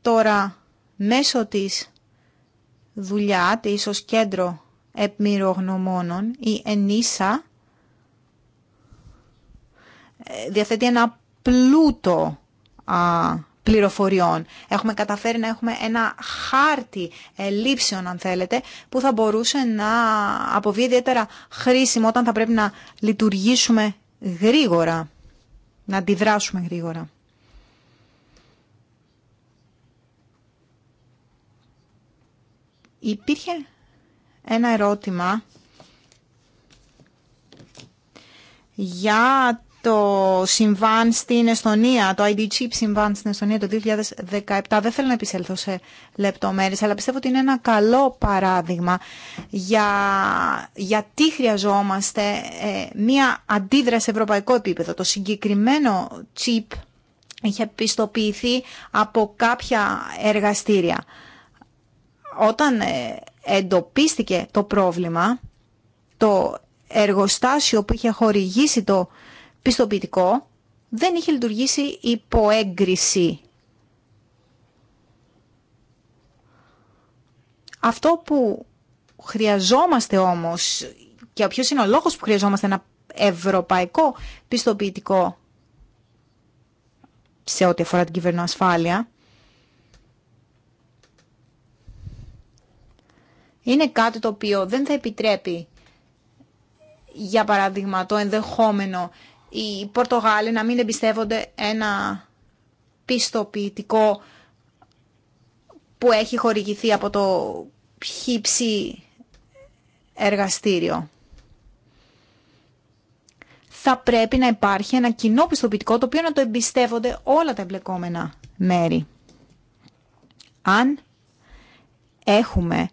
Τώρα, μέσω της δουλειά της ως κέντρο εμπειρογνωμόνων η ΕΝΙΣΑ ε, διαθέτει ένα πλούτο α, πληροφοριών. Έχουμε καταφέρει να έχουμε ένα χάρτη λήψεων, αν θέλετε, που θα μπορούσε να αποβεί ιδιαίτερα χρήσιμο όταν θα πρέπει να λειτουργήσουμε γρήγορα, να αντιδράσουμε γρήγορα. Υπήρχε ένα ερώτημα για το συμβάν στην Εστονία, το ID Chip συμβάν στην Εστονία το 2017. Δεν θέλω να επισέλθω σε λεπτομέρειες, αλλά πιστεύω ότι είναι ένα καλό παράδειγμα για γιατί χρειαζόμαστε ε, μία αντίδραση σε ευρωπαϊκό επίπεδο. Το συγκεκριμένο chip είχε πιστοποιηθεί από κάποια εργαστήρια. Όταν ε, εντοπίστηκε το πρόβλημα, το εργοστάσιο που είχε χορηγήσει το πιστοποιητικό δεν είχε λειτουργήσει υπό έγκριση. Αυτό που χρειαζόμαστε όμως και ποιο είναι ο λόγος που χρειαζόμαστε ένα ευρωπαϊκό πιστοποιητικό σε ό,τι αφορά την κυβερνοασφάλεια, είναι κάτι το οποίο δεν θα επιτρέπει, για παράδειγμα, το ενδεχόμενο οι Πορτογάλοι να μην εμπιστεύονται ένα πιστοποιητικό που έχει χορηγηθεί από το χύψη εργαστήριο. Θα πρέπει να υπάρχει ένα κοινό πιστοποιητικό το οποίο να το εμπιστεύονται όλα τα εμπλεκόμενα μέρη. Αν έχουμε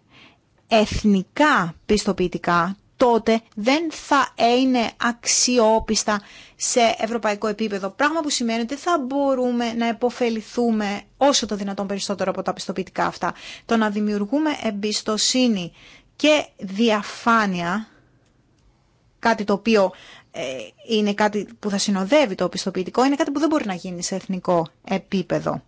εθνικά πιστοποιητικά τότε δεν θα είναι αξιόπιστα σε ευρωπαϊκό επίπεδο. Πράγμα που σημαίνει ότι θα μπορούμε να επωφεληθούμε όσο το δυνατόν περισσότερο από τα πιστοποιητικά αυτά. Το να δημιουργούμε εμπιστοσύνη και διαφάνεια, κάτι το οποίο ε, είναι κάτι που θα συνοδεύει το πιστοποιητικό, είναι κάτι που δεν μπορεί να γίνει σε εθνικό επίπεδο.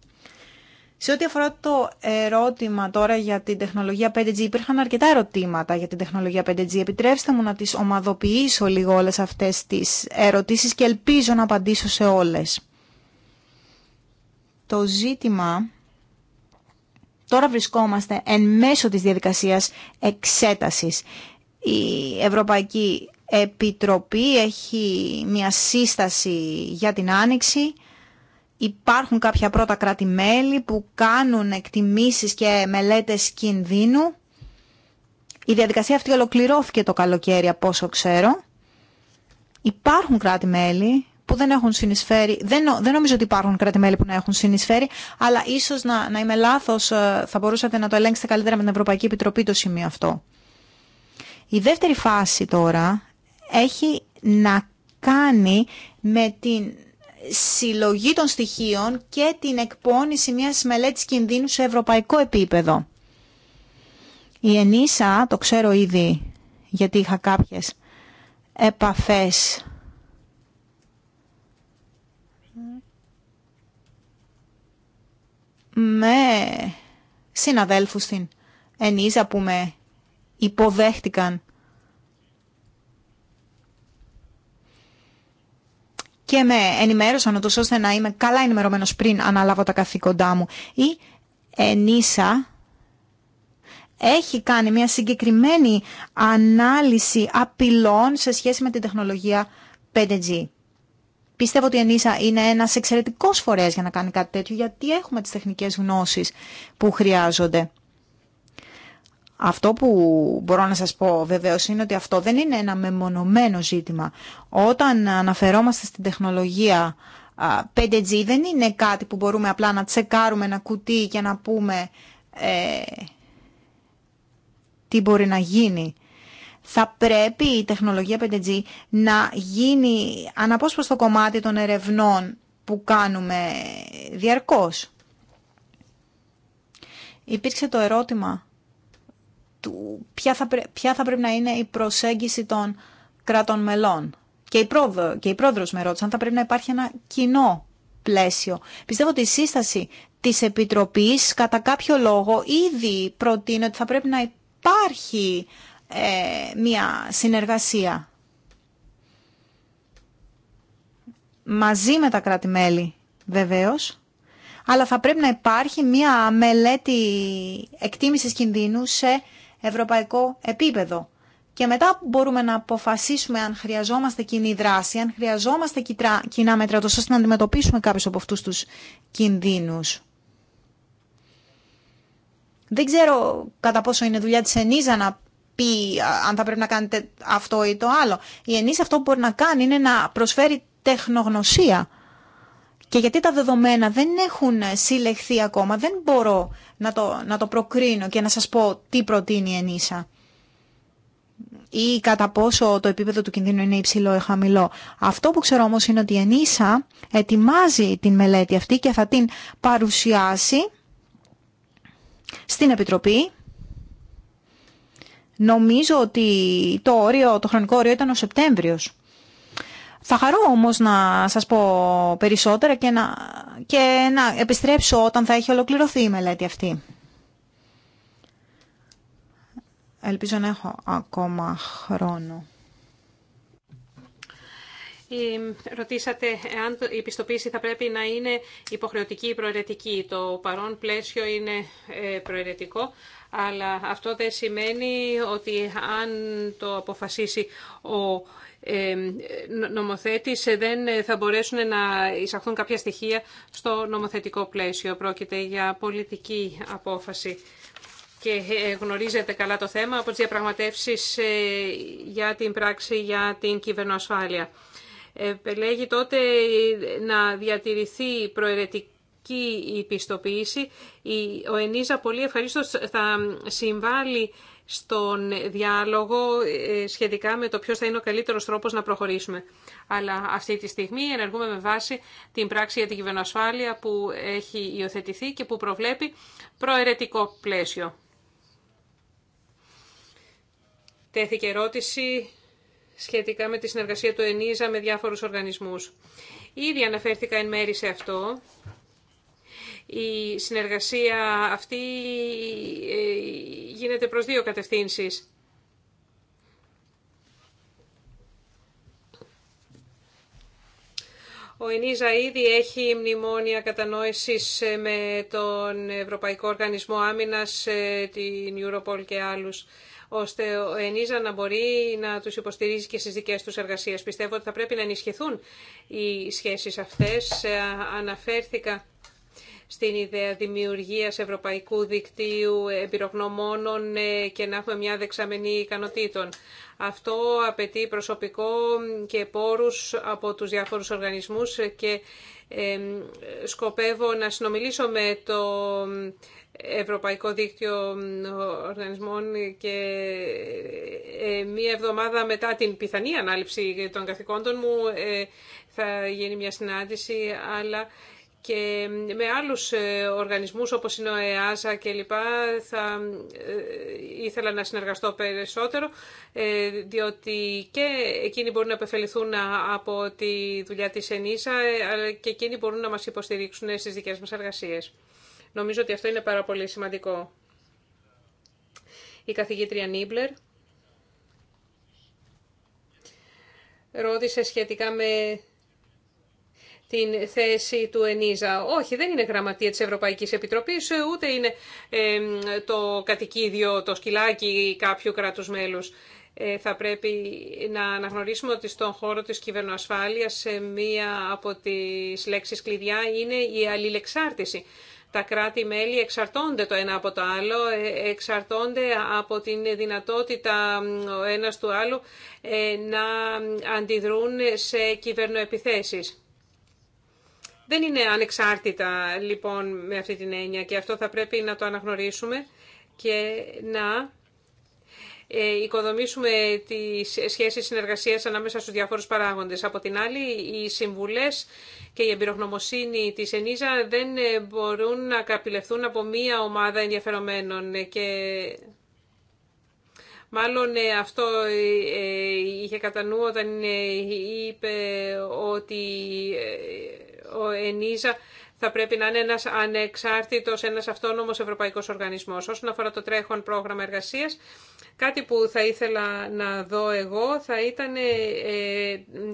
Σε ό,τι αφορά το ερώτημα τώρα για την τεχνολογία 5G, υπήρχαν αρκετά ερωτήματα για την τεχνολογία 5G. Επιτρέψτε μου να τις ομαδοποιήσω λίγο όλες αυτές τις ερωτήσεις και ελπίζω να απαντήσω σε όλες. Το ζήτημα... Τώρα βρισκόμαστε εν μέσω της διαδικασίας εξέτασης. Η Ευρωπαϊκή Επιτροπή έχει μια σύσταση για την Άνοιξη Υπάρχουν κάποια πρώτα κράτη-μέλη που κάνουν εκτιμήσεις και μελέτες κινδύνου. Η διαδικασία αυτή ολοκληρώθηκε το καλοκαίρι από όσο ξέρω. Υπάρχουν κράτη-μέλη που δεν έχουν συνεισφέρει, δεν, δεν νομίζω ότι υπάρχουν κράτη-μέλη που να έχουν συνεισφέρει, αλλά ίσως να, να είμαι λάθος, ε, θα μπορούσατε να το ελέγξετε καλύτερα με την Ευρωπαϊκή Επιτροπή το σημείο αυτό. Η δεύτερη φάση τώρα έχει να κάνει με την συλλογή των στοιχείων και την εκπόνηση μιας μελέτης κινδύνου σε ευρωπαϊκό επίπεδο. Η ΕΝΙΣΑ, το ξέρω ήδη γιατί είχα κάποιες επαφές με συναδέλφους στην ενίσα που με υποδέχτηκαν και με ενημέρωσαν τους ώστε να είμαι καλά ενημερωμένος πριν αναλάβω τα καθήκοντά μου. Η Ενίσα έχει κάνει μια συγκεκριμένη ανάλυση απειλών σε σχέση με την τεχνολογία 5G. Πιστεύω ότι η Ενίσα είναι ένας εξαιρετικός φορέας για να κάνει κάτι τέτοιο, γιατί έχουμε τις τεχνικές γνώσεις που χρειάζονται. Αυτό που μπορώ να σας πω βεβαίως είναι ότι αυτό δεν είναι ένα μεμονωμένο ζήτημα. Όταν αναφερόμαστε στην τεχνολογία 5G δεν είναι κάτι που μπορούμε απλά να τσεκάρουμε ένα κουτί και να πούμε ε, τι μπορεί να γίνει. Θα πρέπει η τεχνολογία 5G να γίνει αναπόσπαστο κομμάτι των ερευνών που κάνουμε διαρκώς. Υπήρξε το ερώτημα ποια θα, θα πρέπει να είναι η προσέγγιση των κρατών μελών. Και η, πρόδρο και η πρόεδρος με ρώτησε αν θα πρέπει να υπάρχει ένα κοινό πλαίσιο. Πιστεύω ότι η σύσταση της Επιτροπής κατά κάποιο λόγο ήδη προτείνει ότι θα πρέπει να υπάρχει ε, μια συνεργασία μαζί με τα κράτη-μέλη βεβαίως, αλλά θα πρέπει να υπάρχει μια μελέτη εκτίμησης κινδύνου σε ευρωπαϊκό επίπεδο. Και μετά μπορούμε να αποφασίσουμε αν χρειαζόμαστε κοινή δράση, αν χρειαζόμαστε κοινά μέτρα, τόσο ώστε να αντιμετωπίσουμε κάποιους από αυτούς τους κινδύνους. Δεν ξέρω κατά πόσο είναι δουλειά της ΕΝΙΖΑ να πει αν θα πρέπει να κάνετε αυτό ή το άλλο. Η ΕΝΙΖΑ αυτό που μπορεί να κάνει είναι να προσφέρει τεχνογνωσία και γιατί τα δεδομένα δεν έχουν συλλεχθεί ακόμα, δεν μπορώ να το, να το προκρίνω και να σας πω τι προτείνει η Ενίσα; ή κατά πόσο το επίπεδο του κινδύνου είναι υψηλό ή χαμηλό. Αυτό που ξέρω όμως είναι ότι η ενισα ετοιμάζει την μελέτη αυτή και θα την παρουσιάσει στην Επιτροπή. Νομίζω ότι το, όριο, το χρονικό όριο ήταν ο Σεπτέμβριος. Θα χαρώ όμως να σας πω περισσότερα και να, και να επιστρέψω όταν θα έχει ολοκληρωθεί η μελέτη αυτή. Ελπίζω να έχω ακόμα χρόνο. Ρωτήσατε αν η πιστοποίηση θα πρέπει να είναι υποχρεωτική ή προαιρετική. Το παρόν πλαίσιο είναι ε, προαιρετικό, αλλά αυτό δεν σημαίνει ότι αν το αποφασίσει ο νομοθέτης ε, δεν ε, θα μπορέσουν να εισαχθούν κάποια στοιχεία στο νομοθετικό πλαίσιο. Πρόκειται για πολιτική απόφαση και ε, γνωρίζετε καλά το θέμα από τις διαπραγματεύσεις για την πράξη για την κυβερνοασφάλεια. Επελέγει τότε να διατηρηθεί προαιρετική η πιστοποίηση. Ο Ενίζα πολύ ευχαρίστως θα συμβάλλει στον διάλογο ε, σχετικά με το ποιος θα είναι ο καλύτερος τρόπος να προχωρήσουμε. Αλλά αυτή τη στιγμή ενεργούμε με βάση την πράξη για την κυβερνοασφάλεια που έχει υιοθετηθεί και που προβλέπει προαιρετικό πλαίσιο. Τέθηκε ερώτηση σχετικά με τη συνεργασία του ΕΝΙΖΑ με διάφορους οργανισμούς. Ήδη αναφέρθηκα εν μέρη σε αυτό η συνεργασία αυτή ε, γίνεται προς δύο κατευθύνσεις. Ο Ενίζα ήδη έχει μνημόνια κατανόησης ε, με τον Ευρωπαϊκό Οργανισμό Άμυνας, ε, την Europol και άλλους ώστε ο ΕΝΙΖΑ να μπορεί να τους υποστηρίζει και στις δικές τους εργασίες. Πιστεύω ότι θα πρέπει να ενισχυθούν οι σχέσεις αυτές. Αναφέρθηκα στην ιδέα δημιουργίας ευρωπαϊκού δικτύου εμπειρογνωμόνων ε, και να έχουμε μια δεξαμενή ικανοτήτων. Αυτό απαιτεί προσωπικό και πόρους από τους διάφορους οργανισμούς και ε, σκοπεύω να συνομιλήσω με το Ευρωπαϊκό Δίκτυο Οργανισμών και ε, μία εβδομάδα μετά την πιθανή ανάληψη των καθηκόντων μου θα γίνει μια συνάντηση, αλλά και με άλλους ε, οργανισμούς όπως είναι ο ΕΑΖΑ και λοιπά θα ε, ήθελα να συνεργαστώ περισσότερο ε, διότι και εκείνοι μπορούν να επεφεληθούν από τη δουλειά της ΕΝΙΣΑ αλλά και εκείνοι μπορούν να μας υποστηρίξουν στις δικές μας εργασίες. Νομίζω ότι αυτό είναι πάρα πολύ σημαντικό. Η καθηγήτρια Νίμπλερ ρώτησε σχετικά με την θέση του ΕΝΙΖΑ. Όχι, δεν είναι γραμματεία της Ευρωπαϊκής Επιτροπής, ούτε είναι το κατοικίδιο, το σκυλάκι κάποιου κράτους μέλους. Ε, θα πρέπει να αναγνωρίσουμε ότι στον χώρο της κυβερνοασφάλειας μία από τις λέξεις κλειδιά είναι η αλληλεξάρτηση. Τα κράτη-μέλη εξαρτώνται το ένα από το άλλο, ε, εξαρτώνται από την δυνατότητα ο ένας του άλλου ε, να αντιδρούν σε κυβερνοεπιθέσεις. Δεν είναι ανεξάρτητα λοιπόν με αυτή την έννοια και αυτό θα πρέπει να το αναγνωρίσουμε και να ε, οικοδομήσουμε τις σχέσεις συνεργασίας ανάμεσα στους διάφορους παράγοντες. Από την άλλη, οι συμβουλές και η εμπειρογνωμοσύνη της ΕΝΙΖΑ δεν ε, μπορούν να καπηλευθούν από μία ομάδα ενδιαφερομένων και... Μάλλον ε, αυτό είχε κατά νου όταν είπε ότι ο ΕΝΙΖΑ θα πρέπει να είναι ένας ανεξάρτητος, ένας αυτόνομος ευρωπαϊκός οργανισμός. Όσον αφορά το τρέχον πρόγραμμα εργασίας, κάτι που θα ήθελα να δω εγώ θα ήταν ε,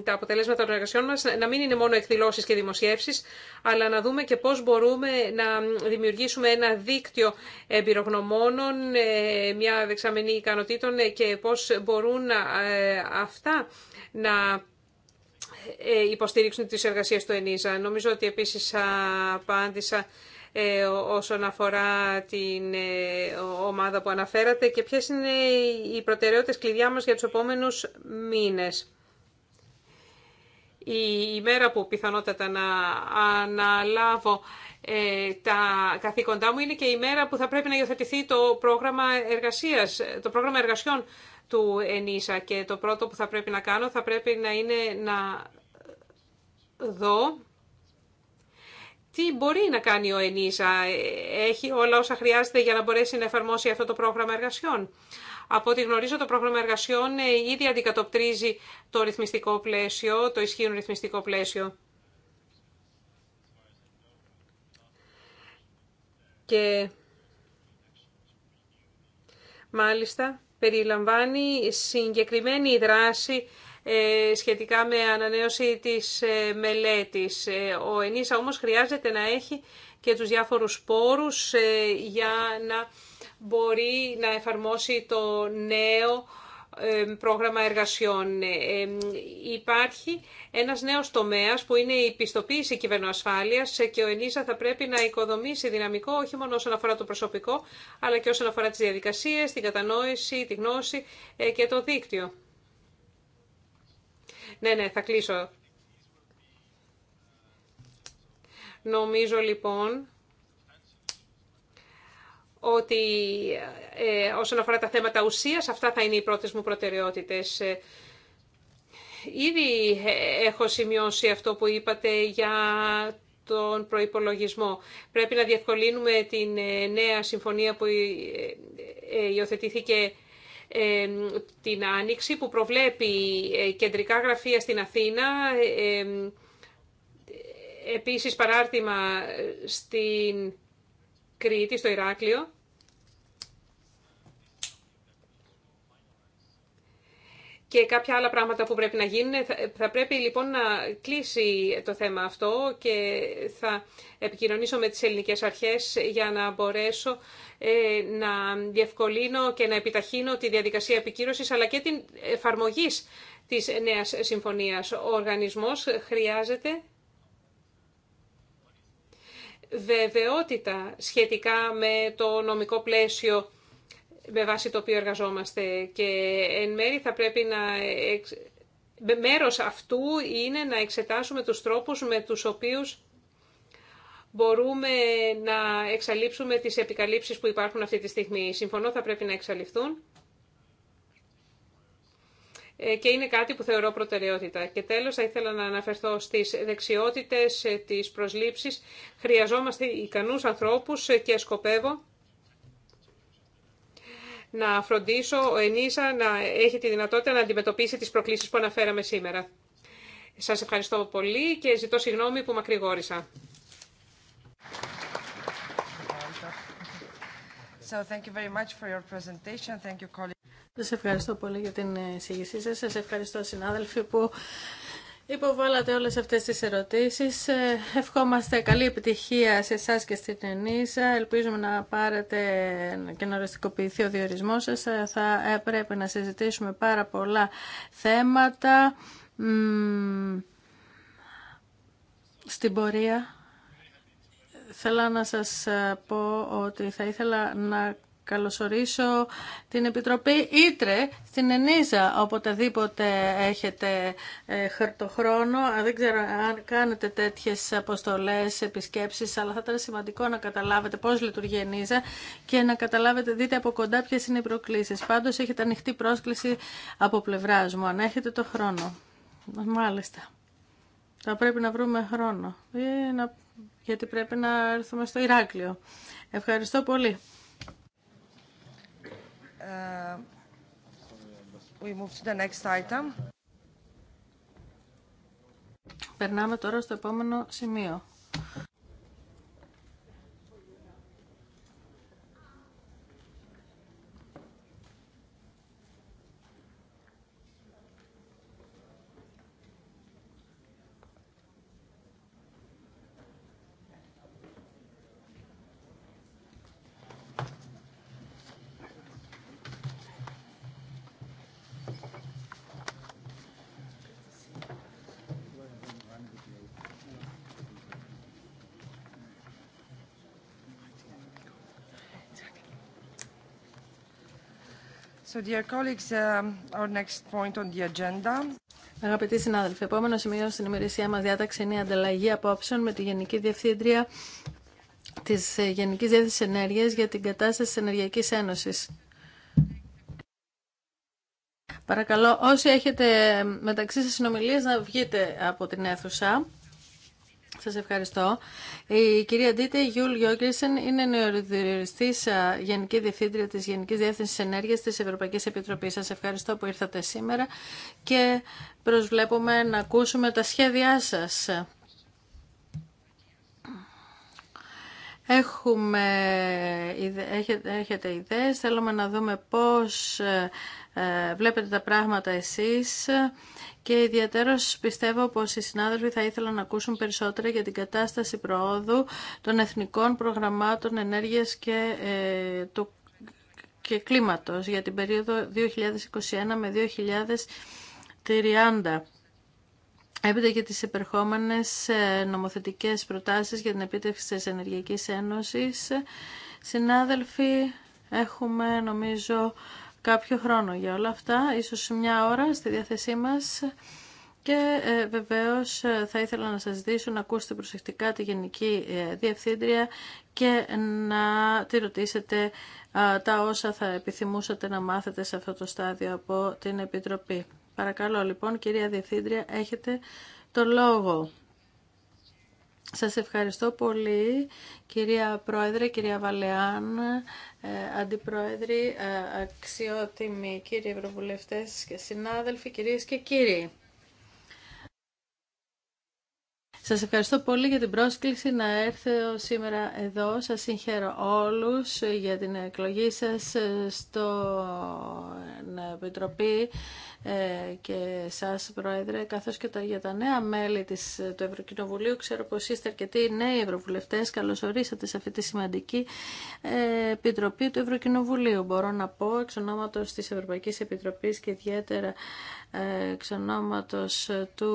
τα αποτελέσματα των εργασιών μας να μην είναι μόνο εκδηλώσεις και δημοσιεύσεις, αλλά να δούμε και πώς μπορούμε να δημιουργήσουμε ένα δίκτυο εμπειρογνωμόνων, ε, μια δεξαμενή ικανοτήτων ε, και πώς μπορούν αυτά να ε, υποστήριξουν τις εργασίες του ΕΝΙΖΑ. Νομίζω ότι επίσης απάντησα ε, όσον αφορά την ε, ομάδα που αναφέρατε και ποιες είναι οι προτεραιότητες κλειδιά μας για τους επόμενους μήνες. Η ημέρα που πιθανότατα να αναλάβω τα καθήκοντά μου είναι και η μέρα που θα πρέπει να υιοθετηθεί το πρόγραμμα εργασίας, το πρόγραμμα εργασιών του ΕΝΙΣΑ και το πρώτο που θα πρέπει να κάνω θα πρέπει να είναι να δω τι μπορεί να κάνει ο ΕΝΙΣΑ. Έχει όλα όσα χρειάζεται για να μπορέσει να εφαρμόσει αυτό το πρόγραμμα εργασιών. Από ό,τι γνωρίζω, το πρόγραμμα εργασιών ε, ήδη αντικατοπτρίζει το ρυθμιστικό πλαίσιο, το ισχύον ρυθμιστικό πλαίσιο. Και μάλιστα περιλαμβάνει συγκεκριμένη δράση ε, σχετικά με ανανέωση της ε, μελέτης. Ε, ο ΕΝΙΣΑ όμως χρειάζεται να έχει και τους διάφορους πόρους για να μπορεί να εφαρμόσει το νέο πρόγραμμα εργασιών. Υπάρχει ένας νέος τομέας που είναι η πιστοποίηση κυβερνοασφάλειας και ο ΕΝΙΖΑ θα πρέπει να οικοδομήσει δυναμικό όχι μόνο όσον αφορά το προσωπικό, αλλά και όσον αφορά τις διαδικασίες, την κατανόηση, τη γνώση ε, και το δίκτυο. Ναι, ναι, θα κλείσω. Νομίζω λοιπόν ότι ε, όσον αφορά τα θέματα ουσίας, αυτά θα είναι οι πρώτες μου προτεραιότητες. Ε, ήδη ε, έχω σημειώσει αυτό που είπατε για τον προϋπολογισμό. Πρέπει να διευκολύνουμε την ε, νέα συμφωνία που υιοθετήθηκε την Άνοιξη, που προβλέπει κεντρικά γραφεία στην Αθήνα, επίσης παράρτημα στην Κρήτη, στο Ηράκλειο. και κάποια άλλα πράγματα που πρέπει να γίνουν. Θα πρέπει λοιπόν να κλείσει το θέμα αυτό και θα επικοινωνήσω με τις ελληνικές αρχές για να μπορέσω ε, να διευκολύνω και να επιταχύνω τη διαδικασία επικύρωσης αλλά και την εφαρμογή της νέας συμφωνίας. Ο οργανισμός χρειάζεται βεβαιότητα σχετικά με το νομικό πλαίσιο με βάση το οποίο εργαζόμαστε και εν θα πρέπει να... Μέρος αυτού είναι να εξετάσουμε τους τρόπους με τους οποίους μπορούμε να εξαλείψουμε τις επικαλύψεις που υπάρχουν αυτή τη στιγμή. Συμφωνώ, θα πρέπει να εξαλειφθούν. Ε, και είναι κάτι που θεωρώ προτεραιότητα. Και τέλος, θα ήθελα να αναφερθώ στις δεξιότητες, ε, τις προσλήψεις. Χρειαζόμαστε ικανούς ανθρώπους ε, και σκοπεύω να φροντίσω ο Ενίσα να έχει τη δυνατότητα να αντιμετωπίσει τις προκλήσεις που αναφέραμε σήμερα. Σας ευχαριστώ πολύ και ζητώ συγγνώμη που μακρηγόρησα. So Σας ευχαριστώ πολύ για την εισήγησή σας. Σας ευχαριστώ συνάδελφοι που Υποβάλατε όλες αυτές τις ερωτήσεις. Ε, ευχόμαστε καλή επιτυχία σε εσά και στην Ενίσα. Ελπίζουμε να πάρετε και να οριστικοποιηθεί ο διορισμός σας. Ε, θα ε, πρέπει να συζητήσουμε πάρα πολλά θέματα στην πορεία. Θέλω να σας πω ότι θα ήθελα να καλωσορίσω την Επιτροπή Ήτρε στην Ενίζα. Οποτεδήποτε έχετε ε, χρόνο, δεν ξέρω αν κάνετε τέτοιες αποστολές, επισκέψεις, αλλά θα ήταν σημαντικό να καταλάβετε πώς λειτουργεί η Ενίζα και να καταλάβετε, δείτε από κοντά ποιες είναι οι προκλήσεις. Πάντως έχετε ανοιχτή πρόσκληση από πλευράς μου, αν έχετε το χρόνο. Μάλιστα. Θα πρέπει να βρούμε χρόνο, ε, γιατί πρέπει να έρθουμε στο Ηράκλειο. Ευχαριστώ πολύ. Uh, we move to the next item. Περνάμε τώρα στο επόμενο σημείο. Αγαπητοί συνάδελφοι, επόμενο σημείο στην ημερησία μας διάταξε είναι η ανταλλαγή απόψεων με τη Γενική Διευθύντρια της Γενικής Διεύθυνσης Ενέργειας για την κατάσταση της Ενεργειακής Ένωσης. Παρακαλώ, όσοι έχετε μεταξύ σας συνομιλίες να βγείτε από την αίθουσα. Σα ευχαριστώ. Η κυρία Ντίτε Γιούλ Γιόγκρισεν είναι νεοδιοριστής Γενική Διευθύντρια της Γενικής Διεύθυνσης ενέργεια της Ευρωπαϊκής Επιτροπής. Σα ευχαριστώ που ήρθατε σήμερα και προσβλέπουμε να ακούσουμε τα σχέδιά σας. Έχουμε, έχετε, έχετε ιδέες, θέλουμε να δούμε πώς ε, ε, βλέπετε τα πράγματα εσείς και ιδιαίτερος πιστεύω πως οι συνάδελφοι θα ήθελαν να ακούσουν περισσότερα για την κατάσταση προόδου των εθνικών προγραμμάτων ενέργειας και, ε, το, και κλίματος για την περίοδο 2021 με 2030. Έπειτα και τις επερχόμενες ε, νομοθετικές προτάσεις για την επίτευξη της Ενεργειακής Ένωσης. Συνάδελφοι, έχουμε νομίζω κάποιο χρόνο για όλα αυτά, ίσως μια ώρα στη διάθεσή μας. Και ε, βεβαίως ε, θα ήθελα να σας ζητήσω να ακούσετε προσεκτικά τη Γενική ε, Διευθύντρια και να τη ρωτήσετε τα όσα θα επιθυμούσατε να μάθετε σε αυτό το στάδιο από την Επιτροπή. Παρακαλώ λοιπόν κυρία Διευθύντρια έχετε το λόγο. Σας ευχαριστώ πολύ, κυρία Πρόεδρε, κυρία Βαλεάν, ε, Αντιπρόεδρη, ε, αξιότιμοι κύριοι Ευρωβουλευτές και συνάδελφοι, κυρίες και κύριοι. Σας ευχαριστώ πολύ για την πρόσκληση να έρθω σήμερα εδώ. Σας συγχαίρω όλους για την εκλογή σας ε, στο Επιτροπή ε, και σας Πρόεδρε, καθώς και για τα νέα μέλη της, του Ευρωκοινοβουλίου. Ξέρω πως είστε αρκετοί νέοι ευρωβουλευτές. Καλωσορίσατε σε αυτή τη σημαντική ε, επιτροπή του Ευρωκοινοβουλίου. Μπορώ να πω εξ ονόματος της Ευρωπαϊκής Επιτροπής και ιδιαίτερα ε, εξ ονόματος του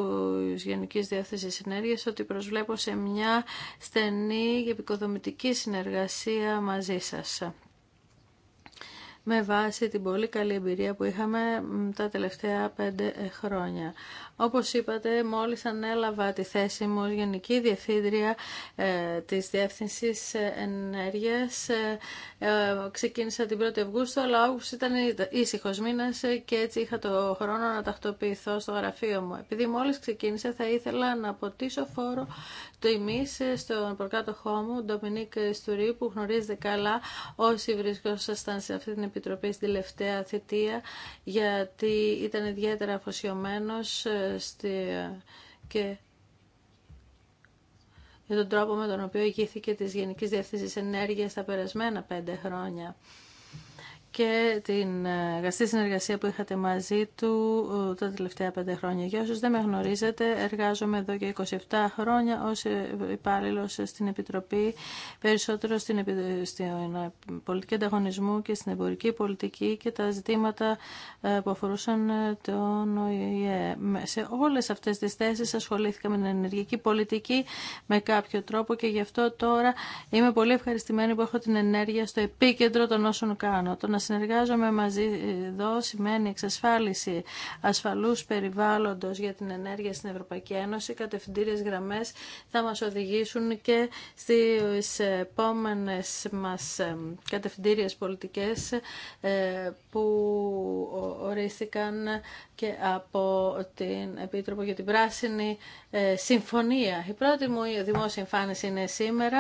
Γενικής Διεύθυνσης Συνέργειας ότι προσβλέπω σε μια στενή και επικοδομητική συνεργασία μαζί σας με βάση την πολύ καλή εμπειρία που είχαμε τα τελευταία πέντε ε, χρόνια. Όπως είπατε, μόλις ανέλαβα τη θέση μου ως Γενική Διευθύντρια ε, της Διεύθυνσης Ενέργειας, ε, ξεκίνησα την 1η Αυγούστου, αλλά όπως ήταν ήσυχος μήνας και έτσι είχα το χρόνο να τακτοποιηθώ στο γραφείο μου. Επειδή μόλις ξεκίνησα, θα ήθελα να αποτίσω φόρο το ημίς στον προκάτοχό μου, Ντομινίκ Στουρί, που γνωρίζετε καλά όσοι βρισκόσασταν σε αυτή την Επιτροπή στην τελευταία θητεία γιατί ήταν ιδιαίτερα αφοσιωμένο ε, στη... και για τον τρόπο με τον οποίο ηγήθηκε τη Γενική Διεύθυνσης Ενέργειας τα περασμένα πέντε χρόνια και την εργαστή συνεργασία που είχατε μαζί του ε, τα τελευταία πέντε χρόνια. Για όσους δεν με γνωρίζετε, εργάζομαι εδώ και 27 χρόνια ως υπάλληλο στην Επιτροπή, περισσότερο στην, ε, πολιτική ανταγωνισμού και στην εμπορική πολιτική και τα ζητήματα ε, που αφορούσαν τον ΟΗΕ. Σε όλες αυτές τις θέσεις ασχολήθηκα με την ενεργική πολιτική με κάποιο τρόπο και γι' αυτό τώρα είμαι πολύ ευχαριστημένη που έχω την ενέργεια στο επίκεντρο των όσων κάνω συνεργάζομαι μαζί εδώ σημαίνει εξασφάλιση ασφαλούς περιβάλλοντος για την ενέργεια στην Ευρωπαϊκή Ένωση. Κατευθυντήριες γραμμές θα μας οδηγήσουν και στις επόμενες μας κατευθυντήριες πολιτικές ε, που ορίστηκαν και από την Επίτροπο για την Πράσινη ε, Συμφωνία. Η πρώτη μου δημόσια εμφάνιση είναι σήμερα,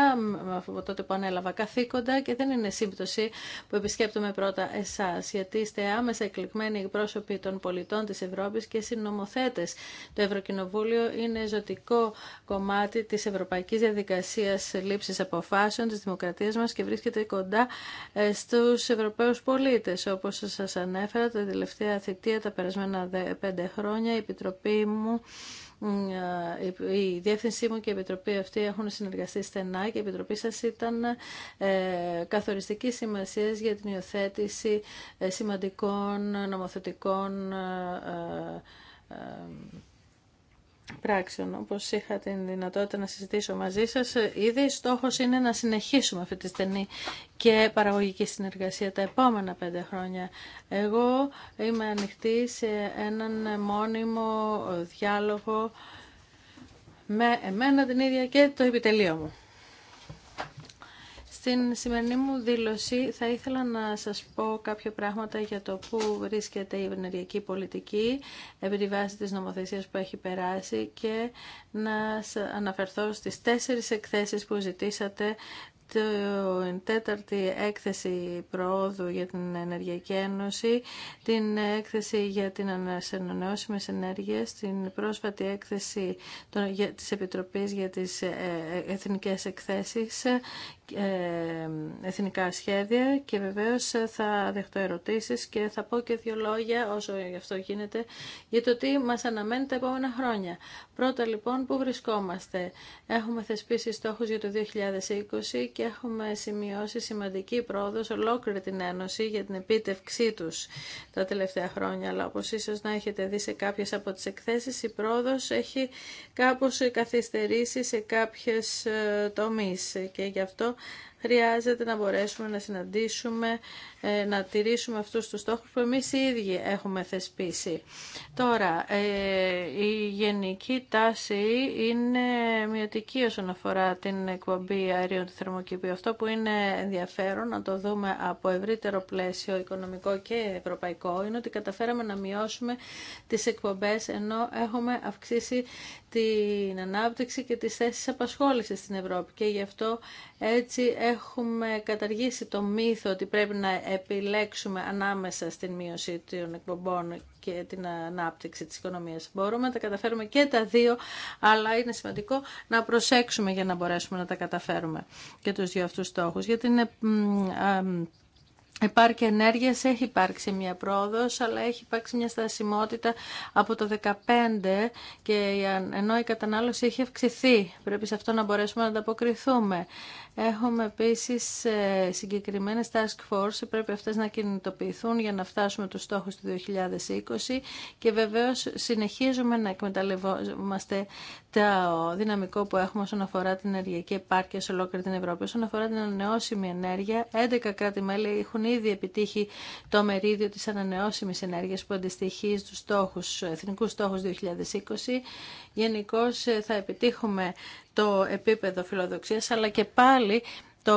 από τότε που ανέλαβα καθήκοντα και δεν είναι σύμπτωση που επισκέπτομαι πρώτα εσάς, γιατί είστε άμεσα εκλεγμένοι εκπρόσωποι των πολιτών της Ευρώπης και συνομοθέτες. Το Ευρωκοινοβούλιο είναι ζωτικό κομμάτι της ευρωπαϊκής διαδικασίας λήψης αποφάσεων της δημοκρατίας μας και βρίσκεται κοντά ε, στους Ευρωπαίους πολίτες. Όπως σας ανέφερα, τα τελευταία θητεία, τα περασμένα πέντε χρόνια. Η Επιτροπή μου, ε, η Διεύθυνσή μου και η Επιτροπή αυτή έχουν συνεργαστεί στενά και η Επιτροπή σας ήταν ε, καθοριστική σημασία για την υιοθέτηση ε, σημαντικών νομοθετικών πράξεων. Όπως είχα την δυνατότητα να συζητήσω μαζί σας, ήδη στόχος είναι να συνεχίσουμε αυτή τη στενή και παραγωγική συνεργασία τα επόμενα πέντε χρόνια. Εγώ είμαι ανοιχτή σε έναν μόνιμο διάλογο με εμένα την ίδια και το επιτελείο μου. Στην σημερινή μου δήλωση θα ήθελα να σας πω κάποια πράγματα για το πού βρίσκεται η ενεργειακή πολιτική επί τη βάση της νομοθεσίας που έχει περάσει και να αναφερθώ στις τέσσερις εκθέσεις που ζητήσατε την τέταρτη έκθεση προόδου για την Ενεργειακή Ένωση, την έκθεση για την ανανεώσιμε ενέργειες, την πρόσφατη έκθεση τη για τι ε, ε, εθνικέ εκθέσει. Ε, εθνικά σχέδια και βεβαίως θα δεχτώ ερωτήσεις και θα πω και δύο λόγια όσο γι' αυτό γίνεται για το τι μας αναμένει τα επόμενα χρόνια. Πρώτα λοιπόν που βρισκόμαστε. Έχουμε θεσπίσει στόχους για το 2020 και έχουμε σημειώσει σημαντική πρόοδο ολόκληρη την Ένωση για την επίτευξή τους τα τελευταία χρόνια. Αλλά όπως ίσως να έχετε δει σε κάποιες από τις εκθέσεις η πρόοδος έχει κάπως καθυστερήσει σε κάποιες ε, τομείς και γι' αυτό χρειάζεται να μπορέσουμε να συναντήσουμε, ε, να τηρήσουμε αυτούς τους στόχους που εμείς οι ίδιοι έχουμε θεσπίσει. Τώρα, ε, η γενική τάση είναι μειωτική όσον αφορά την εκπομπή αερίων του θερμοκηπίου. Αυτό που είναι ενδιαφέρον να το δούμε από ευρύτερο πλαίσιο οικονομικό και ευρωπαϊκό είναι ότι καταφέραμε να μειώσουμε τις εκπομπές ενώ έχουμε αυξήσει την ανάπτυξη και τις θέσεις απασχόλησης στην Ευρώπη και γι' αυτό έτσι έχουμε καταργήσει το μύθο ότι πρέπει να επιλέξουμε ανάμεσα στην μείωση των εκπομπών και την ανάπτυξη της οικονομίας. Μπορούμε να τα καταφέρουμε και τα δύο, αλλά είναι σημαντικό να προσέξουμε για να μπορέσουμε να τα καταφέρουμε και τους δύο αυτούς στόχους. Υπάρχει ενέργεια, έχει υπάρξει μια πρόοδος, αλλά έχει υπάρξει μια στασιμότητα από το 2015 και ενώ η κατανάλωση έχει αυξηθεί. Πρέπει σε αυτό να μπορέσουμε να ανταποκριθούμε. Έχουμε επίσης ε, συγκεκριμένες task force, πρέπει αυτές να κινητοποιηθούν για να φτάσουμε τους στόχους του 2020 και βεβαίως συνεχίζουμε να εκμεταλλευόμαστε το δυναμικό που έχουμε όσον αφορά την ενεργειακή επάρκεια σε ολόκληρη την Ευρώπη. Όσον αφορά την ανανεώσιμη ενέργεια, 11 κράτη-μέλη έχουν ήδη επιτύχει το μερίδιο της ανανεώσιμης ενέργειας που αντιστοιχεί στους στόχους, εθνικούς στόχους 2020. Γενικώ ε, θα επιτύχουμε το επίπεδο φιλοδοξίας, αλλά και πάλι το,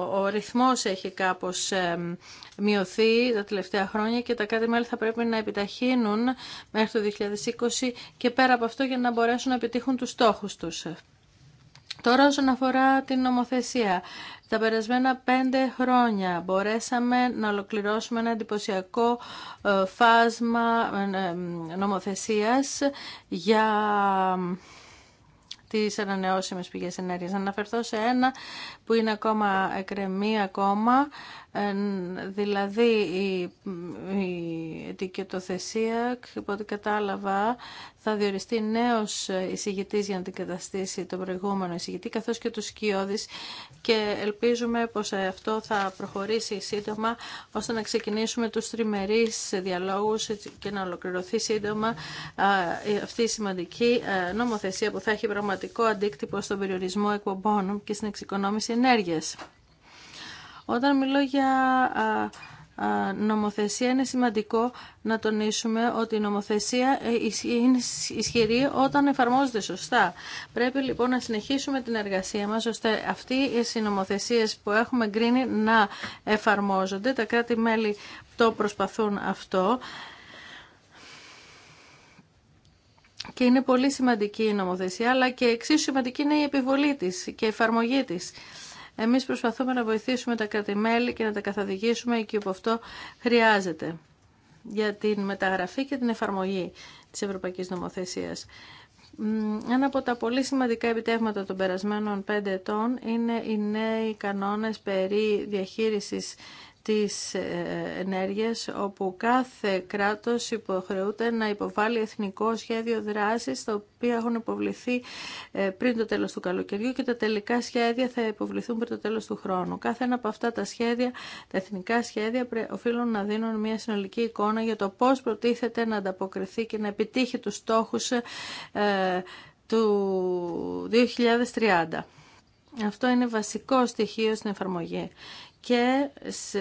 ο ρυθμός έχει κάπως μειωθεί τα τελευταία χρόνια και τα κάτι μέλη θα πρέπει να επιταχύνουν μέχρι το 2020 και πέρα από αυτό για να μπορέσουν να επιτύχουν τους στόχους τους. Τώρα όσον αφορά την νομοθεσία, τα περασμένα πέντε χρόνια μπορέσαμε να ολοκληρώσουμε ένα εντυπωσιακό ε, φάσμα ε, ε, νομοθεσίας για τι ανανεώσιμε πηγέ ενέργεια. Να αναφερθώ σε ένα που είναι ακόμα εκρεμή ακόμα δηλαδή η, η ετικετοθεσία, από ό,τι κατάλαβα, θα διοριστεί νέος εισηγητής για να την καταστήσει τον προηγούμενο εισηγητή, καθώς και του σκιώδης και ελπίζουμε πως αυτό θα προχωρήσει σύντομα, ώστε να ξεκινήσουμε τους τριμερείς διαλόγους και να ολοκληρωθεί σύντομα αυτή η σημαντική νομοθεσία που θα έχει πραγματικό αντίκτυπο στον περιορισμό εκπομπών και στην εξοικονόμηση ενέργειας. Όταν μιλώ για νομοθεσία είναι σημαντικό να τονίσουμε ότι η νομοθεσία ε, είναι ισχυρή όταν εφαρμόζεται σωστά. Πρέπει λοιπόν να συνεχίσουμε την εργασία μας ώστε αυτοί οι νομοθεσίες που έχουμε γκρίνει να εφαρμόζονται. Τα κράτη-μέλη το προσπαθούν αυτό. Και είναι πολύ σημαντική η νομοθεσία, αλλά και εξίσου σημαντική είναι η επιβολή της και η εφαρμογή της. Εμείς προσπαθούμε να βοηθήσουμε τα κρατημέλη και να τα καθοδηγήσουμε εκεί όπου αυτό χρειάζεται για την μεταγραφή και την εφαρμογή της Ευρωπαϊκής Νομοθεσίας. Ένα από τα πολύ σημαντικά επιτεύγματα των περασμένων πέντε ετών είναι οι νέοι κανόνες περί διαχείρισης της ε, ενέργειας όπου κάθε κράτος υποχρεούται να υποβάλει εθνικό σχέδιο δράσης τα οποία έχουν υποβληθεί ε, πριν το τέλος του καλοκαιριού και τα τελικά σχέδια θα υποβληθούν πριν το τέλος του χρόνου. Κάθε ένα από αυτά τα σχέδια, τα εθνικά σχέδια οφείλουν να δίνουν μια συνολική εικόνα για το πώς προτίθεται να ανταποκριθεί και να επιτύχει τους στόχους ε, του 2030. Αυτό είναι βασικό στοιχείο στην εφαρμογή και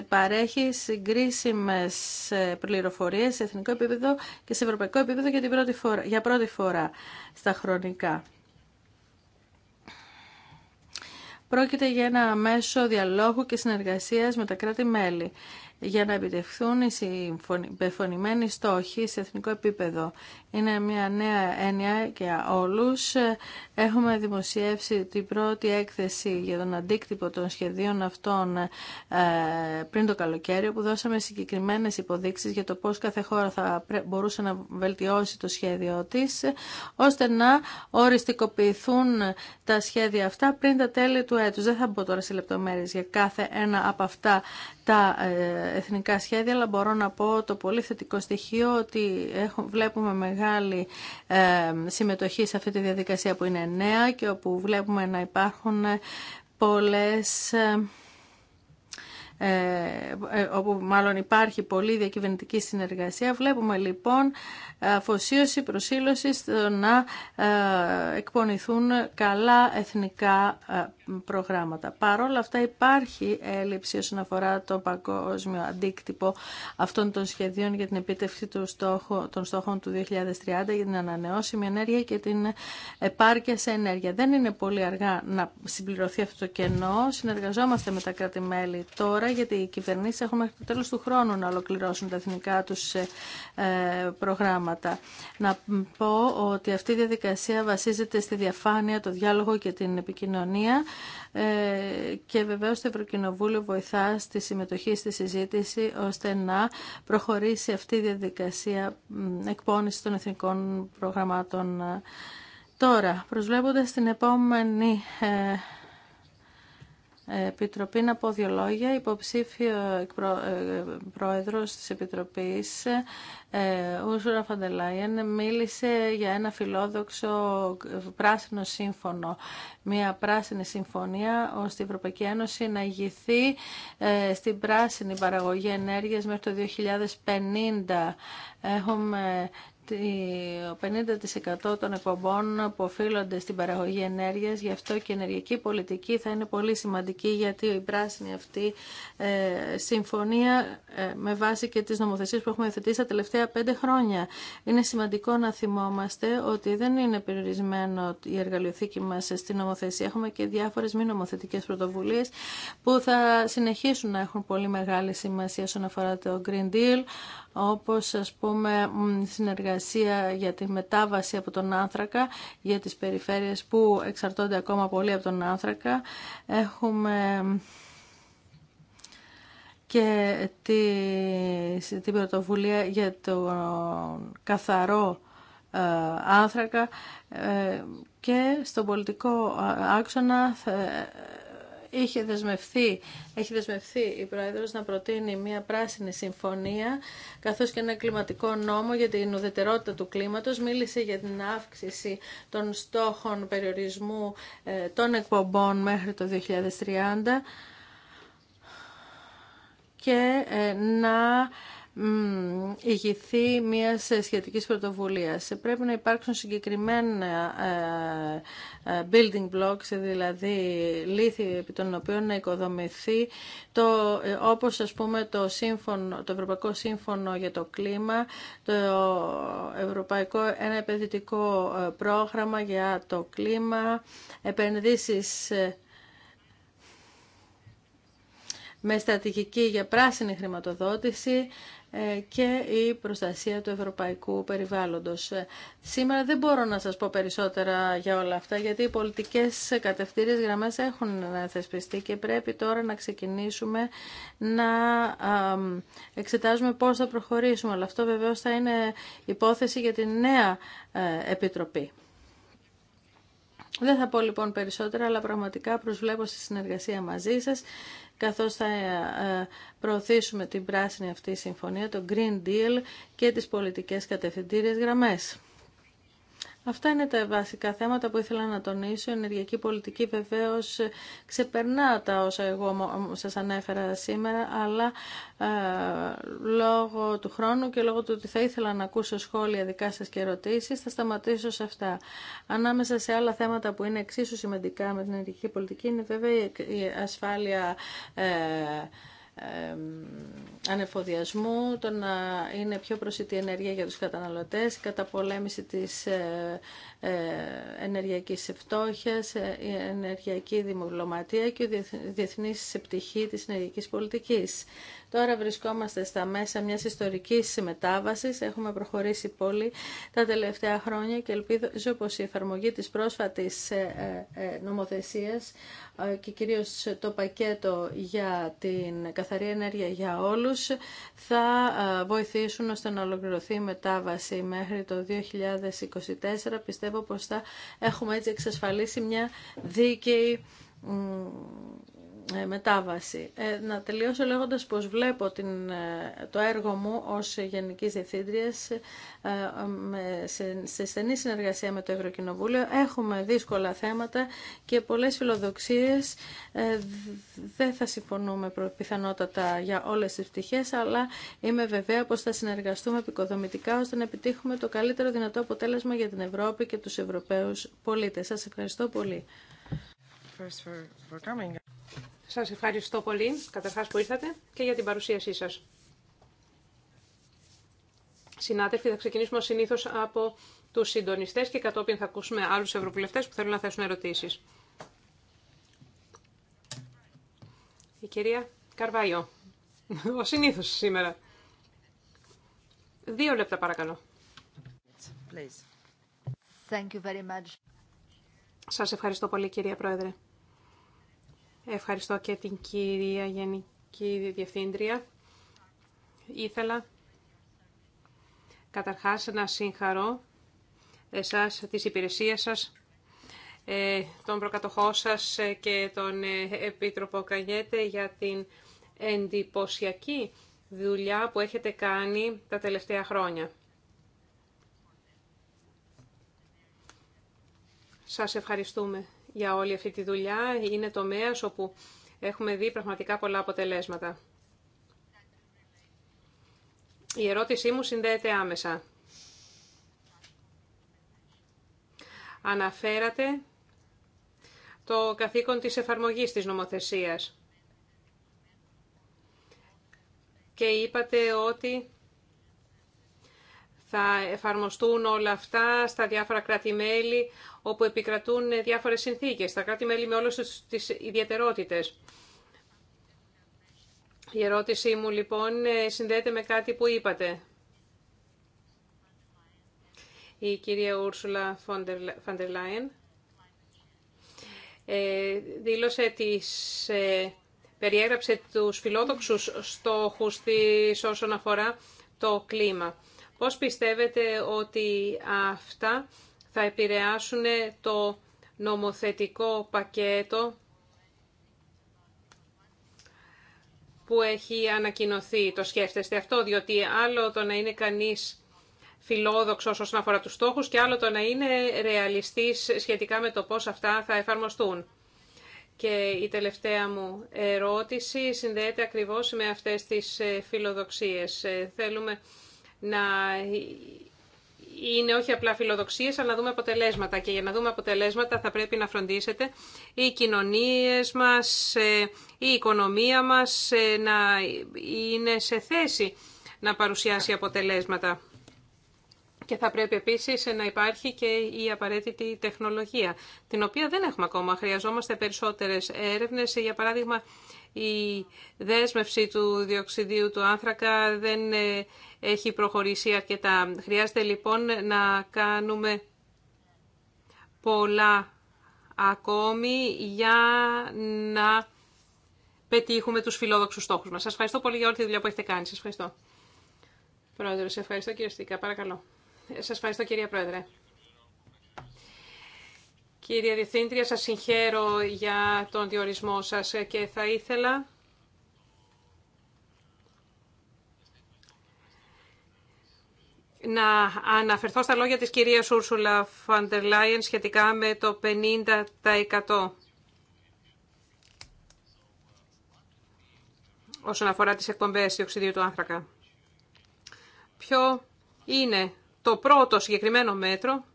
παρέχει συγκρίσιμες ε, πληροφορίες σε εθνικό επίπεδο και σε ευρωπαϊκό επίπεδο για, την πρώτη φορά, για πρώτη φορά στα χρονικά. Πρόκειται για ένα μέσο διαλόγου και συνεργασίας με τα κράτη-μέλη για να επιτευχθούν οι συμπεφωνημένοι στόχοι σε εθνικό επίπεδο. Είναι μια νέα έννοια για όλους. Έχουμε δημοσιεύσει την πρώτη έκθεση για τον αντίκτυπο των σχεδίων αυτών ε, πριν το καλοκαίρι, όπου δώσαμε συγκεκριμένες υποδείξεις για το πώς κάθε χώρα θα μπορούσε να βελτιώσει το σχέδιο της, ώστε να οριστικοποιηθούν τα σχέδια αυτά πριν τα τέλη του έτους. Δεν θα μπω τώρα σε λεπτομέρειες για κάθε ένα από αυτά τα ε, εθνικά σχέδια, αλλά μπορώ να πω το πολύ θετικό στοιχείο ότι βλέπουμε μεγάλη ε, συμμετοχή σε αυτή τη διαδικασία που είναι νέα και όπου βλέπουμε να υπάρχουν πολλές ε, όπου μάλλον υπάρχει πολλή διακυβερνητική συνεργασία. Βλέπουμε λοιπόν αφοσίωση, προσήλωση στο να εκπονηθούν καλά εθνικά προγράμματα. Παρ' όλα αυτά υπάρχει έλλειψη όσον αφορά το παγκόσμιο αντίκτυπο αυτών των σχεδίων για την επίτευξη του στόχου, των στόχων του 2030 για την ανανεώσιμη ενέργεια και την επάρκεια σε ενέργεια. Δεν είναι πολύ αργά να συμπληρωθεί αυτό το κενό. Συνεργαζόμαστε με τα κράτη-μέλη τώρα γιατί οι κυβερνήσει έχουν μέχρι το τέλο του χρόνου να ολοκληρώσουν τα εθνικά του ε, προγράμματα. Να πω ότι αυτή η διαδικασία βασίζεται στη διαφάνεια, το διάλογο και την επικοινωνία ε, και βεβαίως το Ευρωκοινοβούλιο βοηθά στη συμμετοχή στη συζήτηση ώστε να προχωρήσει αυτή η διαδικασία εκπόνηση των εθνικών προγραμμάτων. Τώρα, προσβλέποντας την επόμενη ε, Επιτροπή να πω δύο λόγια. Υποψήφιο ε, ε, πρόεδρος της Επιτροπής, ε, Ούσουρα Φαντελάιεν, μίλησε για ένα φιλόδοξο πράσινο σύμφωνο, μια πράσινη συμφωνία ώστε η Ευρωπαϊκή Ένωση να ηγηθεί στην πράσινη παραγωγή ενέργειας μέχρι το 2050. Έχουμε ο 50% των εκπομπών που οφείλονται στην παραγωγή ενέργειας, γι' αυτό και η ενεργειακή πολιτική θα είναι πολύ σημαντική γιατί η πράσινη αυτή ε, συμφωνία ε, με βάση και τις νομοθεσίες που έχουμε θετήσει τα τελευταία πέντε χρόνια. Είναι σημαντικό να θυμόμαστε ότι δεν είναι περιορισμένο η εργαλειοθήκη μας στην νομοθεσία. Έχουμε και διάφορες μη νομοθετικές πρωτοβουλίες που θα συνεχίσουν να έχουν πολύ μεγάλη σημασία όσον αφορά το Green Deal, όπως ας πούμε συνεργασία για τη μετάβαση από τον άνθρακα για τις περιφέρειες που εξαρτώνται ακόμα πολύ από τον άνθρακα. Έχουμε και τη, την πρωτοβουλία για τον καθαρό ε, άνθρακα ε, και στον πολιτικό ε, άξονα είχε δεσμευθεί, έχει δεσμευθεί η Πρόεδρος να προτείνει μια πράσινη συμφωνία καθώς και ένα κλιματικό νόμο για την ουδετερότητα του κλίματος. Μίλησε για την αύξηση των στόχων περιορισμού ε, των εκπομπών μέχρι το 2030 και ε, να ηγηθεί μιας σχετικής πρωτοβουλίας. Πρέπει να υπάρξουν συγκεκριμένα ε, ε, building blocks, δηλαδή λύθη επί των οποίων να οικοδομηθεί το, ε, όπως ας πούμε το, το Ευρωπαϊκό Σύμφωνο για το Κλίμα, το Ευρωπαϊκό ένα επενδυτικό πρόγραμμα για το κλίμα, επενδύσεις με στρατηγική για πράσινη χρηματοδότηση, ε, και η προστασία του ευρωπαϊκού περιβάλλοντος. Ε, σήμερα δεν μπορώ να σας πω περισσότερα για όλα αυτά, γιατί οι πολιτικές κατευθύνες γραμμές έχουν θεσπιστεί και πρέπει τώρα να ξεκινήσουμε να εξετάζουμε πώς θα προχωρήσουμε. Αλλά αυτό βεβαίως θα είναι υπόθεση για την νέα ε, Επιτροπή. Δεν θα πω λοιπόν περισσότερα, αλλά πραγματικά προσβλέπω στη συνεργασία μαζί σας καθώς θα ε, ε, προωθήσουμε την πράσινη αυτή συμφωνία, το Green Deal και τις πολιτικές κατευθυντήριες γραμμές. Αυτά είναι τα βασικά θέματα που ήθελα να τονίσω. Η ενεργειακή πολιτική βεβαίω ξεπερνά τα όσα εγώ σας ανέφερα σήμερα, αλλά ε, λόγω του χρόνου και λόγω του ότι θα ήθελα να ακούσω σχόλια δικά σας και ερωτήσει, θα σταματήσω σε αυτά. Ανάμεσα σε άλλα θέματα που είναι εξίσου σημαντικά με την ενεργειακή πολιτική είναι βέβαια η ασφάλεια ε, ανεφοδιασμού, το να είναι πιο προσιτή ενέργεια για τους καταναλωτές, καταπολέμηση της ε, ε, ενεργειακής φτώχειας, ε, η ενεργειακή δημοκρατία και η διεθνής επιτυχή της ενεργειακής πολιτικής. Τώρα βρισκόμαστε στα μέσα μιας ιστορικής μετάβασης, έχουμε προχωρήσει πολύ τα τελευταία χρόνια και ελπίζω πως η εφαρμογή της πρόσφατης νομοθεσίας και κυρίως το πακέτο για την καθαρή ενέργεια για όλους θα ε, βοηθήσουν ώστε να ολοκληρωθεί η μετάβαση μέχρι το 2024. Πιστεύω πως θα έχουμε έτσι εξασφαλίσει μια δίκαιη ε, μετάβαση. Ε, να τελειώσω λέγοντας πως βλέπω ε, το έργο μου ως Γενικής Διευθύντριας σε, σε στενή συνεργασία με το Ευρωκοινοβούλιο. Έχουμε δύσκολα θέματα και πολλές φιλοδοξίες. δεν θα συμφωνούμε πιθανότατα για όλες τις πτυχές, αλλά είμαι βεβαία πως θα συνεργαστούμε επικοδομητικά ώστε να επιτύχουμε το καλύτερο δυνατό αποτέλεσμα για την Ευρώπη και τους Ευρωπαίους πολίτες. Σας ευχαριστώ πολύ. Σας ευχαριστώ πολύ, καταρχάς που ήρθατε και για την παρουσίασή σας. Συνάδελφοι, θα ξεκινήσουμε συνήθως από τους συντονιστές και κατόπιν θα ακούσουμε άλλους ευρωβουλευτές που θέλουν να θέσουν ερωτήσεις. Η κυρία Καρβαϊό, ο συνήθως σήμερα. Δύο λεπτά παρακαλώ. Please. Σας ευχαριστώ πολύ κυρία Πρόεδρε. Ευχαριστώ και την κυρία Γενική Διευθύντρια. Ήθελα καταρχάς να συγχαρώ εσάς, της υπηρεσίες σας, ε, τον προκατοχό σας και τον ε, Επίτροπο Καγιέτε για την εντυπωσιακή δουλειά που έχετε κάνει τα τελευταία χρόνια. Σας ευχαριστούμε για όλη αυτή τη δουλειά. Είναι τομέα όπου έχουμε δει πραγματικά πολλά αποτελέσματα. Η ερώτησή μου συνδέεται άμεσα. Αναφέρατε το καθήκον της εφαρμογής της νομοθεσίας. Και είπατε ότι θα εφαρμοστούν όλα αυτά στα διάφορα κράτη-μέλη όπου επικρατούν διάφορες συνθήκες, στα κράτη-μέλη με όλες τις ιδιαιτερότητες. Η ερώτησή μου λοιπόν συνδέεται με κάτι που είπατε. Η κυρία Ούρσουλα Φαντερ Λάιεν ε, δήλωσε τις, ε, περιέγραψε τους φιλόδοξους στόχους της όσον αφορά το κλίμα. Πώς πιστεύετε ότι αυτά θα επηρεάσουν το νομοθετικό πακέτο που έχει ανακοινωθεί. Το σκέφτεστε αυτό, διότι άλλο το να είναι κανείς φιλόδοξος όσον αφορά τους στόχους και άλλο το να είναι ρεαλιστής σχετικά με το πώς αυτά θα εφαρμοστούν. Και η τελευταία μου ερώτηση συνδέεται ακριβώς με αυτές τις φιλοδοξίες. Ε, θέλουμε να είναι όχι απλά φιλοδοξίες, αλλά να δούμε αποτελέσματα. Και για να δούμε αποτελέσματα θα πρέπει να φροντίσετε οι κοινωνίες μας, ε, η οικονομία μας ε, να είναι σε θέση να παρουσιάσει αποτελέσματα. Και θα πρέπει επίσης να υπάρχει και η απαραίτητη τεχνολογία, την οποία δεν έχουμε ακόμα. Χρειαζόμαστε περισσότερες έρευνες, για παράδειγμα η δέσμευση του διοξιδίου του άνθρακα δεν ε, έχει προχωρήσει αρκετά. Χρειάζεται λοιπόν να κάνουμε πολλά ακόμη για να πετύχουμε τους φιλόδοξους στόχους μας. Σας ευχαριστώ πολύ για όλη τη δουλειά που έχετε κάνει. Σας ευχαριστώ. Πρόεδρε, σε ευχαριστώ κύριε Στίκα. Παρακαλώ. Ε, σας ευχαριστώ κυρία Πρόεδρε. Κύριε Διευθύντρια, σας συγχαίρω για τον διορισμό σας και θα ήθελα να αναφερθώ στα λόγια της κυρίας Ούρσουλα Φαντερ Λάιεν σχετικά με το 50% όσον αφορά τις εκπομπές διοξιδίου του άνθρακα. Ποιο είναι το πρώτο συγκεκριμένο μέτρο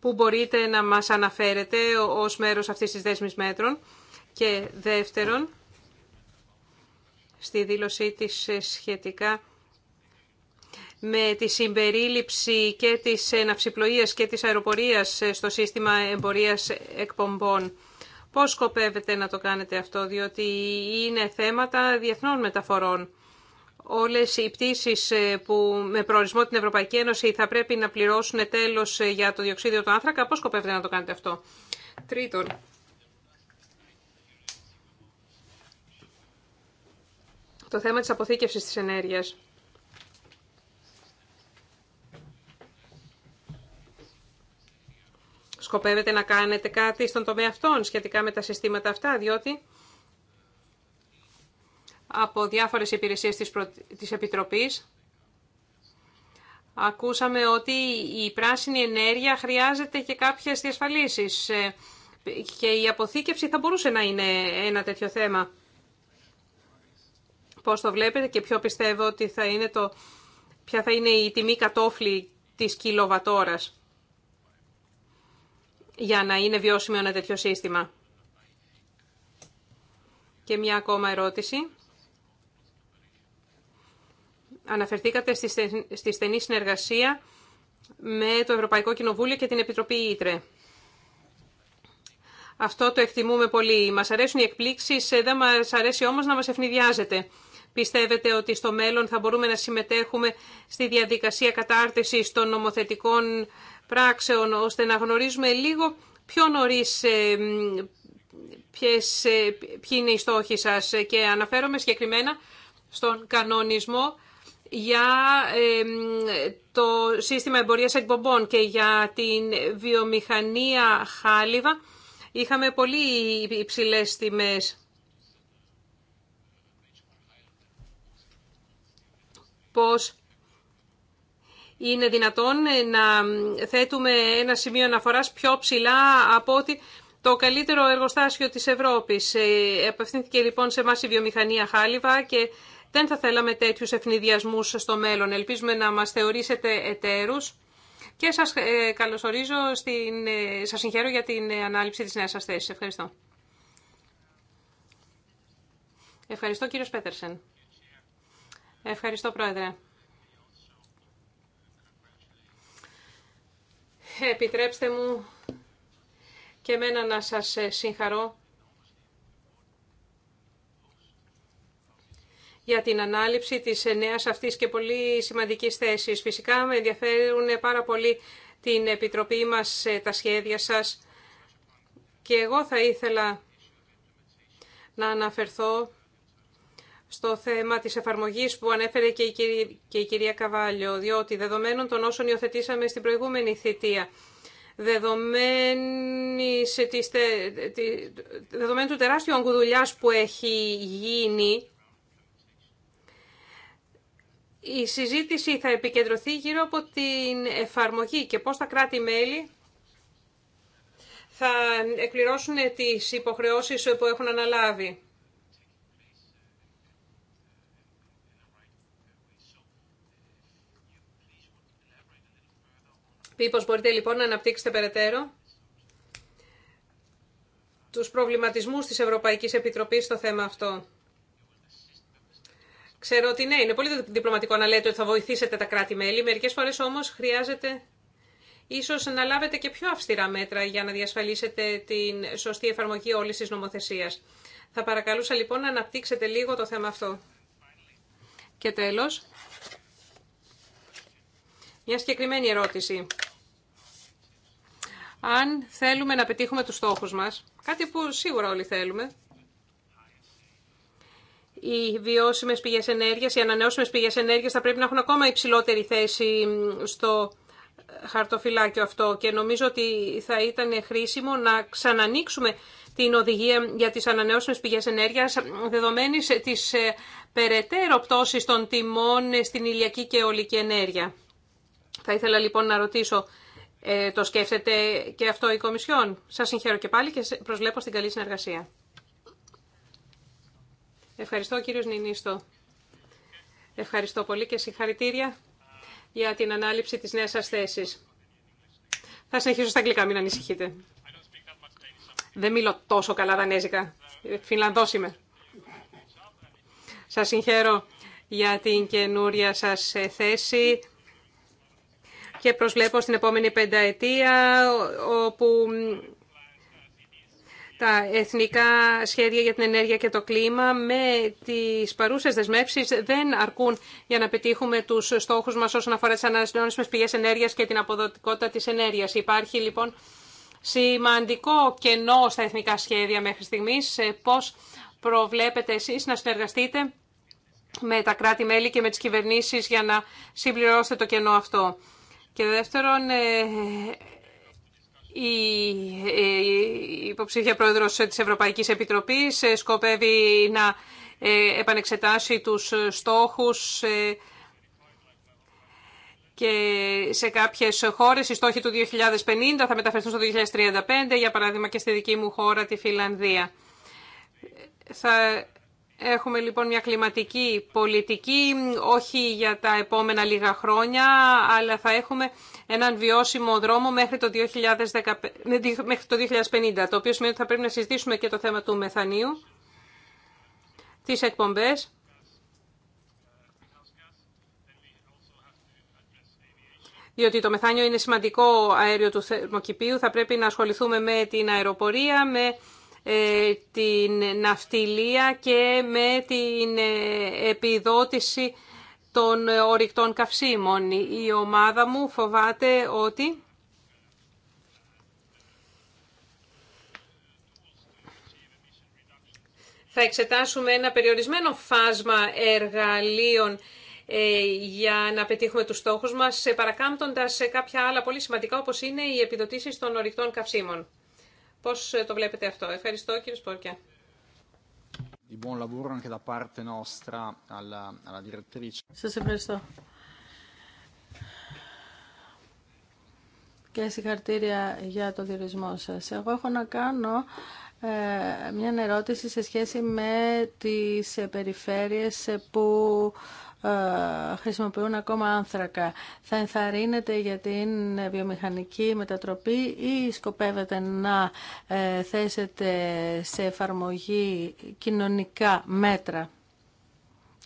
που μπορείτε να μας αναφέρετε ως μέρος αυτής της δέσμης μέτρων. Και δεύτερον, στη δήλωσή της σχετικά με τη συμπερίληψη και της ναυσιπλοείας και της αεροπορίας στο σύστημα εμπορίας εκπομπών. Πώς σκοπεύετε να το κάνετε αυτό, διότι είναι θέματα διεθνών μεταφορών όλες οι πτήσεις ε, που με προορισμό την Ευρωπαϊκή Ένωση θα πρέπει να πληρώσουν τέλος ε, για το διοξίδιο του άνθρακα. Πώς σκοπεύετε να το κάνετε αυτό. Τρίτον, το θέμα της αποθήκευσης της ενέργειας. Σκοπεύετε να κάνετε κάτι στον τομέα αυτών σχετικά με τα συστήματα αυτά, διότι από διάφορες υπηρεσίες της, προ... Επιτροπής. Ακούσαμε ότι η πράσινη ενέργεια χρειάζεται και κάποιες διασφαλίσεις ε, και η αποθήκευση θα μπορούσε να είναι ένα τέτοιο θέμα. Πώς το βλέπετε και ποιο πιστεύω ότι θα είναι το... ποια θα είναι η τιμή κατόφλη της κιλοβατόρας για να είναι βιώσιμο ένα τέτοιο σύστημα. Και μια ακόμα ερώτηση. Αναφερθήκατε στη στενή συνεργασία με το Ευρωπαϊκό Κοινοβούλιο και την Επιτροπή Ήτρε. Αυτό το εκτιμούμε πολύ. Μας αρέσουν οι εκπλήξεις, ε, δεν μας αρέσει όμως να μας ευνηδιάζετε. Πιστεύετε ότι στο μέλλον θα μπορούμε να συμμετέχουμε στη διαδικασία κατάρτισης των νομοθετικών πράξεων, ώστε να γνωρίζουμε λίγο πιο νωρίς ε, ε, ποιοι είναι οι στόχοι σας. Και αναφέρομαι συγκεκριμένα στον κανονισμό για το σύστημα εμπορίας εκπομπών και για την βιομηχανία χάλιβα είχαμε πολύ υψηλές τιμές. Πώς είναι δυνατόν να θέτουμε ένα σημείο αναφοράς πιο ψηλά από ότι το καλύτερο εργοστάσιο της Ευρώπης. Επευθύνθηκε λοιπόν σε εμάς η βιομηχανία χάλιβα και δεν θα θέλαμε τέτοιους ευνηδιασμούς στο μέλλον. Ελπίζουμε να μας θεωρήσετε εταίρους και σας ε, καλωσορίζω, στην, ε, σας συγχαίρω για την ε, ανάληψη της νέας σας θέσης. Ευχαριστώ. Ευχαριστώ κύριος Πέτερσεν. Ευχαριστώ πρόεδρε. Επιτρέψτε μου και εμένα να σας συγχαρώ για την ανάληψη της νέας αυτής και πολύ σημαντικής θέσης. Φυσικά με ενδιαφέρουν πάρα πολύ την Επιτροπή μας, ε, τα σχέδια σας και εγώ θα ήθελα να αναφερθώ στο θέμα της εφαρμογής που ανέφερε και η, κυρία, και κυρία Καβάλιο, διότι δεδομένων των όσων υιοθετήσαμε στην προηγούμενη θητεία, δεδομένου του τεράστιου αγκουδουλιάς που έχει γίνει, η συζήτηση θα επικεντρωθεί γύρω από την εφαρμογή και πώς τα κράτη-μέλη θα εκπληρώσουν τις υποχρεώσεις που έχουν αναλάβει. πώς μπορείτε λοιπόν να αναπτύξετε περαιτέρω τους προβληματισμούς της Ευρωπαϊκής Επιτροπής στο θέμα αυτό. Ξέρω ότι ναι, είναι πολύ διπλωματικό να λέτε ότι θα βοηθήσετε τα κράτη-μέλη. Μερικές φορές όμως χρειάζεται ίσως να λάβετε και πιο αυστηρά μέτρα για να διασφαλίσετε την σωστή εφαρμογή όλης της νομοθεσίας. Θα παρακαλούσα λοιπόν να αναπτύξετε λίγο το θέμα αυτό. Και τέλος, μια συγκεκριμένη ερώτηση. Αν θέλουμε να πετύχουμε τους στόχους μας, κάτι που σίγουρα όλοι θέλουμε, οι βιώσιμες πηγές ενέργειας, οι ανανεώσιμες πηγές ενέργειας θα πρέπει να έχουν ακόμα υψηλότερη θέση στο χαρτοφυλάκιο αυτό και νομίζω ότι θα ήταν χρήσιμο να ξανανοίξουμε την οδηγία για τις ανανεώσιμες πηγές ενέργειας δεδομένης της ε, περαιτέρω πτώσης των τιμών στην ηλιακή και ολική ενέργεια. Θα ήθελα λοιπόν να ρωτήσω, ε, το σκέφτεται και αυτό η Κομισιόν. Σας συγχαίρω και πάλι και προσβλέπω στην καλή συνεργασία. Ευχαριστώ κύριος Νινίστο. Ευχαριστώ πολύ και συγχαρητήρια για την ανάληψη της νέας σας θέσης. Θα συνεχίσω στα αγγλικά, μην ανησυχείτε. Δεν μιλώ τόσο καλά δανέζικα. Φινλανδός είμαι. Σας συγχαίρω για την καινούρια σας θέση και προσβλέπω στην επόμενη πενταετία όπου τα εθνικά σχέδια για την ενέργεια και το κλίμα με τις παρούσες δεσμεύσεις δεν αρκούν για να πετύχουμε τους στόχους μας όσον αφορά τις ανανεώσιμες πηγές ενέργειας και την αποδοτικότητα της ενέργειας. Υπάρχει λοιπόν σημαντικό κενό στα εθνικά σχέδια μέχρι στιγμής. Ε, πώς προβλέπετε εσείς να συνεργαστείτε με τα κράτη-μέλη και με τις κυβερνήσεις για να συμπληρώσετε το κενό αυτό. Και δεύτερον, ε, η υποψήφια πρόεδρος της Ευρωπαϊκής Επιτροπής ε, σκοπεύει να ε, επανεξετάσει τους ε, στόχους και σε κάποιες χώρες οι στόχοι του 2050 θα μεταφερθούν στο 2035, για παράδειγμα και στη δική μου χώρα, τη Φιλανδία. Θα Έχουμε λοιπόν μια κλιματική πολιτική, όχι για τα επόμενα λίγα χρόνια, αλλά θα έχουμε έναν βιώσιμο δρόμο μέχρι το, 2015, μέχρι το 2050, το οποίο σημαίνει ότι θα πρέπει να συζητήσουμε και το θέμα του μεθανίου, τις εκπομπές. διότι το μεθάνιο είναι σημαντικό αέριο του θερμοκηπίου, θα πρέπει να ασχοληθούμε με την αεροπορία, με ε, την ναυτιλία και με την ε, επιδότηση των ορυκτών καυσίμων. Η ομάδα μου φοβάται ότι... Θα εξετάσουμε ένα περιορισμένο φάσμα εργαλείων ε, για να πετύχουμε τους στόχους μας, παρακάμπτοντας σε κάποια άλλα πολύ σημαντικά, όπως είναι οι επιδοτήσεις των ορυκτών καυσίμων. Πώς ε, το βλέπετε αυτό. Ευχαριστώ κύριε Σπόρκια. Σας ευχαριστώ. Και συγχαρητήρια για το διορισμό σας. Εγώ έχω να κάνω ε, μια ερώτηση σε σχέση με τις ε, περιφέρειες που ε, χρησιμοποιούν ακόμα άνθρακα. Θα ενθαρρύνεται για την βιομηχανική μετατροπή ή σκοπεύετε να ε, θέσετε σε εφαρμογή κοινωνικά μέτρα.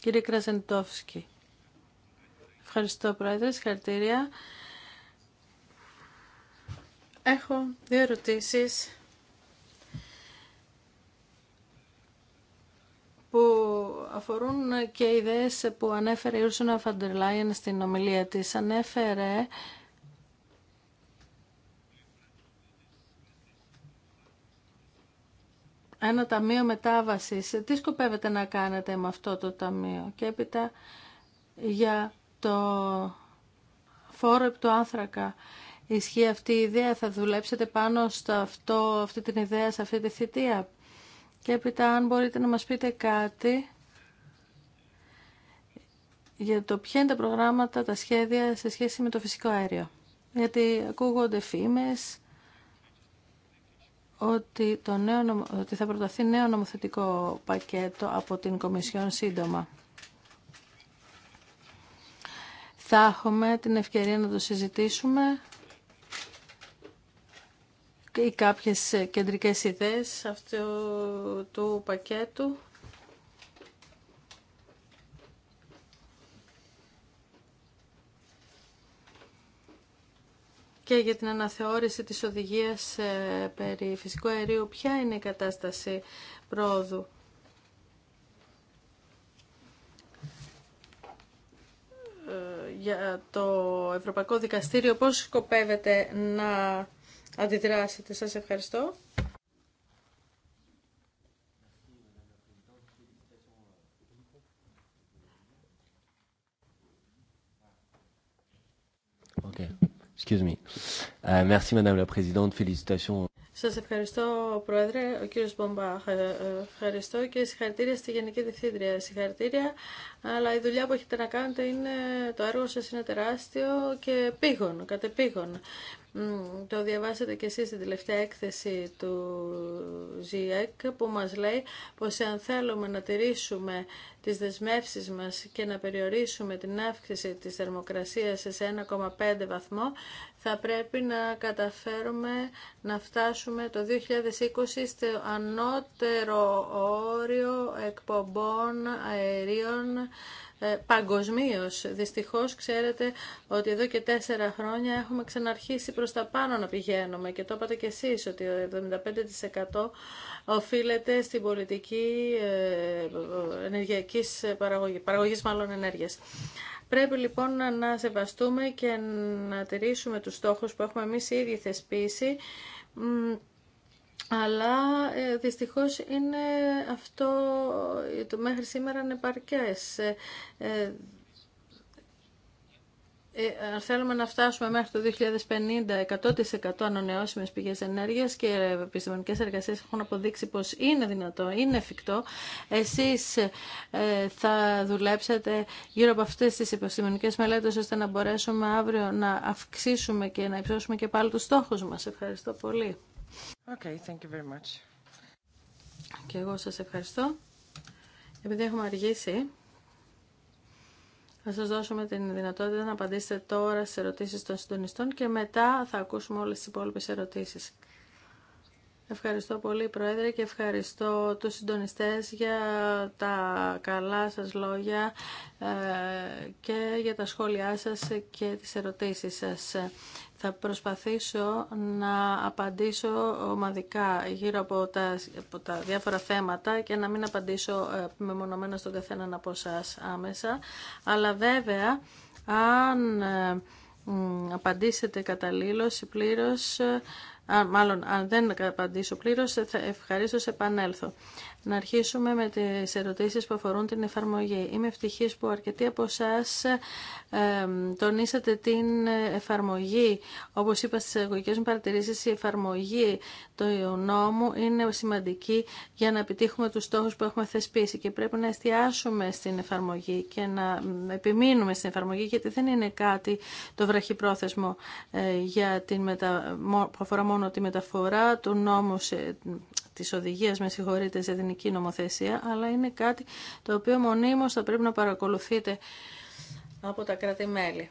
Κύριε Κραζεντόφσκι. Ευχαριστώ Πρόεδρε, συγχαρητήρια. Έχω δύο ερωτήσεις αφορούν και ιδέες που ανέφερε η Ursula von der Leyen στην ομιλία της. Ανέφερε ένα ταμείο μετάβασης. Τι σκοπεύετε να κάνετε με αυτό το ταμείο και έπειτα για το φόρο επί του άνθρακα. Ισχύει αυτή η ιδέα, θα δουλέψετε πάνω σε αυτή την ιδέα, σε αυτή τη θητεία. Και έπειτα αν μπορείτε να μας πείτε κάτι για το ποια είναι τα προγράμματα, τα σχέδια σε σχέση με το φυσικό αέριο. Γιατί ακούγονται φήμες ότι, το νέο, ότι θα προταθεί νέο νομοθετικό πακέτο από την Κομισιόν σύντομα. Θα έχουμε την ευκαιρία να το συζητήσουμε ή κάποιες κεντρικές ιδέες αυτού του πακέτου. και για την αναθεώρηση της οδηγίας ε, περί φυσικού αερίου. Ποια είναι η κατάσταση πρόοδου. Ε, για το Ευρωπαϊκό Δικαστήριο. Πώς σκοπεύετε να αντιδράσετε. Σας ευχαριστώ. Okay. Euh, merci, Madame la Présidente. Félicitations. Σας ευχαριστώ, Πρόεδρε, ο κύριος Μπομπά. Ε, ε, ευχαριστώ και συγχαρητήρια στη Γενική Διευθύντρια. Συγχαρητήρια, αλλά η δουλειά που έχετε να κάνετε είναι, το έργο σα είναι τεράστιο και πήγον, κατεπήγον. Το διαβάσατε και εσείς στην τελευταία έκθεση του ΖΙΕΚ που μας λέει πως αν θέλουμε να τηρήσουμε τις δεσμεύσεις μας και να περιορίσουμε την αύξηση της θερμοκρασίας σε 1,5 βαθμό θα πρέπει να καταφέρουμε να φτάσουμε το 2020 στο ανώτερο όριο εκπομπών αερίων ε, παγκοσμίω. Δυστυχώς ξέρετε ότι εδώ και τέσσερα χρόνια έχουμε ξαναρχίσει προς τα πάνω να πηγαίνουμε και το είπατε και εσείς ότι το 75% οφείλεται στην πολιτική ε, ενεργειακής παραγωγής, παραγωγής μάλλον ενέργειας. Πρέπει λοιπόν να σεβαστούμε και να τηρήσουμε τους στόχους που έχουμε εμείς ήδη θεσπίσει αλλά ε, δυστυχώς είναι αυτό το μέχρι σήμερα παρκές. Ε, ε, ε θέλουμε να φτάσουμε μέχρι το 2050 100% ανανεώσιμες πηγές ενέργειας και επιστημονικές εργασίες έχουν αποδείξει πως είναι δυνατό, είναι εφικτό. Εσείς θα δουλέψετε γύρω από αυτές τις επιστημονικές μελέτες ώστε να μπορέσουμε αύριο να αυξήσουμε και να υψώσουμε και πάλι τους στόχους μας. Ευχαριστώ πολύ. Okay, thank you very much. Και εγώ σας ευχαριστώ. Επειδή έχουμε αργήσει, θα σας δώσουμε την δυνατότητα να απαντήσετε τώρα σε ερωτήσεις των συντονιστών και μετά θα ακούσουμε όλες τις υπόλοιπες ερωτήσεις. Ευχαριστώ πολύ Πρόεδρε και ευχαριστώ τους συντονιστές για τα καλά σας λόγια ε, και για τα σχόλιά σας και τις ερωτήσεις σας. Θα προσπαθήσω να απαντήσω ομαδικά γύρω από τα, τα διάφορα θέματα και να μην απαντήσω ε, μεμονωμένα στον καθένα από εσά άμεσα. Αλλά βέβαια, αν ε, απαντήσετε καταλήλως ή πλήρως, ε, μάλλον αν δεν απαντήσω πλήρως, θα σε επανέλθω. Να αρχίσουμε με τις ερωτήσεις που αφορούν την εφαρμογή. Είμαι ευτυχής που αρκετοί από εσά τονίσατε την εφαρμογή. Όπως είπα στις εγωγικές μου παρατηρήσεις, η εφαρμογή του νόμου είναι σημαντική για να επιτύχουμε τους στόχους που έχουμε θεσπίσει και πρέπει να εστιάσουμε στην εφαρμογή και να επιμείνουμε στην εφαρμογή γιατί δεν είναι κάτι το βραχυπρόθεσμο ε, για που αφορά μόνο τη μεταφορά του νόμου της οδηγίας, με συγχωρείτε, σε εθνική νομοθεσία, αλλά είναι κάτι το οποίο μονίμως θα πρέπει να παρακολουθείτε από τα κράτη-μέλη.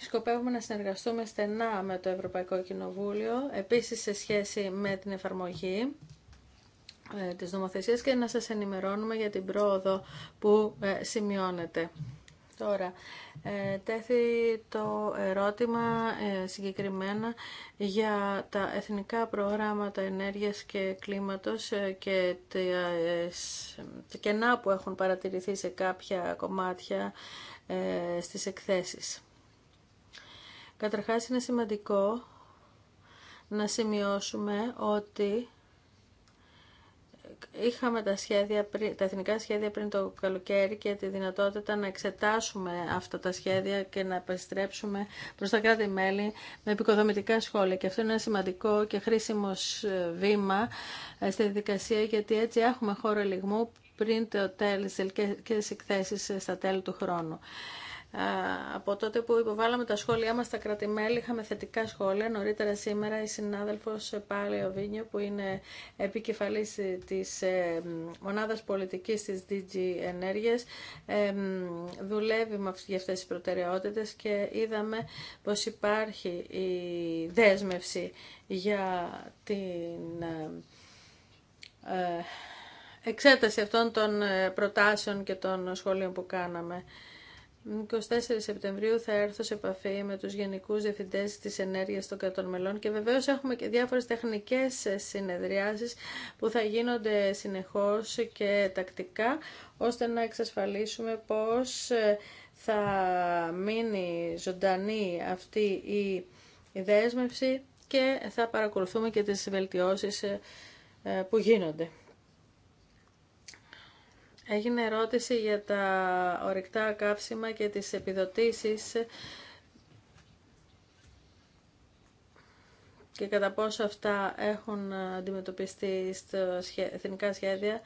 Σκοπεύουμε να συνεργαστούμε στενά με το Ευρωπαϊκό Κοινοβούλιο, επίσης σε σχέση με την εφαρμογή ε, της νομοθεσίας και να σας ενημερώνουμε για την πρόοδο που ε, σημειώνεται. Τώρα, ε, τέθη το ερώτημα ε, συγκεκριμένα για τα εθνικά προγράμματα ενέργειας και κλίματος ε, και τα κενά που έχουν παρατηρηθεί σε κάποια κομμάτια στις εκθέσεις. Καταρχάς είναι σημαντικό να σημειώσουμε ότι είχαμε τα, σχέδια, τα εθνικά σχέδια πριν το καλοκαίρι και τη δυνατότητα να εξετάσουμε αυτά τα σχέδια και να επιστρέψουμε προς τα κράτη-μέλη με επικοδομητικά σχόλια. Και αυτό είναι ένα σημαντικό και χρήσιμο ε, βήμα ε, στη δικασία γιατί έτσι έχουμε χώρο ελιγμού πριν το τέλος και ε, στα τέλη του χρόνου από τότε που υποβάλαμε τα σχόλιά μας στα κρατημέλη είχαμε θετικά σχόλια. Νωρίτερα σήμερα η συνάδελφος Πάλι Βίνιο που είναι επικεφαλής της ε, μονάδας πολιτικής της DG Ενέργειας δουλεύει για αυτές τις προτεραιότητες και είδαμε πως υπάρχει η δέσμευση για την ε, ε, εξέταση αυτών των προτάσεων και των σχολείων που κάναμε. 24 Σεπτεμβρίου θα έρθω σε επαφή με τους Γενικούς Διευθυντές της Ενέργειας των Κρατών Μελών και βεβαίως έχουμε και διάφορες τεχνικές συνεδριάσεις που θα γίνονται συνεχώς και τακτικά ώστε να εξασφαλίσουμε πως ε, θα μείνει ζωντανή αυτή η δέσμευση και θα παρακολουθούμε και τις βελτιώσεις ε, ε, που γίνονται. Έγινε ερώτηση για τα ορυκτά καύσιμα και τις επιδοτήσεις και κατά πόσο αυτά έχουν αντιμετωπιστεί στα εθνικά σχέδια.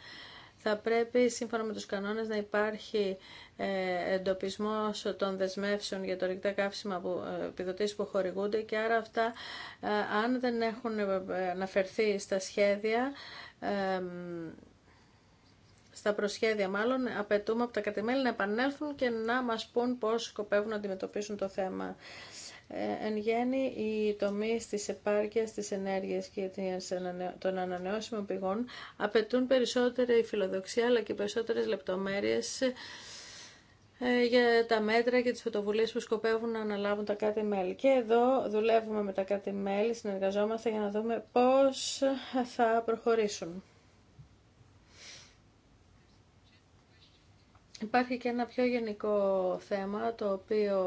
Θα πρέπει, σύμφωνα με τους κανόνες, να υπάρχει ε, εντοπισμός των δεσμεύσεων για το ορυκτά καύσιμα που, ε, επιδοτήσεις που χορηγούνται και άρα αυτά, ε, αν δεν έχουν αναφερθεί στα σχέδια, στα προσχέδια μάλλον, απαιτούμε από τα κατημέλη να επανέλθουν και να μας πούν πώς σκοπεύουν να αντιμετωπίσουν το θέμα. Ε, εν γέννη, οι τομεί τη επάρκεια, τη ενέργεια και των ανανεώσιμων πηγών απαιτούν περισσότερη φιλοδοξία αλλά και περισσότερε λεπτομέρειε ε, για τα μέτρα και τις φωτοβουλίες που σκοπεύουν να αναλάβουν τα κάτι μέλη. Και εδώ δουλεύουμε με τα κάτι συνεργαζόμαστε για να δούμε πώ θα προχωρήσουν. Υπάρχει και ένα πιο γενικό θέμα το οποίο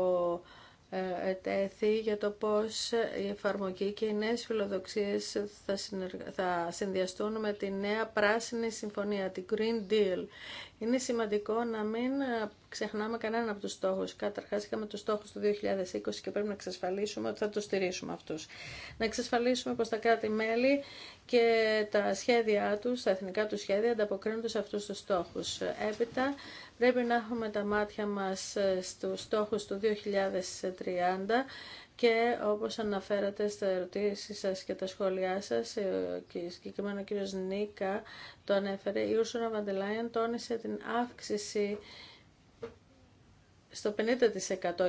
ε, ετέθη για το πώς η εφαρμογή και οι νέες φιλοδοξίες θα, συνεργα... θα συνδυαστούν με τη νέα πράσινη συμφωνία, τη Green Deal. Είναι σημαντικό να μην ξεχνάμε κανέναν από τους στόχους. Καταρχάς είχαμε τους στόχους του 2020 και πρέπει να εξασφαλίσουμε ότι θα τους στηρίσουμε αυτούς. Να εξασφαλίσουμε πως τα κράτη-μέλη και τα σχέδιά τους, τα εθνικά τους σχέδια ανταποκρίνονται σε αυτούς τους στόχους. Έπειτα πρέπει να έχουμε τα μάτια μας στους στόχους του 2030 και όπως αναφέρατε στα ερωτήσει σας και τα σχόλιά σας ε, και συγκεκριμένα ο κύριος Νίκα το ανέφερε, η Ursula Leyen τόνισε την αύξηση στο 50%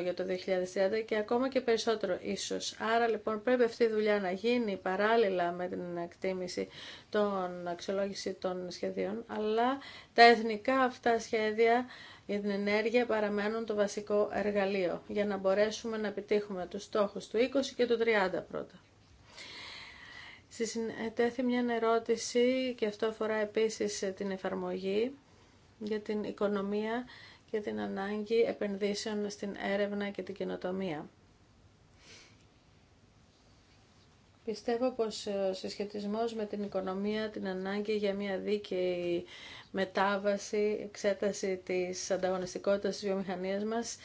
για το 2030 και ακόμα και περισσότερο ίσως. Άρα λοιπόν πρέπει αυτή η δουλειά να γίνει παράλληλα με την εκτίμηση των αξιολόγηση των σχεδίων, αλλά τα εθνικά αυτά σχέδια για την ενέργεια παραμένουν το βασικό εργαλείο για να μπορέσουμε να επιτύχουμε τους στόχους του 20 και του 30 πρώτα. Συνετέθη μια ερώτηση και αυτό αφορά επίσης ε, την εφαρμογή για την οικονομία και την ανάγκη επενδύσεων στην έρευνα και την καινοτομία. Πιστεύω πως ε, ο συσχετισμός με την οικονομία, την ανάγκη για μια δίκαιη μετάβαση, εξέταση της ανταγωνιστικότητας της βιομηχανίας μας,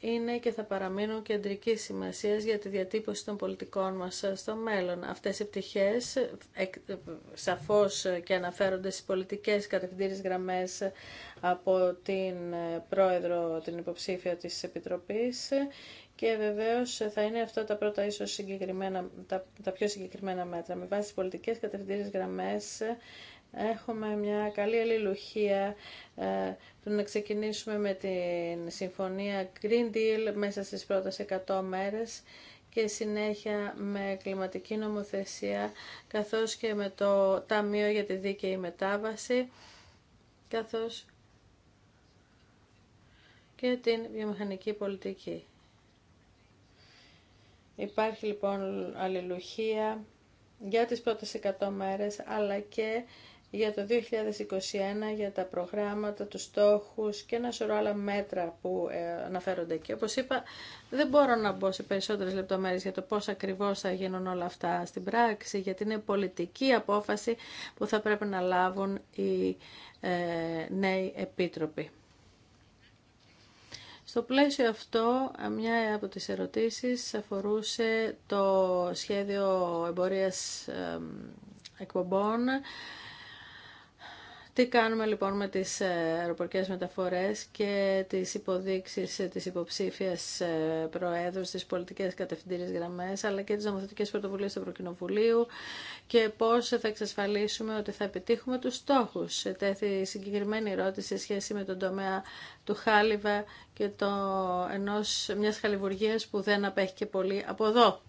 είναι και θα παραμείνουν κεντρική σημασία για τη διατύπωση των πολιτικών μας στο μέλλον. Αυτές οι πτυχές σαφώς και αναφέρονται στις πολιτικές κατευθυντήριες γραμμές από την ε, πρόεδρο, την υποψήφια της Επιτροπής και βεβαίω θα είναι αυτά τα πρώτα ίσω τα, πιο συγκεκριμένα μέτρα. Με βάση τι πολιτικέ κατευθυντήριες γραμμέ έχουμε μια καλή αλληλουχία που ε, να ξεκινήσουμε με την συμφωνία Green Deal μέσα στι πρώτε 100 μέρες και συνέχεια με κλιματική νομοθεσία καθώς και με το Ταμείο για τη Δίκαιη Μετάβαση καθώς και την βιομηχανική πολιτική. Υπάρχει λοιπόν αλληλουχία για τις πρώτες 100 μέρες, αλλά και για το 2021, για τα προγράμματα, τους στόχους και ένα σωρό άλλα μέτρα που ε, αναφέρονται εκεί. Όπως είπα, δεν μπορώ να μπω σε περισσότερες λεπτομέρειες για το πώς ακριβώς θα γίνουν όλα αυτά στην πράξη, γιατί είναι πολιτική απόφαση που θα πρέπει να λάβουν οι ε, νέοι επίτροποι. Στο πλαίσιο αυτό, μια από τις ερωτήσεις αφορούσε το σχέδιο εμπορίας εκπομπών τι κάνουμε λοιπόν με τις ε, αεροπορικές μεταφορές και τις υποδείξεις ε, της υποψήφιας ε, προέδρου στις πολιτικές κατευθυντήριες γραμμές αλλά και τις νομοθετικές πρωτοβουλίες του Ευρωκοινοβουλίου και πώς θα εξασφαλίσουμε ότι θα επιτύχουμε τους στόχους. Τέθη συγκεκριμένη ερώτηση σε σχέση με τον τομέα του Χάλιβα και το, ενός, μιας χαλιβουργίας που δεν απέχει και πολύ από εδώ.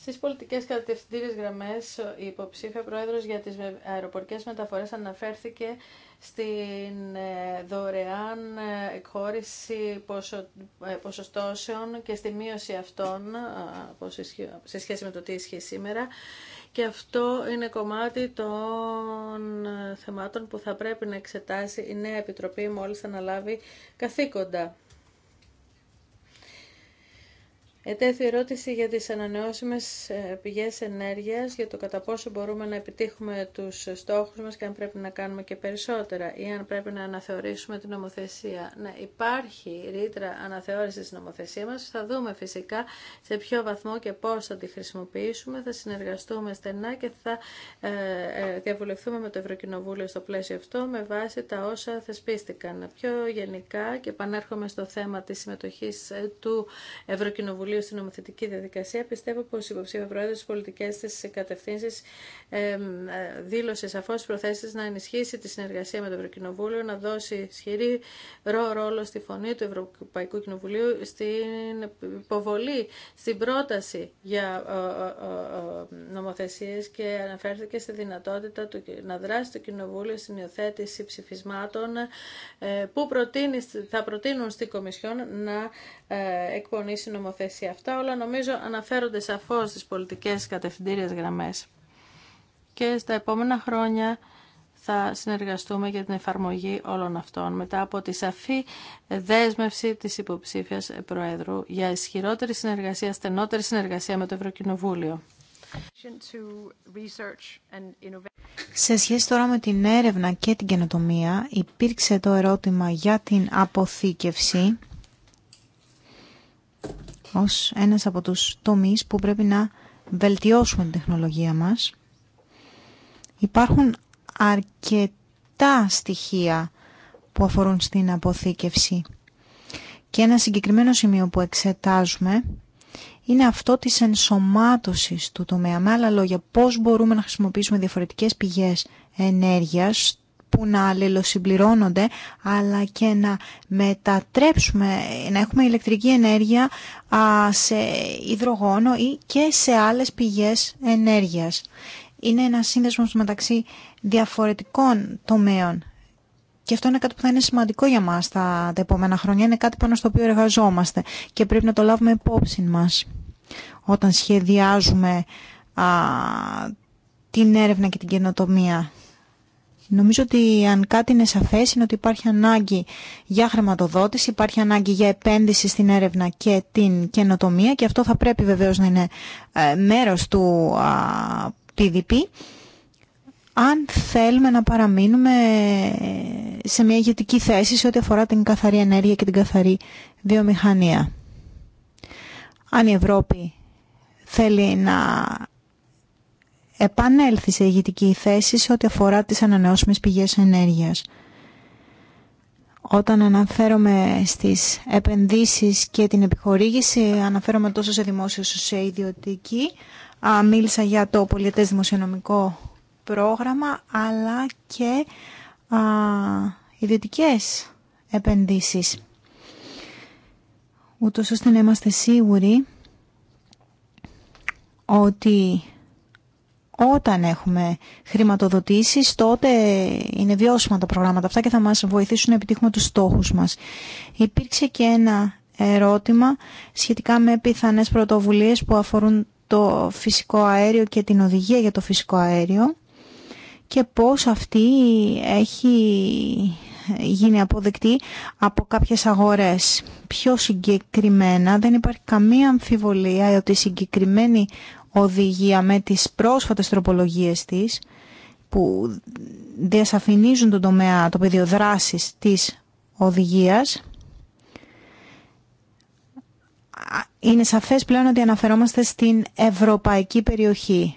Στι πολιτικέ κατευθυντήριε γραμμές, η υποψήφια πρόεδρος για τις αεροπορικές μεταφορές αναφέρθηκε στην ε, δωρεάν ε, εκχώρηση ε, ποσοστώσεων και στη μείωση αυτών σε σχέση με το τι ισχύει σήμερα. Και αυτό είναι κομμάτι των θεμάτων που θα πρέπει να εξετάσει η νέα Επιτροπή μόλις αναλάβει καθήκοντα. Ετέθη ερώτηση για τις ανανεώσιμες ε, πηγές ενέργειας, για το κατά πόσο μπορούμε να επιτύχουμε τους στόχους μας και αν πρέπει να κάνουμε και περισσότερα ή αν πρέπει να αναθεωρήσουμε την νομοθεσία. Να υπάρχει ρήτρα αναθεώρησης της νομοθεσία μας. Θα δούμε φυσικά σε ποιο βαθμό και πώς θα τη χρησιμοποιήσουμε. Θα συνεργαστούμε στενά και θα ε, ε, διαβουλευτούμε με το Ευρωκοινοβούλιο στο πλαίσιο αυτό με βάση τα όσα θεσπίστηκαν. Πιο γενικά και επανέρχομαι στο θέμα της συμμετοχής του Ευρωκοινοβουλίου στην νομοθετική διαδικασία, πιστεύω πω η υποψήφια πρόεδρο στι πολιτικέ τη κατευθύνσει ε, δήλωσε σαφώ προθέσει να ενισχύσει τη συνεργασία με το Ευρωκοινοβούλιο, να δώσει ισχυρή ρόλο στη φωνή του Ευρωπαϊκού Κοινοβουλίου στην υποβολή, στην πρόταση για ε, ε, νομοθεσίε και αναφέρθηκε στη δυνατότητα του, να δράσει το Κοινοβούλιο στην υιοθέτηση ψηφισμάτων που προτείνει, θα προτείνουν στη Κομισιόν να ε, εκπονήσει νομοθεσία. Αυτά όλα νομίζω αναφέρονται σαφώς στις πολιτικές κατευθυντήριες γραμμές. Και στα επόμενα χρόνια θα συνεργαστούμε για την εφαρμογή όλων αυτών μετά από τη σαφή δέσμευση της υποψήφιας Προέδρου για ισχυρότερη συνεργασία, στενότερη συνεργασία με το Ευρωκοινοβούλιο. Σε σχέση τώρα με την έρευνα και την καινοτομία, υπήρξε το ερώτημα για την αποθήκευση ως ένας από τους τομείς που πρέπει να βελτιώσουμε την τεχνολογία μας. Υπάρχουν αρκετά στοιχεία που αφορούν στην αποθήκευση. Και ένα συγκεκριμένο σημείο που εξετάζουμε είναι αυτό της ενσωμάτωσης του τομέα. Με άλλα λόγια, πώς μπορούμε να χρησιμοποιήσουμε διαφορετικές πηγές ενέργειας που να αλληλοσυμπληρώνονται αλλά και να μετατρέψουμε, να έχουμε ηλεκτρική ενέργεια σε υδρογόνο ή και σε άλλες πηγές ενέργειας. Είναι ένα σύνδεσμο μεταξύ διαφορετικών τομέων και αυτό είναι κάτι που θα είναι σημαντικό για μας τα, επόμενα χρόνια, είναι κάτι πάνω στο οποίο εργαζόμαστε και πρέπει να το λάβουμε υπόψη μας όταν σχεδιάζουμε α, την έρευνα και την καινοτομία. Νομίζω ότι αν κάτι είναι σαφές είναι ότι υπάρχει ανάγκη για χρηματοδότηση, υπάρχει ανάγκη για επένδυση στην έρευνα και την καινοτομία και αυτό θα πρέπει βεβαίως να είναι ε, μέρος του PDP αν θέλουμε να παραμείνουμε σε μια ηγετική θέση σε ό,τι αφορά την καθαρή ενέργεια και την καθαρή βιομηχανία. Αν η Ευρώπη θέλει να επανέλθει σε ηγετική θέση σε ό,τι αφορά τις ανανεώσιμες πηγές ενέργειας. Όταν αναφέρομαι στις επενδύσεις και την επιχορήγηση, αναφέρομαι τόσο σε δημόσιο όσο σε ιδιωτική. Μίλησα για το πολιετές δημοσιονομικό πρόγραμμα, αλλά και ιδιωτικές επενδύσεις. Ούτως ώστε να είμαστε σίγουροι ότι όταν έχουμε χρηματοδοτήσει, τότε είναι βιώσιμα τα προγράμματα αυτά και θα μας βοηθήσουν να επιτύχουμε τους στόχους μας. Υπήρξε και ένα ερώτημα σχετικά με πιθανές πρωτοβουλίες που αφορούν το φυσικό αέριο και την οδηγία για το φυσικό αέριο και πώς αυτή έχει γίνει αποδεκτή από κάποιες αγορές. Πιο συγκεκριμένα δεν υπάρχει καμία αμφιβολία ότι η συγκεκριμένη οδηγία με τις πρόσφατες τροπολογίες της που διασαφηνίζουν τον τομέα, το πεδίο δράσης της οδηγίας είναι σαφές πλέον ότι αναφερόμαστε στην ευρωπαϊκή περιοχή.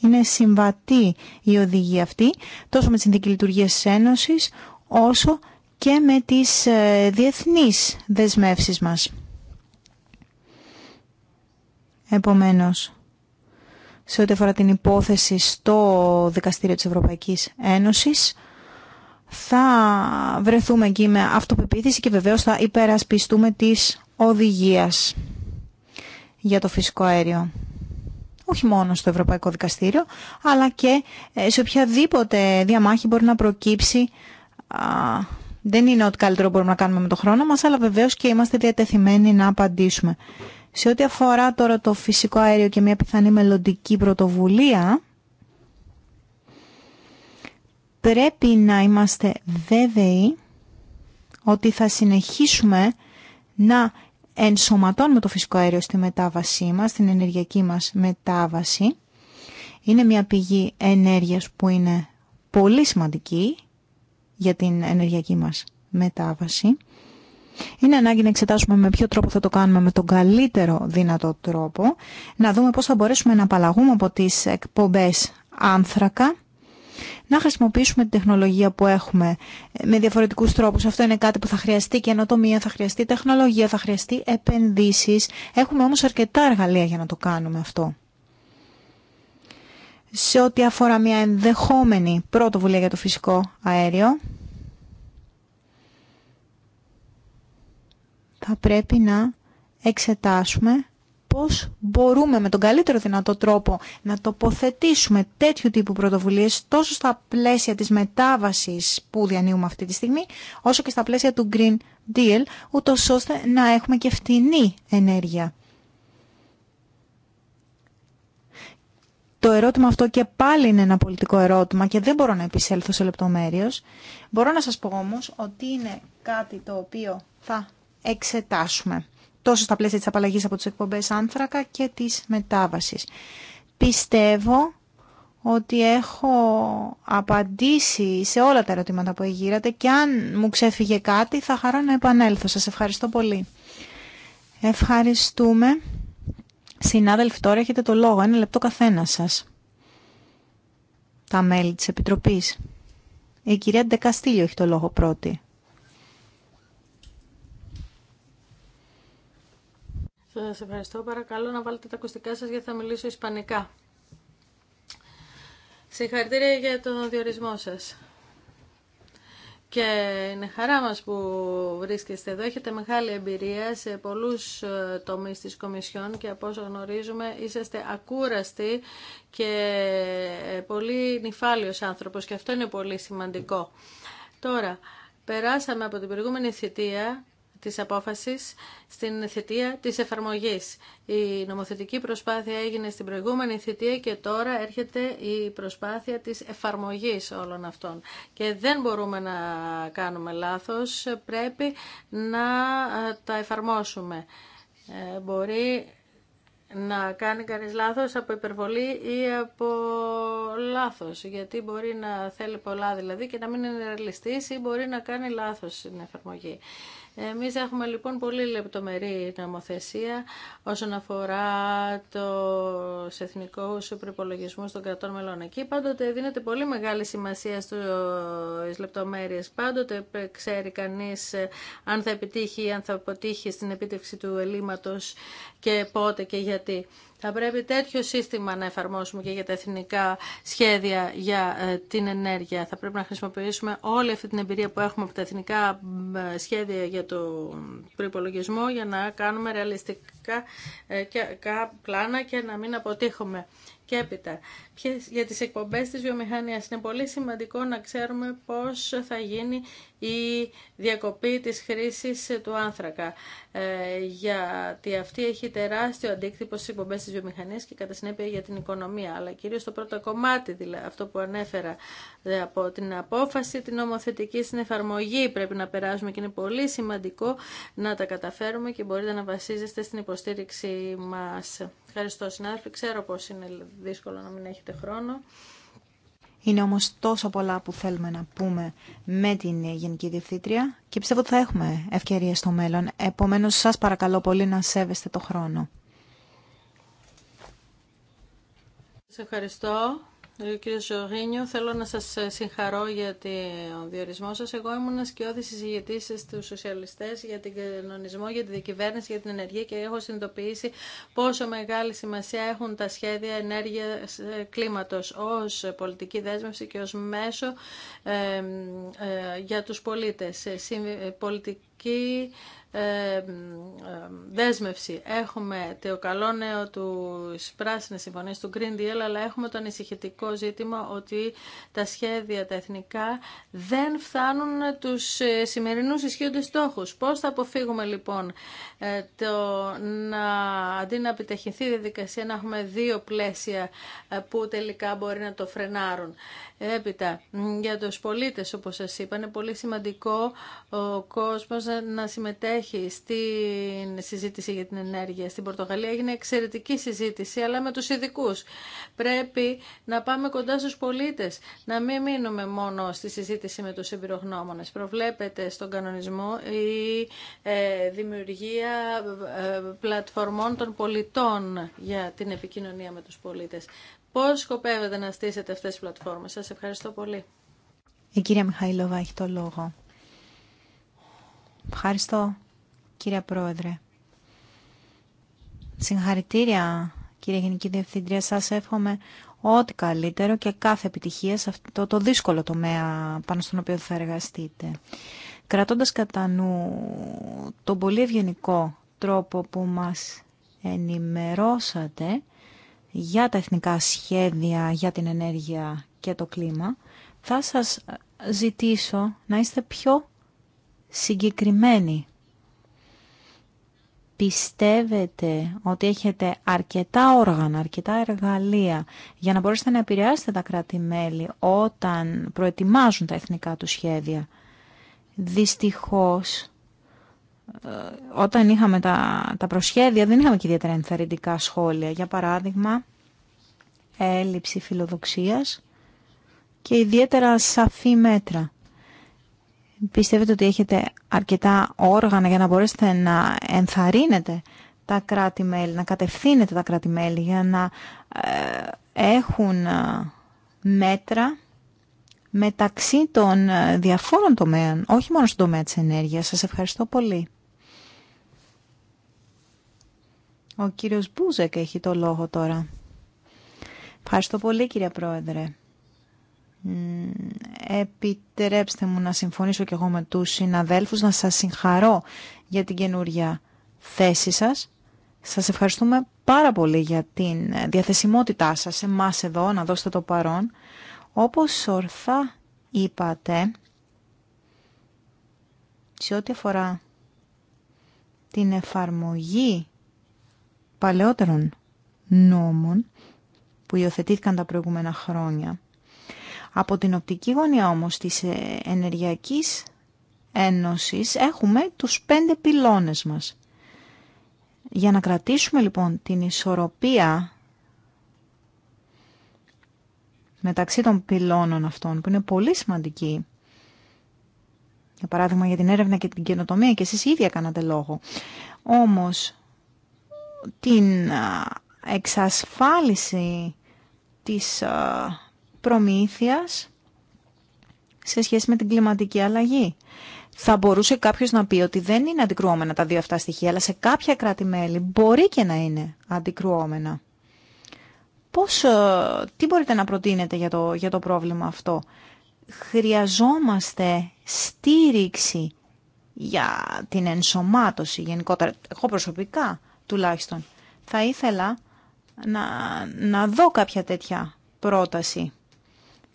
Είναι συμβατή η οδηγία αυτή τόσο με τις Συνθήκη της Ένωσης όσο και με τις ε, διεθνείς δεσμεύσεις μας. Επομένως, σε ό,τι αφορά την υπόθεση στο Δικαστήριο της Ευρωπαϊκής Ένωσης. Θα βρεθούμε εκεί με αυτοπεποίθηση και βεβαίως θα υπερασπιστούμε της οδηγίας για το φυσικό αέριο. Όχι μόνο στο Ευρωπαϊκό Δικαστήριο, αλλά και ε, σε οποιαδήποτε διαμάχη μπορεί να προκύψει. Δεν είναι ό,τι καλύτερο μπορούμε να κάνουμε με το χρόνο μας, αλλά βεβαίως και είμαστε διατεθειμένοι να απαντήσουμε. Σε ό,τι αφορά τώρα το φυσικό αέριο και μια πιθανή μελλοντική πρωτοβουλία, πρέπει να είμαστε βέβαιοι ότι θα συνεχίσουμε να ενσωματώνουμε το φυσικό αέριο στη μετάβασή μας, στην ενεργειακή μας μετάβαση. Είναι μια πηγή ενέργειας που είναι πολύ σημαντική για την ενεργειακή μας μετάβαση. Είναι ανάγκη να εξετάσουμε με ποιο τρόπο θα το κάνουμε με τον καλύτερο δυνατό τρόπο, να δούμε πώς θα μπορέσουμε να απαλλαγούμε από τις εκπομπές άνθρακα, να χρησιμοποιήσουμε την τεχνολογία που έχουμε ε, με διαφορετικούς τρόπους. Αυτό είναι κάτι που θα χρειαστεί καινοτομία, θα χρειαστεί τεχνολογία, θα χρειαστεί επενδύσεις. Έχουμε όμως αρκετά εργαλεία για να το κάνουμε αυτό. Σε ό,τι αφορά μια ενδεχόμενη πρωτοβουλία για το φυσικό αέριο, θα πρέπει να εξετάσουμε πώς μπορούμε με τον καλύτερο δυνατό τρόπο να τοποθετήσουμε τέτοιου τύπου πρωτοβουλίες τόσο στα πλαίσια της μετάβασης που διανύουμε αυτή τη στιγμή, όσο και στα πλαίσια του Green Deal, ούτω ώστε να έχουμε και φτηνή ενέργεια. Το ερώτημα αυτό και πάλι είναι ένα πολιτικό ερώτημα και δεν μπορώ να επισέλθω σε λεπτομέρειες. Μπορώ να σας πω όμως ότι είναι κάτι το οποίο θα εξετάσουμε τόσο στα πλαίσια της απαλλαγής από τις εκπομπές άνθρακα και της μετάβασης. Πιστεύω ότι έχω απαντήσει σε όλα τα ερωτήματα που εγείρατε και αν μου ξέφυγε κάτι θα χαρώ να επανέλθω. Σας ευχαριστώ πολύ. Ευχαριστούμε. Συνάδελφοι, τώρα έχετε το λόγο. Ένα λεπτό καθένα σας. Τα μέλη της Επιτροπής. Η κυρία Ντεκαστήλιο έχει το λόγο πρώτη. Σας ευχαριστώ. Παρακαλώ να βάλετε τα ακουστικά σας γιατί θα μιλήσω ισπανικά. Συγχαρητήρια για τον διορισμό σας. Και είναι χαρά μας που βρίσκεστε εδώ. Έχετε μεγάλη εμπειρία σε πολλούς ε, τομείς της Κομισιόν και από όσο γνωρίζουμε είσαστε ακούραστοι και ε, πολύ νυφάλιος άνθρωπος και αυτό είναι πολύ σημαντικό. Τώρα, περάσαμε από την προηγούμενη θητεία της απόφασης στην θητεία της εφαρμογής. Η νομοθετική προσπάθεια έγινε στην προηγούμενη θητεία και τώρα έρχεται η προσπάθεια της εφαρμογής όλων αυτών. Και δεν μπορούμε να κάνουμε λάθος, πρέπει να ε, τα εφαρμόσουμε. Ε, μπορεί να κάνει κανείς λάθος από υπερβολή ή από λάθος, γιατί μπορεί να θέλει πολλά δηλαδή και να μην είναι ή μπορεί να κάνει λάθος στην εφαρμογή. Εμείς έχουμε λοιπόν πολύ λεπτομερή νομοθεσία όσον αφορά το σεθνικό προπολογισμού των κρατών μελών. Εκεί πάντοτε δίνεται πολύ μεγάλη σημασία στις λεπτομέρειες. Πάντοτε ξέρει κανείς ε, αν θα επιτύχει ή αν θα αποτύχει στην επίτευξη του ελλείμματος και πότε και γιατί. Θα πρέπει τέτοιο σύστημα να εφαρμόσουμε και για τα εθνικά σχέδια για ε, την ενέργεια. Θα πρέπει να χρησιμοποιήσουμε όλη αυτή την εμπειρία που έχουμε από τα εθνικά ε, σχέδια για το προπολογισμό για να κάνουμε ρεαλιστικά ε, πλάνα και να μην αποτύχουμε και έπειτα. για τις εκπομπές της βιομηχανίας είναι πολύ σημαντικό να ξέρουμε πώς θα γίνει η διακοπή της χρήσης του άνθρακα. Ε, γιατί αυτή έχει τεράστιο αντίκτυπο στις εκπομπές της βιομηχανίας και κατά συνέπεια για την οικονομία. Αλλά κυρίως το πρώτο κομμάτι, δηλαδή, αυτό που ανέφερα, Δε από την απόφαση, την νομοθετική στην εφαρμογή πρέπει να περάσουμε και είναι πολύ σημαντικό να τα καταφέρουμε και μπορείτε να βασίζεστε στην υποστήριξη μας. Ευχαριστώ συνάδελφοι, ξέρω πως είναι δύσκολο να μην έχετε χρόνο. Είναι όμως τόσο πολλά που θέλουμε να πούμε με την Γενική Διευθύντρια και πιστεύω ότι θα έχουμε ευκαιρίες στο μέλλον. Επομένως, σας παρακαλώ πολύ να σέβεστε το χρόνο. Σας ευχαριστώ. Ε, κύριε Ζωρίνιο, θέλω να σας ε, συγχαρώ για τον διορισμό σας. Εγώ ήμουν σκιώδης συζητητή στους σοσιαλιστές για την κανονισμό, για την διακυβέρνηση, για την ενεργία και έχω συνειδητοποιήσει πόσο μεγάλη σημασία έχουν τα σχέδια ενέργεια ε, κλίματος ως πολιτική δέσμευση και ως μέσο για τους πολίτες. Πολιτική ε, ε, δέσμευση. Έχουμε το καλό νέο του πράσινη συμφωνία του Green Deal, αλλά έχουμε το ανησυχητικό ζήτημα ότι τα σχέδια τα εθνικά δεν φτάνουν τους ε, σημερινούς ισχύοντες στόχους. Πώς θα αποφύγουμε λοιπόν το να, αντί να επιταχυνθεί η διαδικασία να έχουμε δύο πλαίσια που τελικά μπορεί να το φρενάρουν. Έπειτα, για τους πολίτες, όπως σας είπα, είναι πολύ σημαντικό ο κόσμος να συμμετέχει στην συζήτηση για την ενέργεια. Στην Πορτογαλία έγινε εξαιρετική συζήτηση, αλλά με τους ειδικού. Πρέπει να πάμε κοντά στους πολίτες, να μην μείνουμε μόνο στη συζήτηση με τους εμπειρογνώμονες. Προβλέπεται στον κανονισμό η ε, δημιουργία ε, πλατφορμών των πολιτών για την επικοινωνία με τους πολίτες. Πώς σκοπεύετε να στήσετε αυτές τις πλατφόρμες. Σας ευχαριστώ πολύ. Η κυρία Μιχαήλοβα έχει το λόγο. Ευχαριστώ, κύριε Πρόεδρε. Συγχαρητήρια, κύριε Γενική Διευθυντρία. Σας εύχομαι ό,τι καλύτερο και κάθε επιτυχία σε αυτό το δύσκολο τομέα πάνω στον οποίο θα εργαστείτε. Κρατώντας κατά νου τον πολύ ευγενικό τρόπο που μας ενημερώσατε, για τα εθνικά σχέδια για την ενέργεια και το κλίμα, θα σας ζητήσω να είστε πιο συγκεκριμένοι. Πιστεύετε ότι έχετε αρκετά όργανα, αρκετά εργαλεία για να μπορέσετε να επηρεάσετε τα κράτη-μέλη όταν προετοιμάζουν τα εθνικά του σχέδια. Δυστυχώς, ε, όταν είχαμε τα, τα προσχέδια δεν είχαμε και ιδιαίτερα ενθαρρυντικά σχόλια. Για παράδειγμα, έλλειψη φιλοδοξίας και ιδιαίτερα σαφή μέτρα. Πιστεύετε ότι έχετε αρκετά όργανα για να μπορέσετε να ενθαρρύνετε τα κράτη-μέλη, να κατευθύνετε τα κράτη-μέλη για να ε, έχουν ε, μέτρα μεταξύ των ε, διαφόρων τομέων, όχι μόνο στον τομέα της ενέργειας. Σας ευχαριστώ πολύ. Ο κύριος Μπούζεκ έχει το λόγο τώρα. Ευχαριστώ πολύ κύριε Πρόεδρε. Επιτρέψτε μου να συμφωνήσω και εγώ με τους συναδέλφους, να σας συγχαρώ για την καινούρια θέση σας. Σας ευχαριστούμε πάρα πολύ για την ε, διαθεσιμότητά σας εμάς εδώ να δώσετε το παρόν. Όπως ορθά είπατε, σε ό,τι αφορά την εφαρμογή παλαιότερων νόμων που υιοθετήθηκαν τα προηγούμενα χρόνια. Από την οπτική γωνία όμως της ε, Ενεργειακής Ένωσης έχουμε τους πέντε πυλώνες μας. Για να κρατήσουμε λοιπόν την ισορροπία μεταξύ των πυλώνων αυτών που είναι πολύ σημαντική. Για παράδειγμα για την έρευνα και την καινοτομία και εσείς ίδια κάνατε λόγο. Όμως την εξασφάλιση της προμήθειας σε σχέση με την κλιματική αλλαγή. Θα μπορούσε κάποιος να πει ότι δεν είναι αντικρουόμενα τα δύο αυτά στοιχεία, αλλά σε κάποια κράτη-μέλη μπορεί και να είναι αντικρουόμενα. Πώς, ε, τι μπορείτε να προτείνετε για το, για το πρόβλημα αυτό. Χρειαζόμαστε στήριξη για την ενσωμάτωση γενικότερα, εγώ προσωπικά τουλάχιστον. Θα ήθελα να, να δω κάποια τέτοια πρόταση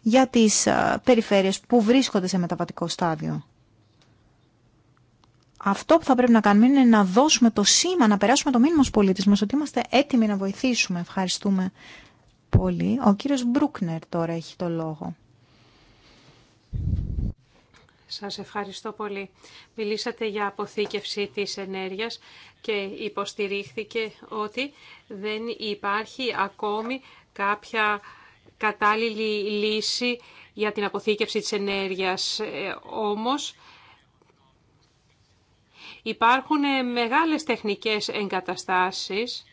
για τις ε, περιφέρειες που βρίσκονται σε μεταβατικό στάδιο. Αυτό που θα πρέπει να κάνουμε είναι να δώσουμε το σήμα, να περάσουμε το μήνυμα στους πολίτες μας ότι είμαστε έτοιμοι να βοηθήσουμε. Ευχαριστούμε πολύ. Ο κύριος Μπρούκνερ τώρα έχει το λόγο. Σας ευχαριστώ πολύ. Μιλήσατε για αποθήκευση της ενέργειας και υποστηρίχθηκε ότι δεν υπάρχει ακόμη κάποια κατάλληλη λύση για την αποθήκευση της ενέργειας. Ε, όμως υπάρχουν μεγάλες τεχνικές εγκαταστάσεις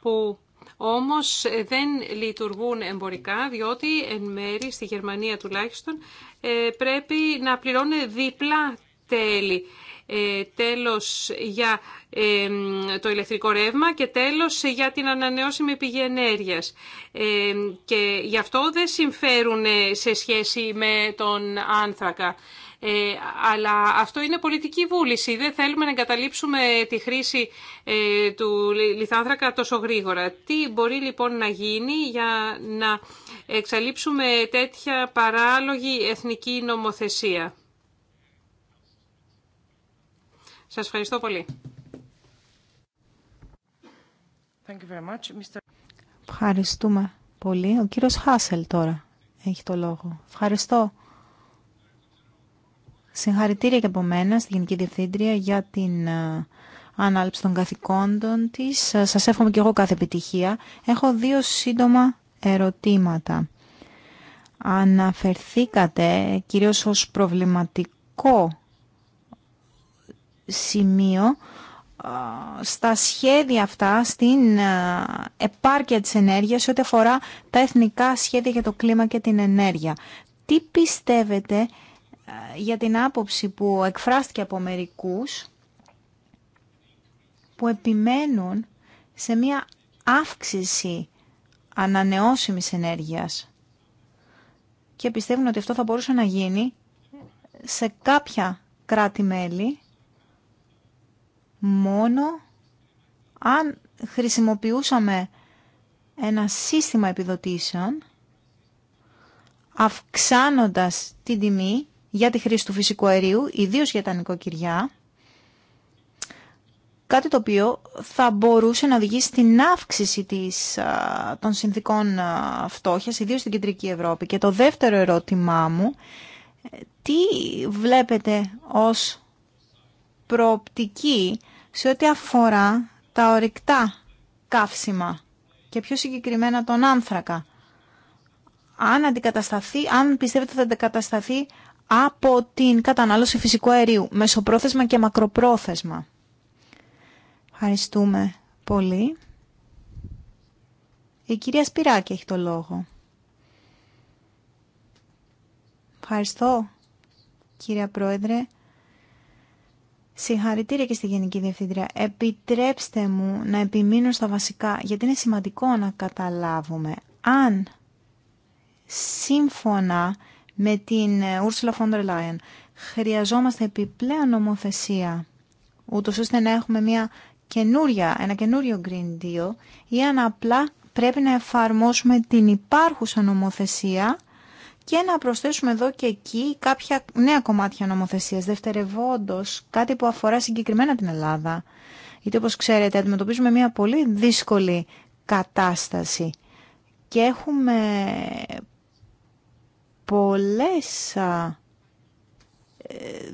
που όμως ε, δεν λειτουργούν εμπορικά, διότι εν μέρη, στη Γερμανία τουλάχιστον, ε, πρέπει να πληρώνουν διπλά τέλη. Ε, τέλος για το ηλεκτρικό ρεύμα και τέλος για την ανανεώσιμη πηγή ενέργειας. Και γι' αυτό δεν συμφέρουν σε σχέση με τον άνθρακα. Ε, αλλά αυτό είναι πολιτική βούληση. Δεν θέλουμε να εγκαταλείψουμε τη χρήση ε, του λιθάνθρακα τόσο γρήγορα. Τι μπορεί λοιπόν να γίνει για να εξαλείψουμε τέτοια παράλογη εθνική νομοθεσία. Σας ευχαριστώ πολύ. Thank Ευχαριστούμε πολύ. Ο κύριος Χάσελ τώρα έχει το λόγο. Ευχαριστώ. Συγχαρητήρια και από μένα στη Γενική Διευθύντρια για την ε, ανάληψη των καθηκόντων της. Ε, σας εύχομαι και εγώ κάθε επιτυχία. Έχω δύο σύντομα ερωτήματα. Αναφερθήκατε κυρίως ως προβληματικό σημείο ε, στα σχέδια αυτά, στην επάρκεια της ενέργειας, ό,τι αφορά τα εθνικά σχέδια για το κλίμα και την ενέργεια. Τι πιστεύετε ε, για την άποψη που εκφράστηκε από μερικούς που επιμένουν σε μια αύξηση ανανεώσιμης ενέργειας και πιστεύουν ότι αυτό θα μπορούσε να γίνει σε κάποια κράτη-μέλη μόνο αν χρησιμοποιούσαμε ένα σύστημα επιδοτήσεων αυξάνοντας την τιμή για τη χρήση του φυσικού αερίου, ιδίως για τα νοικοκυριά, κάτι το οποίο θα μπορούσε να οδηγήσει στην αύξηση της, των συνθήκων φτώχειας, ιδίως στην Κεντρική Ευρώπη. Και το δεύτερο ερώτημά μου, τι βλέπετε ως προοπτική σε ό,τι αφορά τα ορυκτά καύσιμα και πιο συγκεκριμένα τον άνθρακα. Αν αντικατασταθεί, αν πιστεύετε θα αντικατασταθεί από την κατανάλωση φυσικού αερίου, μεσοπρόθεσμα και μακροπρόθεσμα. Ευχαριστούμε πολύ. Η κυρία Σπυράκη έχει το λόγο. Ευχαριστώ, κύρια Πρόεδρε. Συγχαρητήρια και στη Γενική Διευθύντρια. Επιτρέψτε μου να επιμείνω στα βασικά, γιατί είναι σημαντικό να καταλάβουμε αν σύμφωνα με την ε, Ursula von der Leyen. Χρειαζόμαστε επιπλέον νομοθεσία, ούτως ώστε να έχουμε μια καινούρια, ένα καινούριο Green Deal ή αν απλά πρέπει να εφαρμόσουμε την υπάρχουσα νομοθεσία και να προσθέσουμε εδώ και εκεί κάποια νέα κομμάτια νομοθεσίας, δευτερευόντως κάτι που αφορά συγκεκριμένα την Ελλάδα. Γιατί όπως ξέρετε αντιμετωπίζουμε μια πολύ δύσκολη κατάσταση και έχουμε πολλές ε,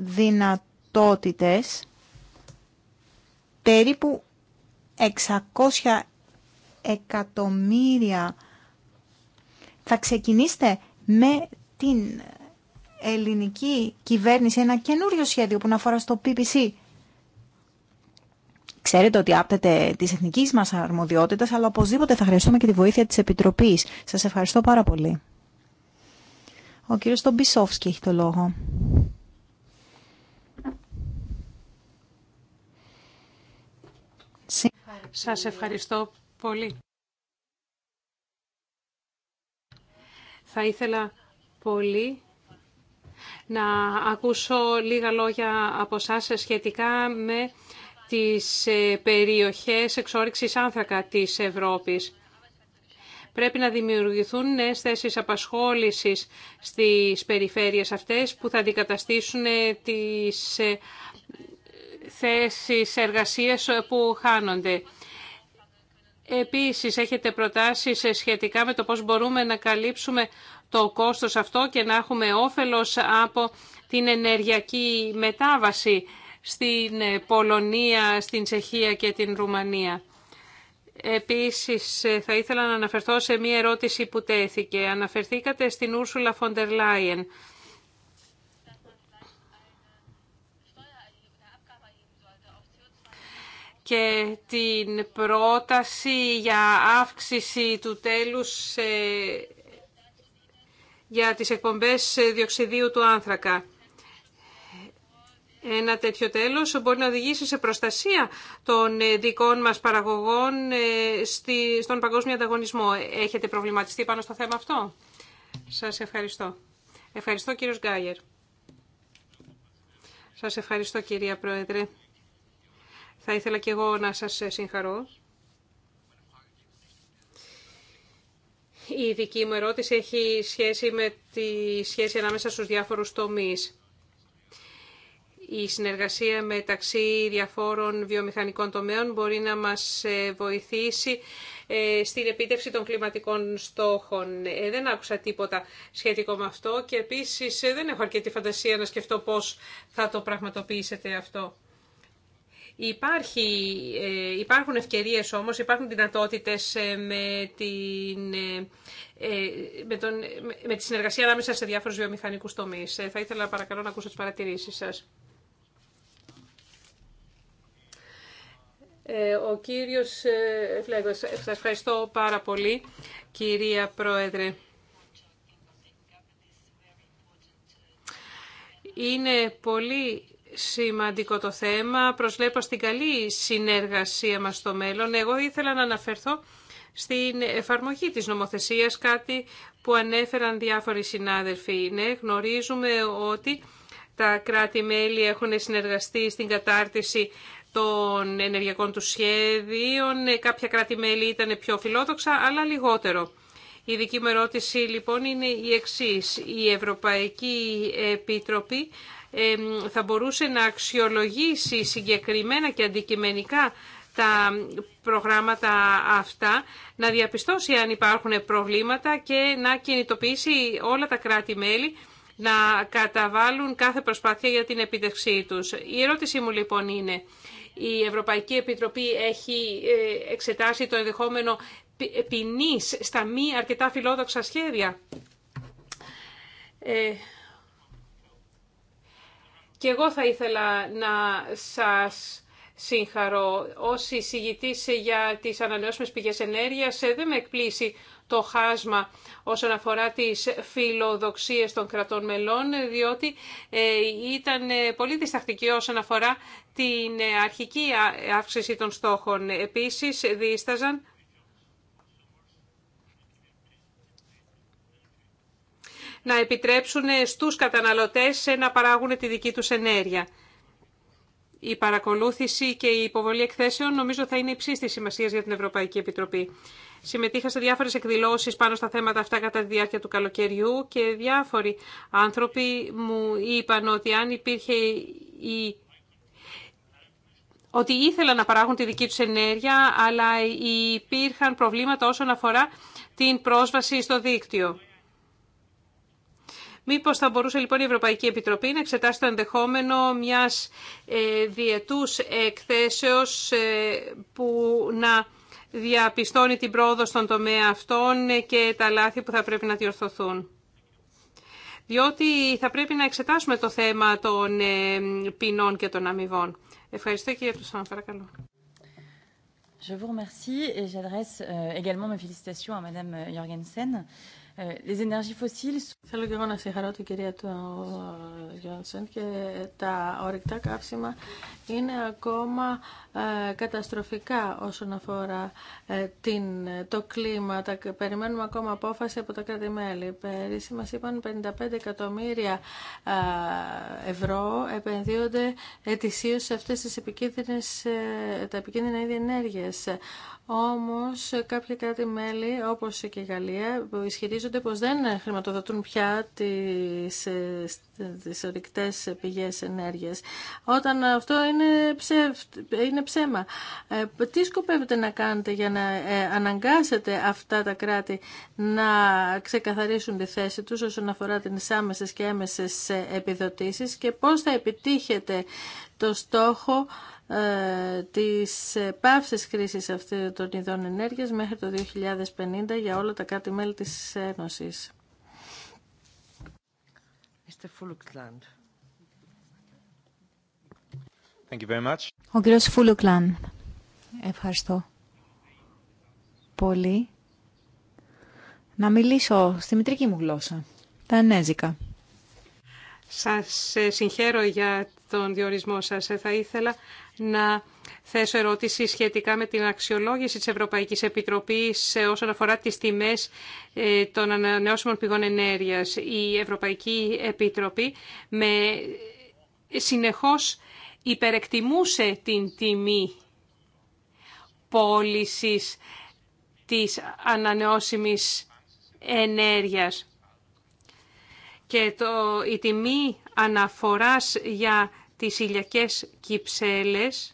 δυνατότητες, περίπου 600 εκατομμύρια. Θα ξεκινήσετε με την ελληνική κυβέρνηση ένα καινούριο σχέδιο που να αφορά στο PPC. Ξέρετε ότι άπτεται τη εθνική μα αρμοδιότητα, αλλά οπωσδήποτε θα χρειαστούμε και τη βοήθεια τη Επιτροπή. Σα ευχαριστώ πάρα πολύ. Ο κύριος Τομπισόφσκι έχει το λόγο. Σας ευχαριστώ πολύ. Θα ήθελα πολύ να ακούσω λίγα λόγια από σας σχετικά με τις ε, περιοχές εξόρυξης άνθρακα της Ευρώπης. Πρέπει να δημιουργηθούν νέες θέσεις απασχόλησης στις περιφέρειες αυτές που θα αντικαταστήσουν τις ε, θέσεις εργασίας που χάνονται. Επίσης, έχετε προτάσεις σχετικά με το πώς μπορούμε να καλύψουμε το κόστος αυτό και να έχουμε όφελος από την ενεργειακή μετάβαση στην Πολωνία, στην Τσεχία και την Ρουμανία. Επίσης, ε, θα ήθελα να αναφερθώ σε μία ερώτηση που τέθηκε. Αναφερθήκατε στην Ούρσουλα Φοντερ Λάιεν. και την πρόταση για αύξηση του τέλους ε, για τις εκπομπές διοξιδίου του άνθρακα. Ένα τέτοιο τέλος μπορεί να οδηγήσει σε προστασία των δικών μας παραγωγών ε, στον παγκόσμιο ανταγωνισμό. Έχετε προβληματιστεί πάνω στο θέμα αυτό. Σας ευχαριστώ. Ευχαριστώ κύριος Γκάιερ. Σας ευχαριστώ κυρία Πρόεδρε. Θα ήθελα και εγώ να σας συγχαρώ. Η δική μου ερώτηση έχει σχέση με τη σχέση ανάμεσα στους διάφορους τομείς η συνεργασία μεταξύ διαφόρων βιομηχανικών τομέων μπορεί να μας ε, βοηθήσει ε, στην επίτευξη των κλιματικών στόχων. Ε, δεν άκουσα τίποτα σχετικό με αυτό και επίσης δεν έχω αρκετή φαντασία να σκεφτώ πώς θα το πραγματοποιήσετε αυτό. Υπάρχει, υπάρχουν ευκαιρίες όμως, υπάρχουν δυνατότητες με, την, με, τον, με τη συνεργασία ανάμεσα σε διάφορους βιομηχανικούς τομείς. Θα ήθελα παρακαλώ να ακούσω τις παρατηρήσεις σας. Ε, ο κύριος ε, Φλέγκος, ε, σας ευχαριστώ πάρα πολύ, κυρία Πρόεδρε. Είναι πολύ σημαντικό το θέμα. Προσλέπω στην καλή συνεργασία μας στο μέλλον. Εγώ ήθελα να αναφερθώ στην εφαρμογή της νομοθεσίας, κάτι που ανέφεραν διάφοροι συνάδελφοι. Ναι, γνωρίζουμε ότι τα κράτη-μέλη έχουν συνεργαστεί στην κατάρτιση των ενεργειακών του σχέδιων. Ε, κάποια κράτη-μέλη ήταν πιο φιλόδοξα, αλλά λιγότερο. Η δική μου ερώτηση λοιπόν είναι η εξής. Η Ευρωπαϊκή Επίτροπη θα μπορούσε να αξιολογήσει συγκεκριμένα και αντικειμενικά τα προγράμματα αυτά, να διαπιστώσει αν υπάρχουν προβλήματα και να κινητοποιήσει όλα τα κράτη-μέλη να καταβάλουν κάθε προσπάθεια για την επίτευξή τους. Η ερώτησή μου λοιπόν είναι, η Ευρωπαϊκή Επιτροπή έχει ε, εξετάσει το ενδεχόμενο ποινή στα μη αρκετά φιλόδοξα σχέδια. Ε, και εγώ θα ήθελα να σας συγχαρώ. Όσοι συζητήσει για τις ανανεώσιμες πηγές ενέργειας ε, δεν με εκπλήσει το χάσμα όσον αφορά τις φιλοδοξίες των κρατών μελών, διότι ε, ήταν ε, πολύ διστακτική όσον αφορά την ε, αρχική αύξηση των στόχων. Επίσης, δίσταζαν να επιτρέψουν στους καταναλωτές να παράγουν τη δική τους ενέργεια. Η παρακολούθηση και η υποβολή εκθέσεων νομίζω θα είναι υψής της για την Ευρωπαϊκή Επιτροπή. Συμμετείχα σε διάφορες εκδηλώσεις πάνω στα θέματα αυτά κατά τη διάρκεια του καλοκαιριού και διάφοροι άνθρωποι μου είπαν ότι αν υπήρχε η ότι ήθελαν να παράγουν τη δική τους ενέργεια, αλλά υπήρχαν προβλήματα όσον αφορά την πρόσβαση στο δίκτυο. Μήπως θα μπορούσε λοιπόν η Ευρωπαϊκή Επιτροπή να εξετάσει το ενδεχόμενο μιας ε, διετούς εκθέσεως ε, που να διαπιστώνει την πρόοδο στον τομέα αυτών και τα λάθη που θα πρέπει να διορθωθούν. Διότι θα πρέπει να εξετάσουμε το θέμα των ε, ποινών και των αμοιβών. Ευχαριστώ κύριε Τουσάν, παρακαλώ. Je vous remercie et j'adresse euh, également mes félicitations à Madame Jorgensen. Euh, les énergies fossiles... Θέλω και εγώ να συγχαρώ την κυρία του Γιόνσεν και τα ορυκτά καύσιμα είναι ακόμα ε, καταστροφικά όσον αφορά ε, την, το κλίμα. Τα, περιμένουμε ακόμα απόφαση από τα κράτη-μέλη. Πέρυσι μας είπαν 55 εκατομμύρια ε, ευρώ επενδύονται ετησίως σε αυτές τις επικίνδυνες, τα επικίνδυνα ενέργειας. Όμως κάποια κράτη-μέλη όπως και η Γαλλία ισχυρίζονται πως δεν χρηματοδοτούν πια τις τις ορυκτές πηγές ενέργειας, όταν αυτό είναι, είναι ψέμα. Ε, τι σκοπεύετε να κάνετε για να ε, αναγκάσετε αυτά τα κράτη να ξεκαθαρίσουν τη θέση τους όσον αφορά τις άμεσες και έμεσες ε, επιδοτήσεις και πώς θα επιτύχετε το στόχο ε, της πάυσης κρίσης αυτών των ειδών ενέργειας μέχρι το 2050 για όλα τα κάτι μελη της Ένωσης. Thank you very much. Ο κύριος Φουλουκλάν. Ευχαριστώ πολύ. Να μιλήσω στη μητρική μου γλώσσα, τα ενέζικα. Σας συγχαίρω για τον διορισμό σας. Ε, θα ήθελα να θέσω ερώτηση σχετικά με την αξιολόγηση της Ευρωπαϊκής Επιτροπής όσον αφορά τις τιμές ε, των ανανεώσιμων πηγών ενέργειας. Η Ευρωπαϊκή Επιτροπή με συνεχώς υπερεκτιμούσε την τιμή πώληση της ανανεώσιμης ενέργειας. Και το, η τιμή αναφοράς για τις ηλιακές κυψέλες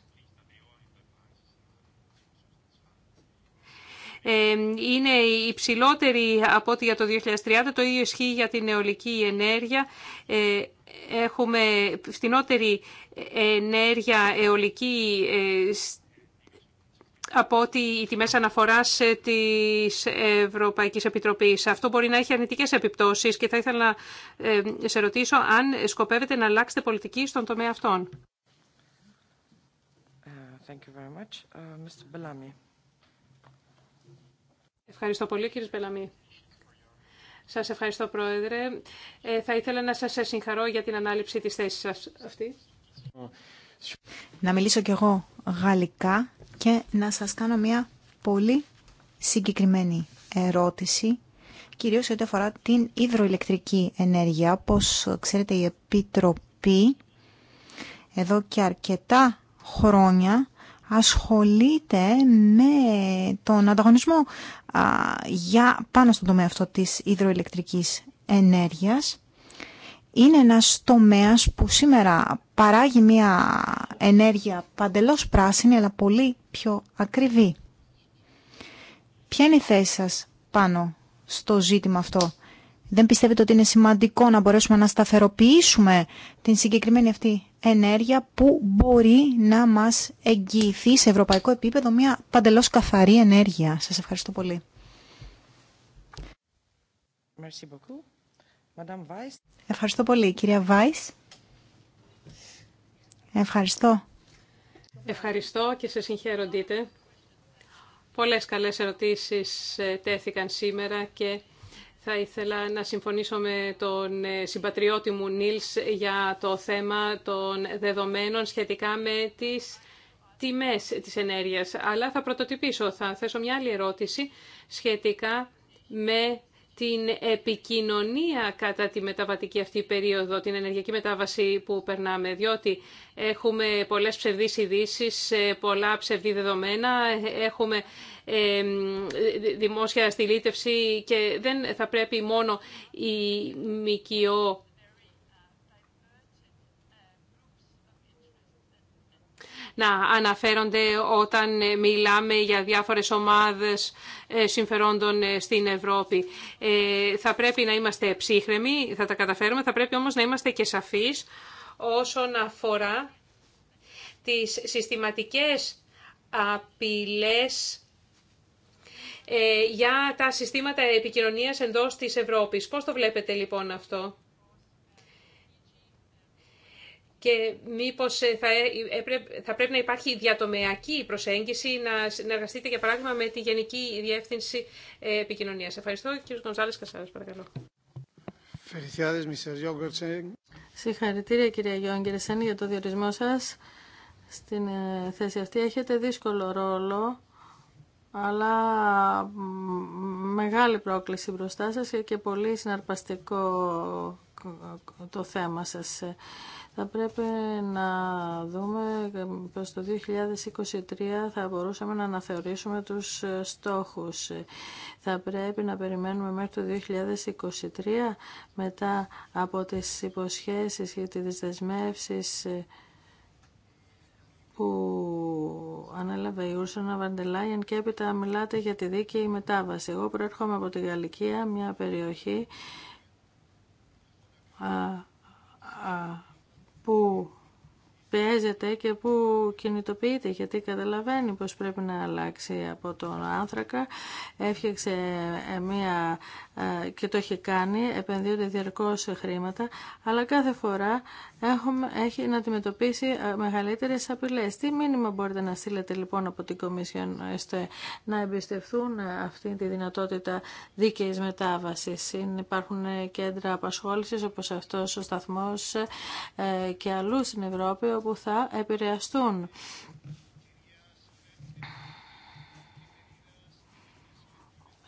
ε, είναι υψηλότερη από ό,τι για το 2030. Το ίδιο ισχύει για την αιωλική ενέργεια. Ε, έχουμε φτηνότερη ενέργεια αιωλική ε, από ότι οι τιμές αναφοράς ε, της Ευρωπαϊκής Επιτροπής. Αυτό μπορεί να έχει αρνητικές επιπτώσεις και θα ήθελα να ε, σε ρωτήσω αν σκοπεύετε να αλλάξετε πολιτική στον τομέα αυτών. Ε, ευχαριστώ πολύ, κύριε Μπελαμή. Σας ευχαριστώ, Πρόεδρε. θα ήθελα να σας συγχαρώ για την ανάληψη της θέσης σας αυτή. Να μιλήσω κι εγώ γαλλικά και να σας κάνω μια πολύ συγκεκριμένη ερώτηση, κυρίως ό,τι αφορά την υδροηλεκτρική ενέργεια. Όπως ξέρετε η Επιτροπή εδώ και αρκετά χρόνια ασχολείται με τον ανταγωνισμό για πάνω στον τομέα αυτό της υδροηλεκτρικής ενέργειας. Είναι ένας τομέας που σήμερα παράγει μια ενέργεια παντελώς πράσινη αλλά πολύ πιο ακριβή. Ποια είναι η θέση σας πάνω στο ζήτημα αυτό. Δεν πιστεύετε ότι είναι σημαντικό να μπορέσουμε να σταθεροποιήσουμε την συγκεκριμένη αυτή ενέργεια που μπορεί να μας εγγυηθεί σε ευρωπαϊκό επίπεδο μια παντελώς καθαρή ενέργεια. Σας ευχαριστώ πολύ. Ευχαριστώ πολύ, κυρία Βάις. Ευχαριστώ. Ευχαριστώ και σε συγχαίροντείτε. Πολλές καλές ερωτήσεις ε, τέθηκαν σήμερα και θα ήθελα να συμφωνήσω με τον ε, συμπατριώτη μου Νίλς για το θέμα των δεδομένων σχετικά με τις τιμές της ενέργειας. Αλλά θα πρωτοτυπήσω, θα θέσω μια άλλη ερώτηση σχετικά με την επικοινωνία κατά τη μεταβατική αυτή περίοδο, την ενεργειακή μετάβαση που περνάμε, διότι έχουμε πολλές ψευδείς ειδήσει, ε, πολλά ψευδή δεδομένα, έχουμε ε, δημόσια στηλίτευση και δεν θα πρέπει μόνο η ΜΚΟ να αναφέρονται όταν μιλάμε για διάφορες ομάδες ε, συμφερόντων ε, στην Ευρώπη. Ε, θα πρέπει να είμαστε ψύχρεμοι, θα τα καταφέρουμε, θα πρέπει όμως να είμαστε και σαφείς όσον αφορά τις συστηματικές απειλές για τα συστήματα επικοινωνίας εντός της Ευρώπης. Πώς το βλέπετε λοιπόν αυτό και μήπως ε, θα, ε, θα πρέπει να υπάρχει διατομεακή προσέγγιση, να συνεργαστείτε για παράδειγμα με τη Γενική Διεύθυνση ε, Επικοινωνίας. Ευχαριστώ. Κύριος Γκονζάλης Κασάρας, παρακαλώ. Συγχαρητήρια κυρία Γιόγκερσεν για το διορισμό σας. Στην θέση αυτή έχετε δύσκολο ρόλο αλλά μεγάλη πρόκληση μπροστά σας και πολύ συναρπαστικό το θέμα σας θα πρέπει να δούμε πως το 2023 θα μπορούσαμε να αναθεωρήσουμε τους ε, στόχους. Θα πρέπει να περιμένουμε μέχρι το 2023 μετά από τις υποσχέσεις και τις δεσμεύσεις ε, που ανέλαβε η Ούρσονα Βαντελάγεν και έπειτα μιλάτε για τη δίκαιη μετάβαση. Εγώ προέρχομαι από τη Γαλλικία, μια περιοχή που και που κινητοποιείται γιατί καταλαβαίνει πως πρέπει να αλλάξει από τον άνθρακα. Έφτιαξε ε, μία ε, και το έχει κάνει, επενδύονται διαρκώς χρήματα, αλλά κάθε φορά έχουμε, έχει να αντιμετωπίσει ε, μεγαλύτερες απειλές. Τι μήνυμα μπορείτε να στείλετε λοιπόν από την Κομισιόν ώστε να εμπιστευτούν αυτή τη δυνατότητα δίκαιης μετάβασης. Υπάρχουν κέντρα απασχόλησης όπως αυτός ο σταθμός και αλλού στην Ευρώπη που θα επηρεαστούν.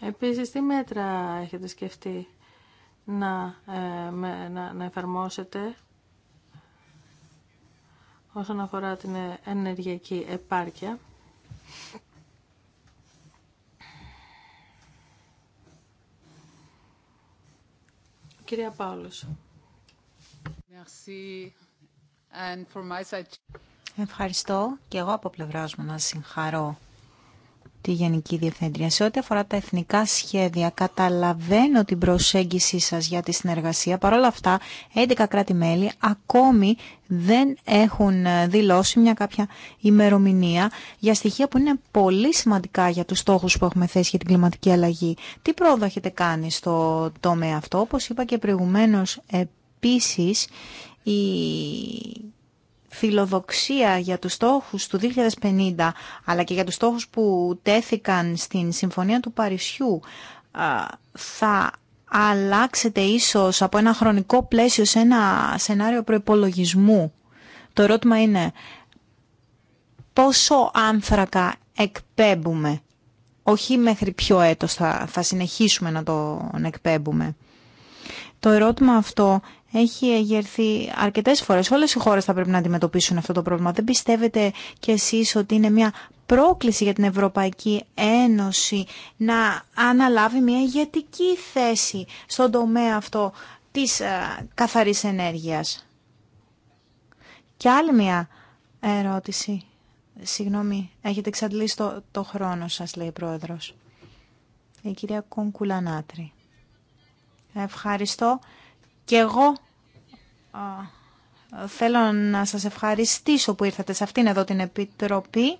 Επίσης, τι μέτρα έχετε σκεφτεί να, ε, να, να εφαρμόσετε όσον αφορά την ενεργειακή επάρκεια. Κυρία Παύλος. Merci. Ευχαριστώ και εγώ από πλευρά μου να συγχαρώ τη Γενική Διευθύντρια. Σε ό,τι αφορά τα εθνικά σχέδια, καταλαβαίνω την προσέγγιση σας για τη συνεργασία. Παρ' όλα αυτά, 11 κράτη-μέλη ακόμη δεν έχουν δηλώσει μια κάποια ημερομηνία για στοιχεία που είναι πολύ σημαντικά για τους στόχους που έχουμε θέσει για την κλιματική αλλαγή. Τι πρόοδο έχετε κάνει στο τομέα αυτό, όπως είπα και προηγουμένως, Επίσης, η φιλοδοξία για τους στόχους του 2050 αλλά και για τους στόχους που τέθηκαν στην Συμφωνία του Παρισιού θα αλλάξετε ίσως από ένα χρονικό πλαίσιο σε ένα σενάριο προϋπολογισμού. Το ερώτημα είναι πόσο άνθρακα εκπέμπουμε. Όχι μέχρι ποιο έτος θα, θα συνεχίσουμε να τον εκπέμπουμε. Το ερώτημα αυτό έχει εγερθεί αρκετές φορές. Όλες οι χώρες θα πρέπει να αντιμετωπίσουν αυτό το πρόβλημα. Δεν πιστεύετε κι εσείς ότι είναι μια πρόκληση για την Ευρωπαϊκή Ένωση να αναλάβει μια ηγετική θέση στον τομέα αυτό της ε, καθαρής ενέργειας. Και άλλη μια ερώτηση. Συγγνώμη, έχετε εξαντλήσει το, χρόνο σας, λέει η Πρόεδρος. Η κυρία Κονκουλανάτρη. Ευχαριστώ. Και εγώ θέλω να σας ευχαριστήσω που ήρθατε σε αυτήν εδώ την Επιτροπή.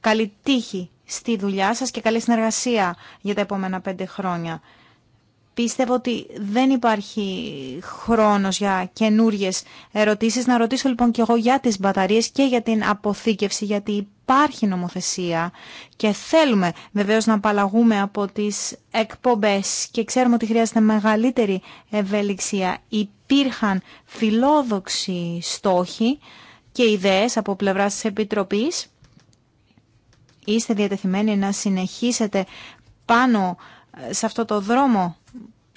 Καλή τύχη στη δουλειά σας και καλή συνεργασία για τα επόμενα πέντε χρόνια. Πίστευω ότι δεν υπάρχει χρόνος για καινούριε ερωτήσεις. Να ρωτήσω λοιπόν και εγώ για τις μπαταρίες και για την αποθήκευση, γιατί υπάρχει νομοθεσία και θέλουμε βεβαίως να απαλλαγούμε από τις εκπομπές και ξέρουμε ότι χρειάζεται μεγαλύτερη ευελιξία. Υπήρχαν φιλόδοξοι στόχοι και ιδέες από πλευράς της Επιτροπής. Είστε διατεθειμένοι να συνεχίσετε πάνω σε αυτό το δρόμο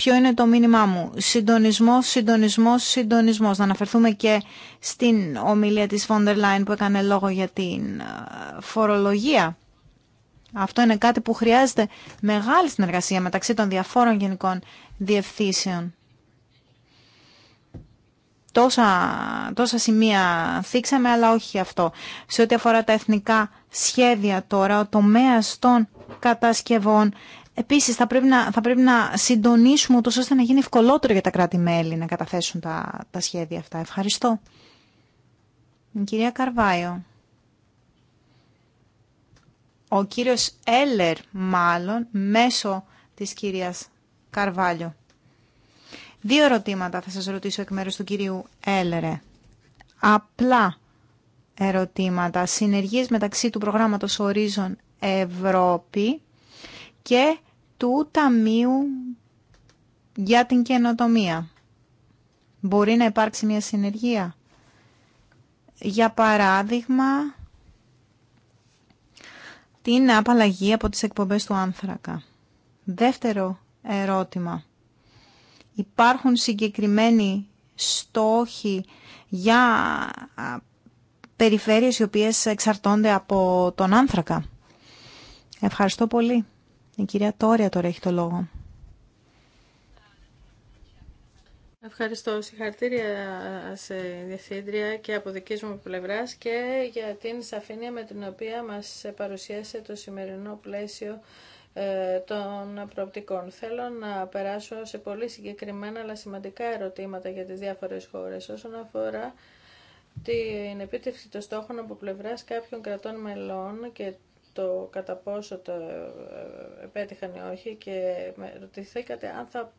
Ποιο είναι το μήνυμά μου. Συντονισμός, συντονισμός, συντονισμός. Να αναφερθούμε και στην ομιλία της Φόντερ Λάιν που έκανε λόγο για την ε, φορολογία. Αυτό είναι κάτι που χρειάζεται μεγάλη συνεργασία μεταξύ των διαφόρων γενικών διευθύνσεων. Τόσα, τόσα σημεία θίξαμε, αλλά όχι αυτό. Σε ό,τι αφορά τα εθνικά σχέδια τώρα, ο τομέας των κατασκευών Επίσης θα πρέπει να, θα πρέπει να συντονίσουμε ούτως ώστε να γίνει ευκολότερο για τα κράτη-μέλη να καταθέσουν τα, τα σχέδια αυτά. Ευχαριστώ. κυρία Καρβάιο. Ο κύριος Έλερ μάλλον μέσω της κυρίας Καρβάλιο. Δύο ερωτήματα θα σας ρωτήσω εκ μέρους του κυρίου Έλερε. Απλά ερωτήματα. Συνεργείς μεταξύ του προγράμματος Horizon Ευρώπη και του Ταμείου για την Καινοτομία. Μπορεί να υπάρξει μια συνεργία. Για παράδειγμα, την απαλλαγή από τις εκπομπές του άνθρακα. Δεύτερο ερώτημα. Υπάρχουν συγκεκριμένοι στόχοι για περιφέρειες οι οποίες εξαρτώνται από τον άνθρακα. Ευχαριστώ πολύ. Η κυρία Τόρια τώρα έχει το λόγο. Ευχαριστώ. Συγχαρητήρια σε Διευθύντρια και από δική μου πλευρά και για την σαφήνεια με την οποία μας παρουσίασε το σημερινό πλαίσιο ε, των προοπτικών. Θέλω να περάσω σε πολύ συγκεκριμένα αλλά σημαντικά ερωτήματα για τις διάφορες χώρες όσον αφορά την επίτευξη των στόχων από πλευρά κάποιων κρατών μελών και το κατά πόσο το ε, επέτυχαν ή όχι και ρωτηθήκατε αν θα,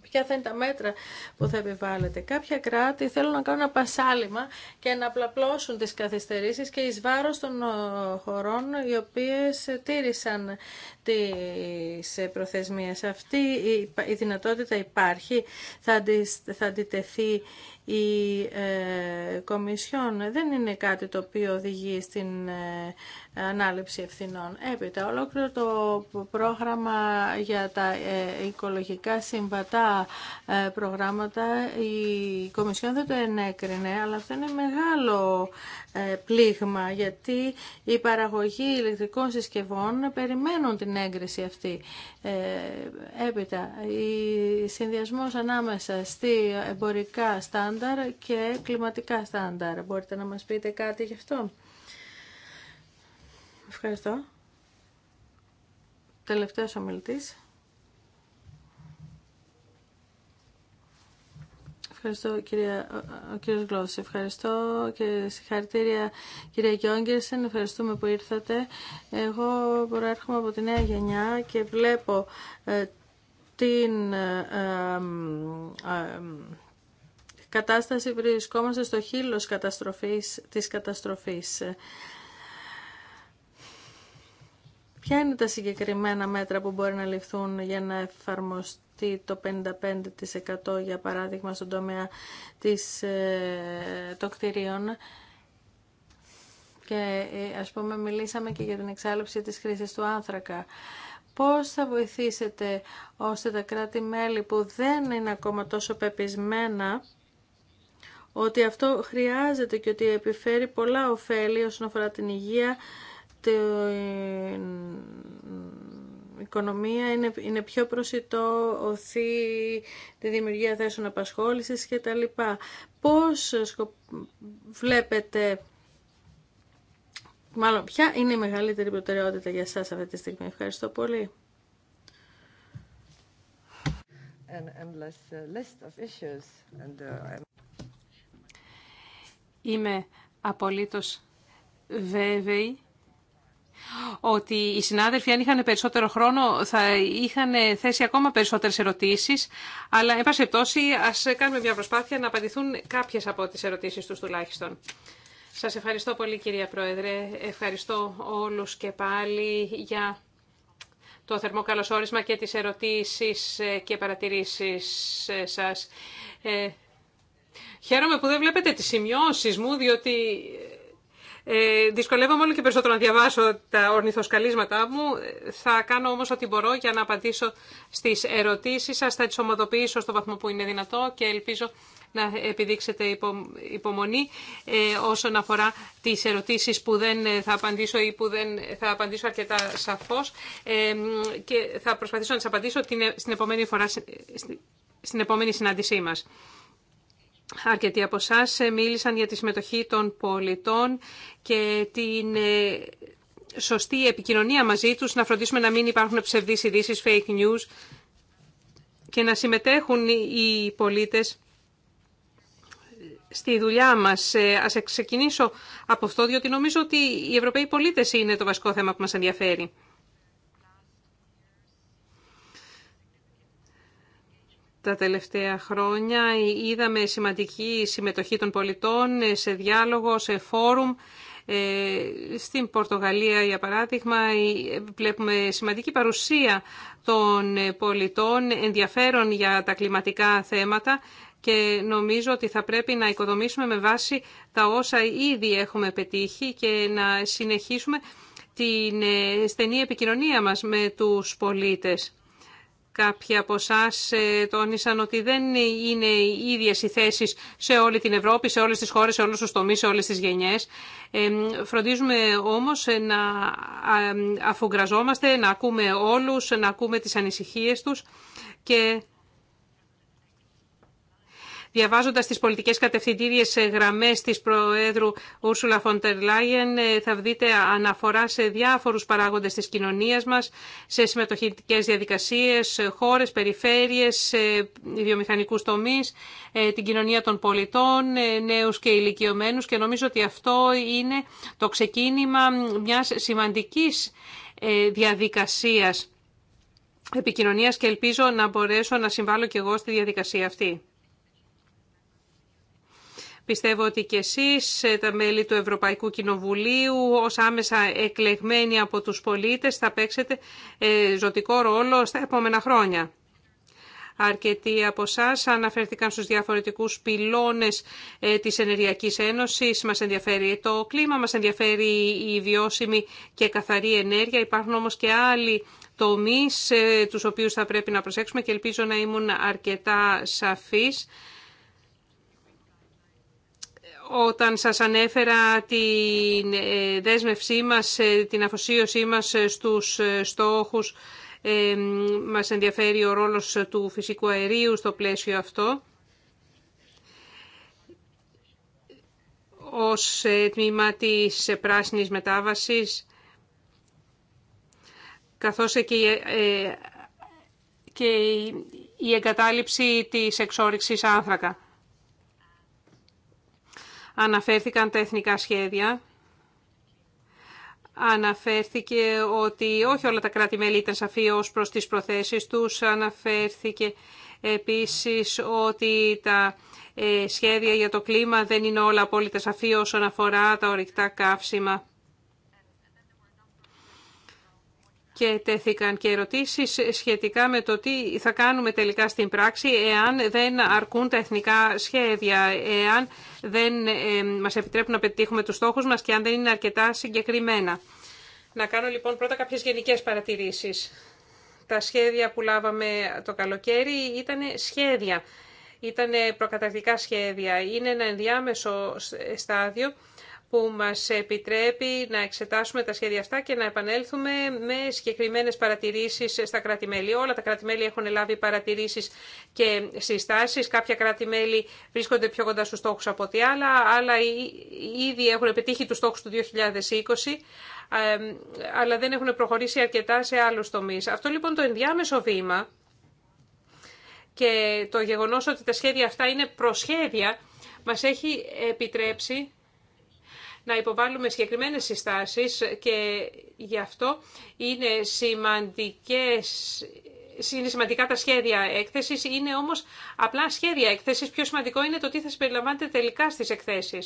ποια θα είναι τα μέτρα που θα επιβάλλετε. Κάποια κράτη θέλουν να κάνουν ένα πασάλιμα και να απλαπλώσουν τις καθυστερήσεις και εις βάρος των ε, χωρών οι οποίες τήρησαν τις ε, προθεσμίες. Αυτή η δυνατότητα υπάρχει, θα, θα αντιτεθεί η ε, Κομισιόν. Δεν είναι κάτι το οποίο οδηγεί στην ανάληψη ευθυνών. Έπειτα, ολόκληρο το πρόγραμμα για τα ε, οικολογικά συμβατά ε, προγράμματα η Κομισιόν δεν το ενέκρινε, αλλά αυτό είναι μεγάλο ε, πλήγμα, γιατί οι παραγωγοί ηλεκτρικών συσκευών περιμένουν την έγκριση αυτή. Έπειτα, η συνδυασμός ανάμεσα στη εμπορικά στάνταρ και κλιματικά στάνταρ. Μπορείτε να μας πείτε κάτι γι' αυτό. Ευχαριστώ. Τελευταίος ομιλητής. Ευχαριστώ κυρία, ο κύριος Ευχαριστώ και συγχαρητήρια κυρία Γιόγκερσεν. Ευχαριστούμε που ήρθατε. Εγώ προέρχομαι από τη νέα γενιά και βλέπω ε, την ε, ε, κατάσταση βρισκόμαστε στο χείλος καταστροφής, της καταστροφής. Ποια είναι τα συγκεκριμένα μέτρα που μπορεί να ληφθούν για να εφαρμοστεί το 55% για παράδειγμα στον τομέα της, ε, των κτηρίων και ε, ας πούμε μιλήσαμε και για την εξάλληψη της χρήσης του άνθρακα. Πώς θα βοηθήσετε ώστε τα κράτη-μέλη που δεν είναι ακόμα τόσο πεπισμένα ότι αυτό χρειάζεται και ότι επιφέρει πολλά ωφέλη όσον αφορά την υγεία, η οικονομία είναι, είναι πιο προσιτό, οθεί τη δημιουργία θέσεων απασχόλησης και τα λοιπά. Πώς βλέπετε, μάλλον ποια είναι η μεγαλύτερη προτεραιότητα για σας αυτή τη στιγμή. Ευχαριστώ πολύ. Uh, uh, Είμαι απολύτως βέβαιη ότι οι συνάδελφοι αν είχαν περισσότερο χρόνο θα είχαν θέσει ακόμα περισσότερες ερωτήσεις, αλλά εν πάση πτώση ας κάνουμε μια προσπάθεια να απαντηθούν κάποιες από τις ερωτήσεις τους τουλάχιστον. Σας ευχαριστώ πολύ κυρία Πρόεδρε, ευχαριστώ όλους και πάλι για το θερμό καλωσόρισμα και τις ερωτήσεις και παρατηρήσεις σας. Ε, χαίρομαι που δεν βλέπετε τις σημειώσεις μου, διότι ε, δυσκολεύομαι όλο και περισσότερο να διαβάσω τα ορνηθοσκαλίσματά μου. Θα κάνω όμως ό,τι μπορώ για να απαντήσω στις ερωτήσεις σας. Θα τις ομοδοποιήσω στο βαθμό που είναι δυνατό και ελπίζω να επιδείξετε υπομονή ε, όσον αφορά τις ερωτήσεις που δεν θα απαντήσω ή που δεν θα απαντήσω αρκετά σαφώς ε, και θα προσπαθήσω να τις απαντήσω την, στην επόμενη φορά στην επόμενη συνάντησή μας. Αρκετοί από εσά ε, μίλησαν για τη συμμετοχή των πολιτών και την ε, σωστή επικοινωνία μαζί τους, να φροντίσουμε να μην υπάρχουν ψευδείς ειδήσει, fake news και να συμμετέχουν οι πολίτες στη δουλειά μας. Ε, ας ξεκινήσω από αυτό, διότι νομίζω ότι οι Ευρωπαίοι πολίτες είναι το βασικό θέμα που μας ενδιαφέρει. τα τελευταία χρόνια. Είδαμε σημαντική συμμετοχή των πολιτών σε διάλογο, σε φόρουμ. Ε, στην Πορτογαλία, για παράδειγμα, βλέπουμε σημαντική παρουσία των πολιτών ενδιαφέρον για τα κλιματικά θέματα και νομίζω ότι θα πρέπει να οικοδομήσουμε με βάση τα όσα ήδη έχουμε πετύχει και να συνεχίσουμε την ε, στενή επικοινωνία μας με τους πολίτες. Κάποιοι από εσά ε, τόνισαν ότι δεν είναι οι ίδιε οι θέσει σε όλη την Ευρώπη, σε όλε τι χώρε, σε όλου του τομεί, σε όλε τι γενιέ. Ε, φροντίζουμε όμω ε, να αφουγκραζόμαστε, να ακούμε όλου, να ακούμε τι ανησυχίε του και Διαβάζοντας τις πολιτικές κατευθυντήριες γραμμές της Προέδρου Ούρσουλα Φοντερ Λάιεν ε, θα βρείτε αναφορά σε διάφορους παράγοντες της κοινωνίας μας, σε συμμετοχικές διαδικασίες, χώρες, περιφέρειες, βιομηχανικούς τομείς, ε, την κοινωνία των πολιτών, ε, νέους και ηλικιωμένους και νομίζω ότι αυτό είναι το ξεκίνημα μιας σημαντικής διαδικασίας επικοινωνίας και ελπίζω να μπορέσω να συμβάλλω και εγώ στη διαδικασία αυτή. Πιστεύω ότι και εσείς, ε, τα μέλη του Ευρωπαϊκού Κοινοβουλίου, ως άμεσα εκλεγμένοι από τους πολίτες, θα παίξετε ε, ζωτικό ρόλο στα επόμενα χρόνια. Αρκετοί από εσά αναφέρθηκαν στους διαφορετικούς πυλώνες ε, της Ενεργειακής Ένωσης. Μας ενδιαφέρει το κλίμα, μας ενδιαφέρει η βιώσιμη και καθαρή ενέργεια. Υπάρχουν όμως και άλλοι τομείς τους οποίους θα πρέπει να προσέξουμε και ελπίζω να ήμουν αρκετά σαφής όταν σας ανέφερα την ε, δέσμευσή μας, ε, την αφοσίωσή μας ε, στους στόχους, μας ενδιαφέρει ο ρόλος του φυσικού αερίου στο πλαίσιο αυτό. Ως τμήμα της πράσινης μετάβασης, καθώς και η εγκατάλειψη της εξόριξης άνθρακα αναφέρθηκαν τα εθνικά σχέδια. Αναφέρθηκε ότι όχι όλα τα κράτη-μέλη ήταν σαφή ως προς τις προθέσεις τους. Αναφέρθηκε επίσης ότι τα ε, σχέδια για το κλίμα δεν είναι όλα απόλυτα σαφή όσον αφορά τα ορυκτά καύσιμα. και τέθηκαν και ερωτήσεις σχετικά με το τι θα κάνουμε τελικά στην πράξη εάν δεν αρκούν τα εθνικά σχέδια, εάν δεν ε, μας επιτρέπουν να πετύχουμε τους στόχους μας και αν δεν είναι αρκετά συγκεκριμένα. Να κάνω λοιπόν πρώτα κάποιες γενικές παρατηρήσεις. Τα σχέδια που λάβαμε το καλοκαίρι ήταν σχέδια, ήταν προκαταρκτικά σχέδια, είναι ένα ενδιάμεσο ε, στάδιο που μας επιτρέπει να εξετάσουμε τα σχέδια αυτά και να επανέλθουμε με συγκεκριμένες παρατηρήσεις στα κρατη Όλα τα κρατη έχουν λάβει παρατηρήσεις και συστάσεις. Κάποια βρίσκονται πιο κοντά στους στόχους από ό,τι άλλα, αλλά ήδη έχουν επιτύχει τους στόχους του 2020 αλλά δεν έχουν προχωρήσει αρκετά σε άλλους τομείς. Αυτό λοιπόν το ενδιάμεσο βήμα και το γεγονός ότι τα σχέδια αυτά είναι προσχέδια μας έχει επιτρέψει να υποβάλουμε συγκεκριμένες συστάσεις και γι' αυτό είναι σημαντικές είναι σημαντικά τα σχέδια έκθεση, είναι όμως απλά σχέδια έκθεση. Πιο σημαντικό είναι το τι θα συμπεριλαμβάνεται τελικά στις εκθέσει.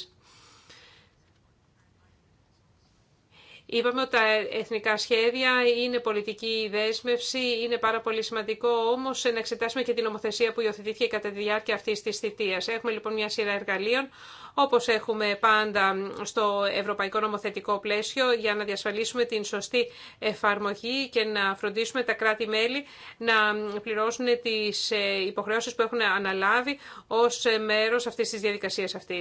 Είπαμε ότι τα εθνικά σχέδια είναι πολιτική δέσμευση, είναι πάρα πολύ σημαντικό όμω να εξετάσουμε και την νομοθεσία που υιοθετήθηκε κατά τη διάρκεια αυτή τη θητεία. Έχουμε λοιπόν μια σειρά εργαλείων, όπω έχουμε πάντα στο ευρωπαϊκό νομοθετικό πλαίσιο, για να διασφαλίσουμε την σωστή εφαρμογή και να φροντίσουμε τα κράτη-μέλη να πληρώσουν τι υποχρεώσει που έχουν αναλάβει ω μέρο αυτή τη διαδικασία αυτή.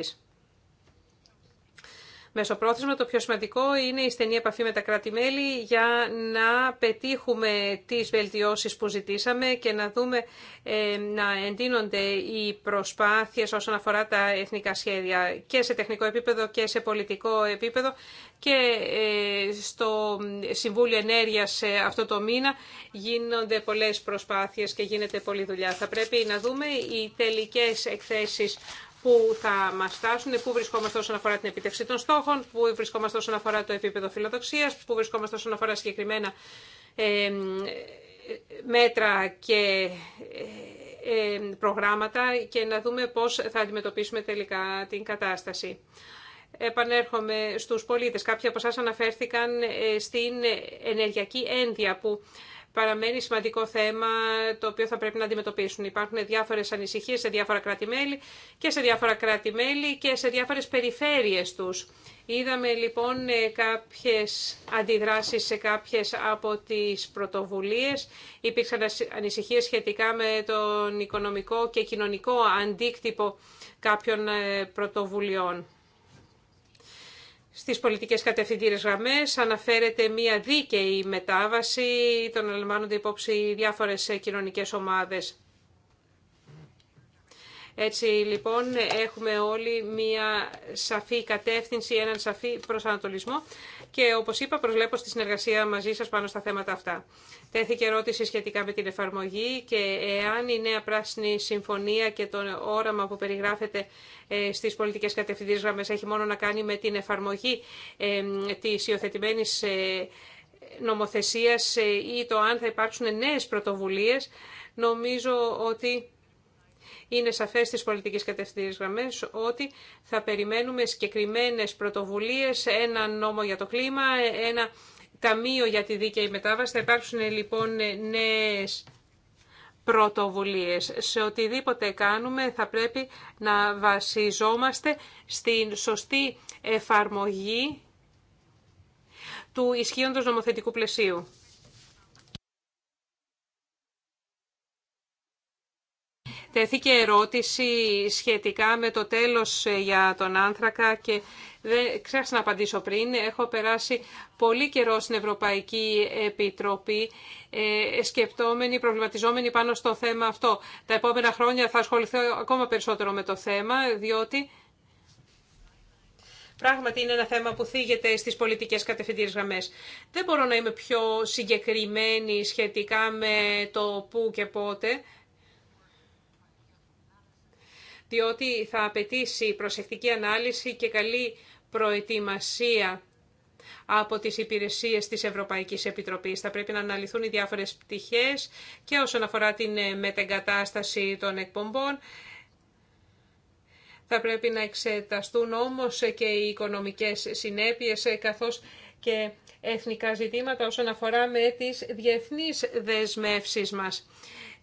Μεσοπρόθεσμα το πιο σημαντικό είναι η στενή επαφή με τα κράτη-μέλη για να πετύχουμε τις βελτιώσεις που ζητήσαμε και να δούμε ε, να εντείνονται οι προσπάθειες όσον αφορά τα εθνικά σχέδια και σε τεχνικό επίπεδο και σε πολιτικό επίπεδο και ε, στο Συμβούλιο Ενέργειας ε, αυτό το μήνα γίνονται πολλές προσπάθειες και γίνεται πολλή δουλειά. Θα πρέπει να δούμε οι τελικές εκθέσεις που θα μα φτάσουν, πού βρισκόμαστε όσον αφορά την επιτεύξη των στόχων, πού βρισκόμαστε όσον αφορά το επίπεδο φιλοδοξία, πού βρισκόμαστε όσον αφορά συγκεκριμένα ε, μέτρα και ε, ε, προγράμματα και να δούμε πώς θα αντιμετωπίσουμε τελικά την κατάσταση. Επανέρχομαι στους πολίτες. Κάποιοι από εσά αναφέρθηκαν ε, στην ενεργειακή ένδια που παραμένει σημαντικό θέμα το οποίο θα πρέπει να αντιμετωπίσουν. Υπάρχουν διάφορες ανησυχίες σε διάφορα κράτη-μέλη και σε διάφορα κράτη-μέλη και σε διάφορες περιφέρειες τους. Είδαμε λοιπόν ε, κάποιες αντιδράσεις σε κάποιες από τις πρωτοβουλίες. Υπήρξαν ανησυχίες σχετικά με τον οικονομικό και κοινωνικό αντίκτυπο κάποιων ε, πρωτοβουλειών. Στις πολιτικές κατευθυντήρες γραμμές αναφέρεται μία δίκαιη μετάβαση, τον αλλημάνων υπόψη διάφορες κοινωνικές ομάδες. Έτσι λοιπόν έχουμε όλοι μία σαφή κατεύθυνση, έναν σαφή προσανατολισμό και όπως είπα προσλέπω στη συνεργασία μαζί σας πάνω στα θέματα αυτά. Τέθηκε ερώτηση σχετικά με την εφαρμογή και εάν η νέα πράσινη συμφωνία και το όραμα που περιγράφεται ε, στις πολιτικές κατευθυντήρε γραμμές έχει μόνο να κάνει με την εφαρμογή ε, της υιοθετημένης ε, νομοθεσίας ή το αν θα υπάρξουν νέες πρωτοβουλίες, νομίζω ότι είναι σαφέ στι πολιτικέ κατευθύνσει γραμμέ ότι θα περιμένουμε συγκεκριμένε πρωτοβουλίε, ένα νόμο για το κλίμα, ένα ταμείο για τη δίκαιη μετάβαση. Θα υπάρξουν λοιπόν νέε πρωτοβουλίες. Σε οτιδήποτε κάνουμε θα πρέπει να βασιζόμαστε στην σωστή εφαρμογή του ισχύοντος νομοθετικού πλαισίου. τέθηκε ερώτηση σχετικά με το τέλος ε, για τον άνθρακα και δεν ξέχασα να απαντήσω πριν. Έχω περάσει πολύ καιρό στην Ευρωπαϊκή Επιτροπή ε, σκεπτόμενη, προβληματιζόμενη πάνω στο θέμα αυτό. Τα επόμενα χρόνια θα ασχοληθώ ακόμα περισσότερο με το θέμα, διότι... Πράγματι είναι ένα θέμα που θίγεται στις πολιτικές κατευθυντήρες γραμμές. Δεν μπορώ να είμαι πιο συγκεκριμένη σχετικά με το πού και πότε διότι θα απαιτήσει προσεκτική ανάλυση και καλή προετοιμασία από τις υπηρεσίες της Ευρωπαϊκής Επιτροπής. Θα πρέπει να αναλυθούν οι διάφορες πτυχές και όσον αφορά την ε, μετεγκατάσταση των εκπομπών, θα πρέπει να εξεταστούν όμως και οι οικονομικές συνέπειες ε, καθώς και εθνικά ζητήματα όσον αφορά με τις διεθνείς δεσμεύσεις μας.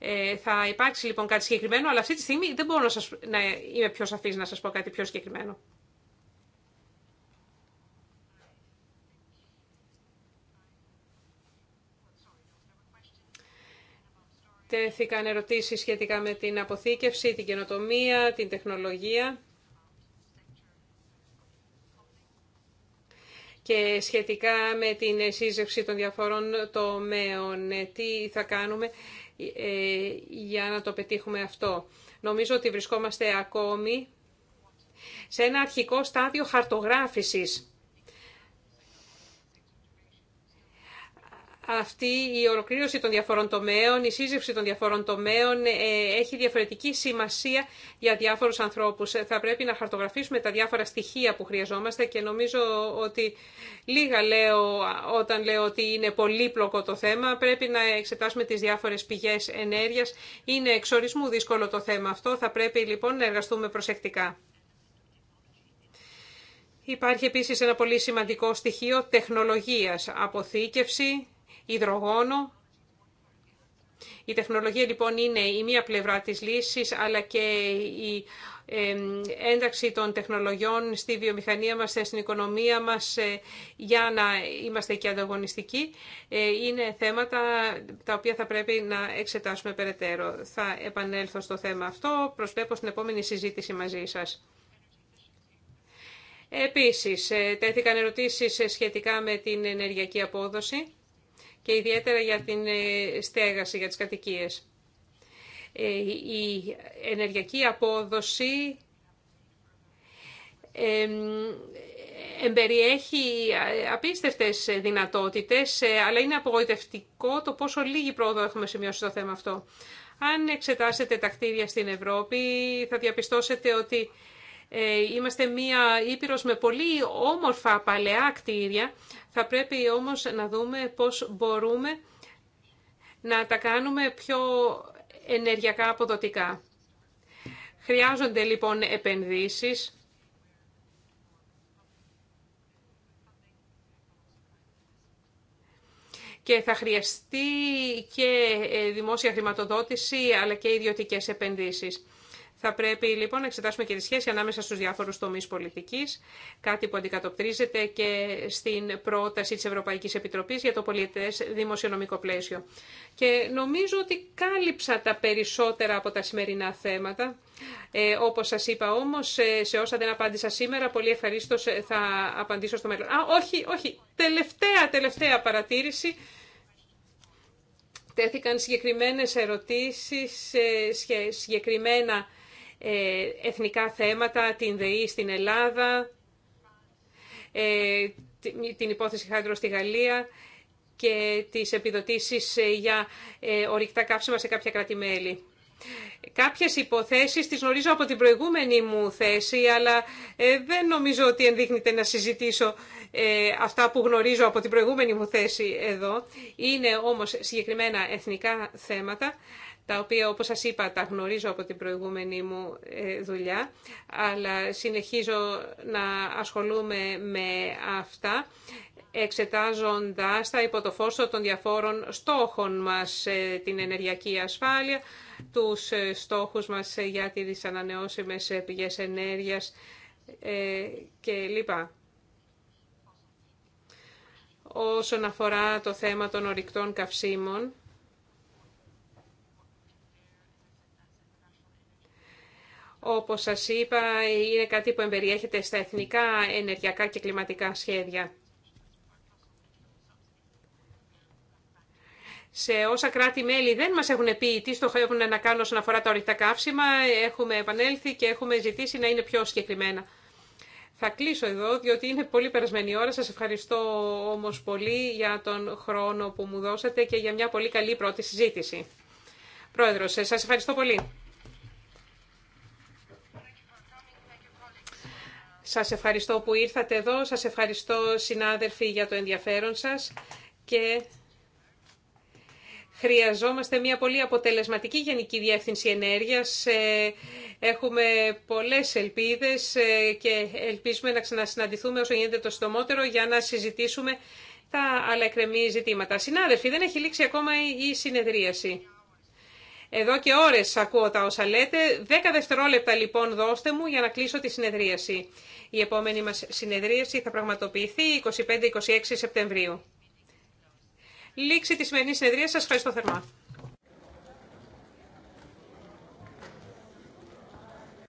Ε, θα υπάρξει λοιπόν κάτι συγκεκριμένο, αλλά αυτή τη στιγμή δεν μπορώ να, σας, να είμαι πιο σαφής να σας πω κάτι πιο συγκεκριμένο. Τέθηκαν ερωτήσεις σχετικά με την αποθήκευση, την καινοτομία, την τεχνολογία και σχετικά με την σύζευση των διαφορών τομέων. Ε, τι θα κάνουμε ε, για να το πετύχουμε αυτό. Νομίζω ότι βρισκόμαστε ακόμη σε ένα αρχικό στάδιο χαρτογράφησης αυτή η ολοκλήρωση των διαφορών τομέων, η σύζευση των διαφορών τομέων ε, έχει διαφορετική σημασία για διάφορους ανθρώπους. Θα πρέπει να χαρτογραφήσουμε τα διάφορα στοιχεία που χρειαζόμαστε και νομίζω ότι λίγα λέω όταν λέω ότι είναι πολύπλοκο το θέμα. Πρέπει να εξετάσουμε τις διάφορες πηγές ενέργειας. Είναι εξορισμού δύσκολο το θέμα αυτό. Θα πρέπει λοιπόν να εργαστούμε προσεκτικά. Υπάρχει επίσης ένα πολύ σημαντικό στοιχείο τεχνολογίας, αποθήκευση, υδρογόνο. Η τεχνολογία λοιπόν είναι η μία πλευρά της λύσης, αλλά και η ένταξη των τεχνολογιών στη βιομηχανία μας, στην οικονομία μας, ε, για να είμαστε και ανταγωνιστικοί, ε, είναι θέματα τα οποία θα πρέπει να εξετάσουμε περαιτέρω. Θα επανέλθω στο θέμα αυτό, προσβλέπω στην επόμενη συζήτηση μαζί σας. Επίσης, ε, τέθηκαν ερωτήσεις σχετικά με την ενεργειακή απόδοση και ιδιαίτερα για την ε, στέγαση, για τις κατοικίες. Ε, η ενεργειακή απόδοση εμπεριέχει ε, απίστευτες δυνατότητες, αλλά είναι απογοητευτικό το πόσο λίγη πρόοδο έχουμε σημειώσει στο θέμα αυτό. Αν εξετάσετε τα κτίρια στην Ευρώπη, θα διαπιστώσετε ότι ε, είμαστε μία ήπειρος με πολύ όμορφα παλαιά κτίρια. Θα πρέπει όμως να δούμε πώς μπορούμε να τα κάνουμε πιο ενεργειακά αποδοτικά. Χρειάζονται λοιπόν επενδύσεις. και θα χρειαστεί και ε, δημόσια χρηματοδότηση αλλά και ιδιωτικές επενδύσεις. Θα πρέπει λοιπόν να εξετάσουμε και τη σχέση ανάμεσα στους διάφορους τομείς πολιτικής, κάτι που αντικατοπτρίζεται και στην πρόταση της Ευρωπαϊκής Επιτροπής για το πολιτες δημοσιονομικό πλαίσιο. Και νομίζω ότι κάλυψα τα περισσότερα από τα σημερινά θέματα. Ε, όπως σας είπα όμως, ε, σε όσα δεν απάντησα σήμερα, πολύ ευχαρίστω ε, θα απαντήσω στο μέλλον. Α, όχι, όχι, τελευταία, τελευταία παρατήρηση. Τέθηκαν συγκεκριμένες ερωτήσεις, ε, συγκεκριμένα ε, εθνικά θέματα, την ΔΕΗ στην Ελλάδα, ε, την υπόθεση Χάντρο στη Γαλλία και τις επιδοτήσεις ε, για ορυκτά καύσιμα σε κάποια κράτη-μέλη. Κάποιες υποθέσεις τις γνωρίζω από την προηγούμενη μου θέση, αλλά δεν νομίζω ότι ενδείχνεται να συζητήσω αυτά που γνωρίζω από την προηγούμενη μου θέση εδώ. Είναι όμως συγκεκριμένα εθνικά θέματα τα οποία όπως σας είπα τα γνωρίζω από την προηγούμενη μου ε, δουλειά, αλλά συνεχίζω να ασχολούμαι με αυτά εξετάζοντας τα υπό το των διαφόρων στόχων μας, ε, την ενεργειακή ασφάλεια, τους ε, στόχους μας για τις ανανεώσιμες πηγές ενέργειας και λοιπά. Όσον αφορά το θέμα των ορυκτών καυσίμων, όπως σας είπα, είναι κάτι που εμπεριέχεται στα εθνικά ενεργειακά και κλιματικά σχέδια. Σε όσα κράτη-μέλη δεν μας έχουν πει τι στοχεύουν να κάνουν όσον αφορά τα ορυκτά καύσιμα, έχουμε επανέλθει και έχουμε ζητήσει να είναι πιο συγκεκριμένα. Θα κλείσω εδώ, διότι είναι πολύ περασμένη ώρα. Σας ευχαριστώ όμως πολύ για τον χρόνο που μου δώσατε και για μια πολύ καλή πρώτη συζήτηση. Πρόεδρος, σας ευχαριστώ πολύ. Σας ευχαριστώ που ήρθατε εδώ, σας ευχαριστώ συνάδελφοι για το ενδιαφέρον σας και χρειαζόμαστε μια πολύ αποτελεσματική Γενική Διεύθυνση Ενέργειας. Ε, έχουμε πολλές ελπίδες ε, και ελπίζουμε να ξανασυναντηθούμε όσο γίνεται το σύντομότερο για να συζητήσουμε τα άλλα ζητήματα. Συνάδελφοι, δεν έχει λήξει ακόμα η συνεδρίαση. Εδώ και ώρες ακούω τα όσα λέτε. Δέκα δευτερόλεπτα λοιπόν δώστε μου για να κλείσω τη συνεδρίαση. Η επόμενη μας συνεδρίαση θα πραγματοποιηθεί 25-26 Σεπτεμβρίου. Λήξη τη σημερινή συνεδρία. Σας ευχαριστώ θερμά.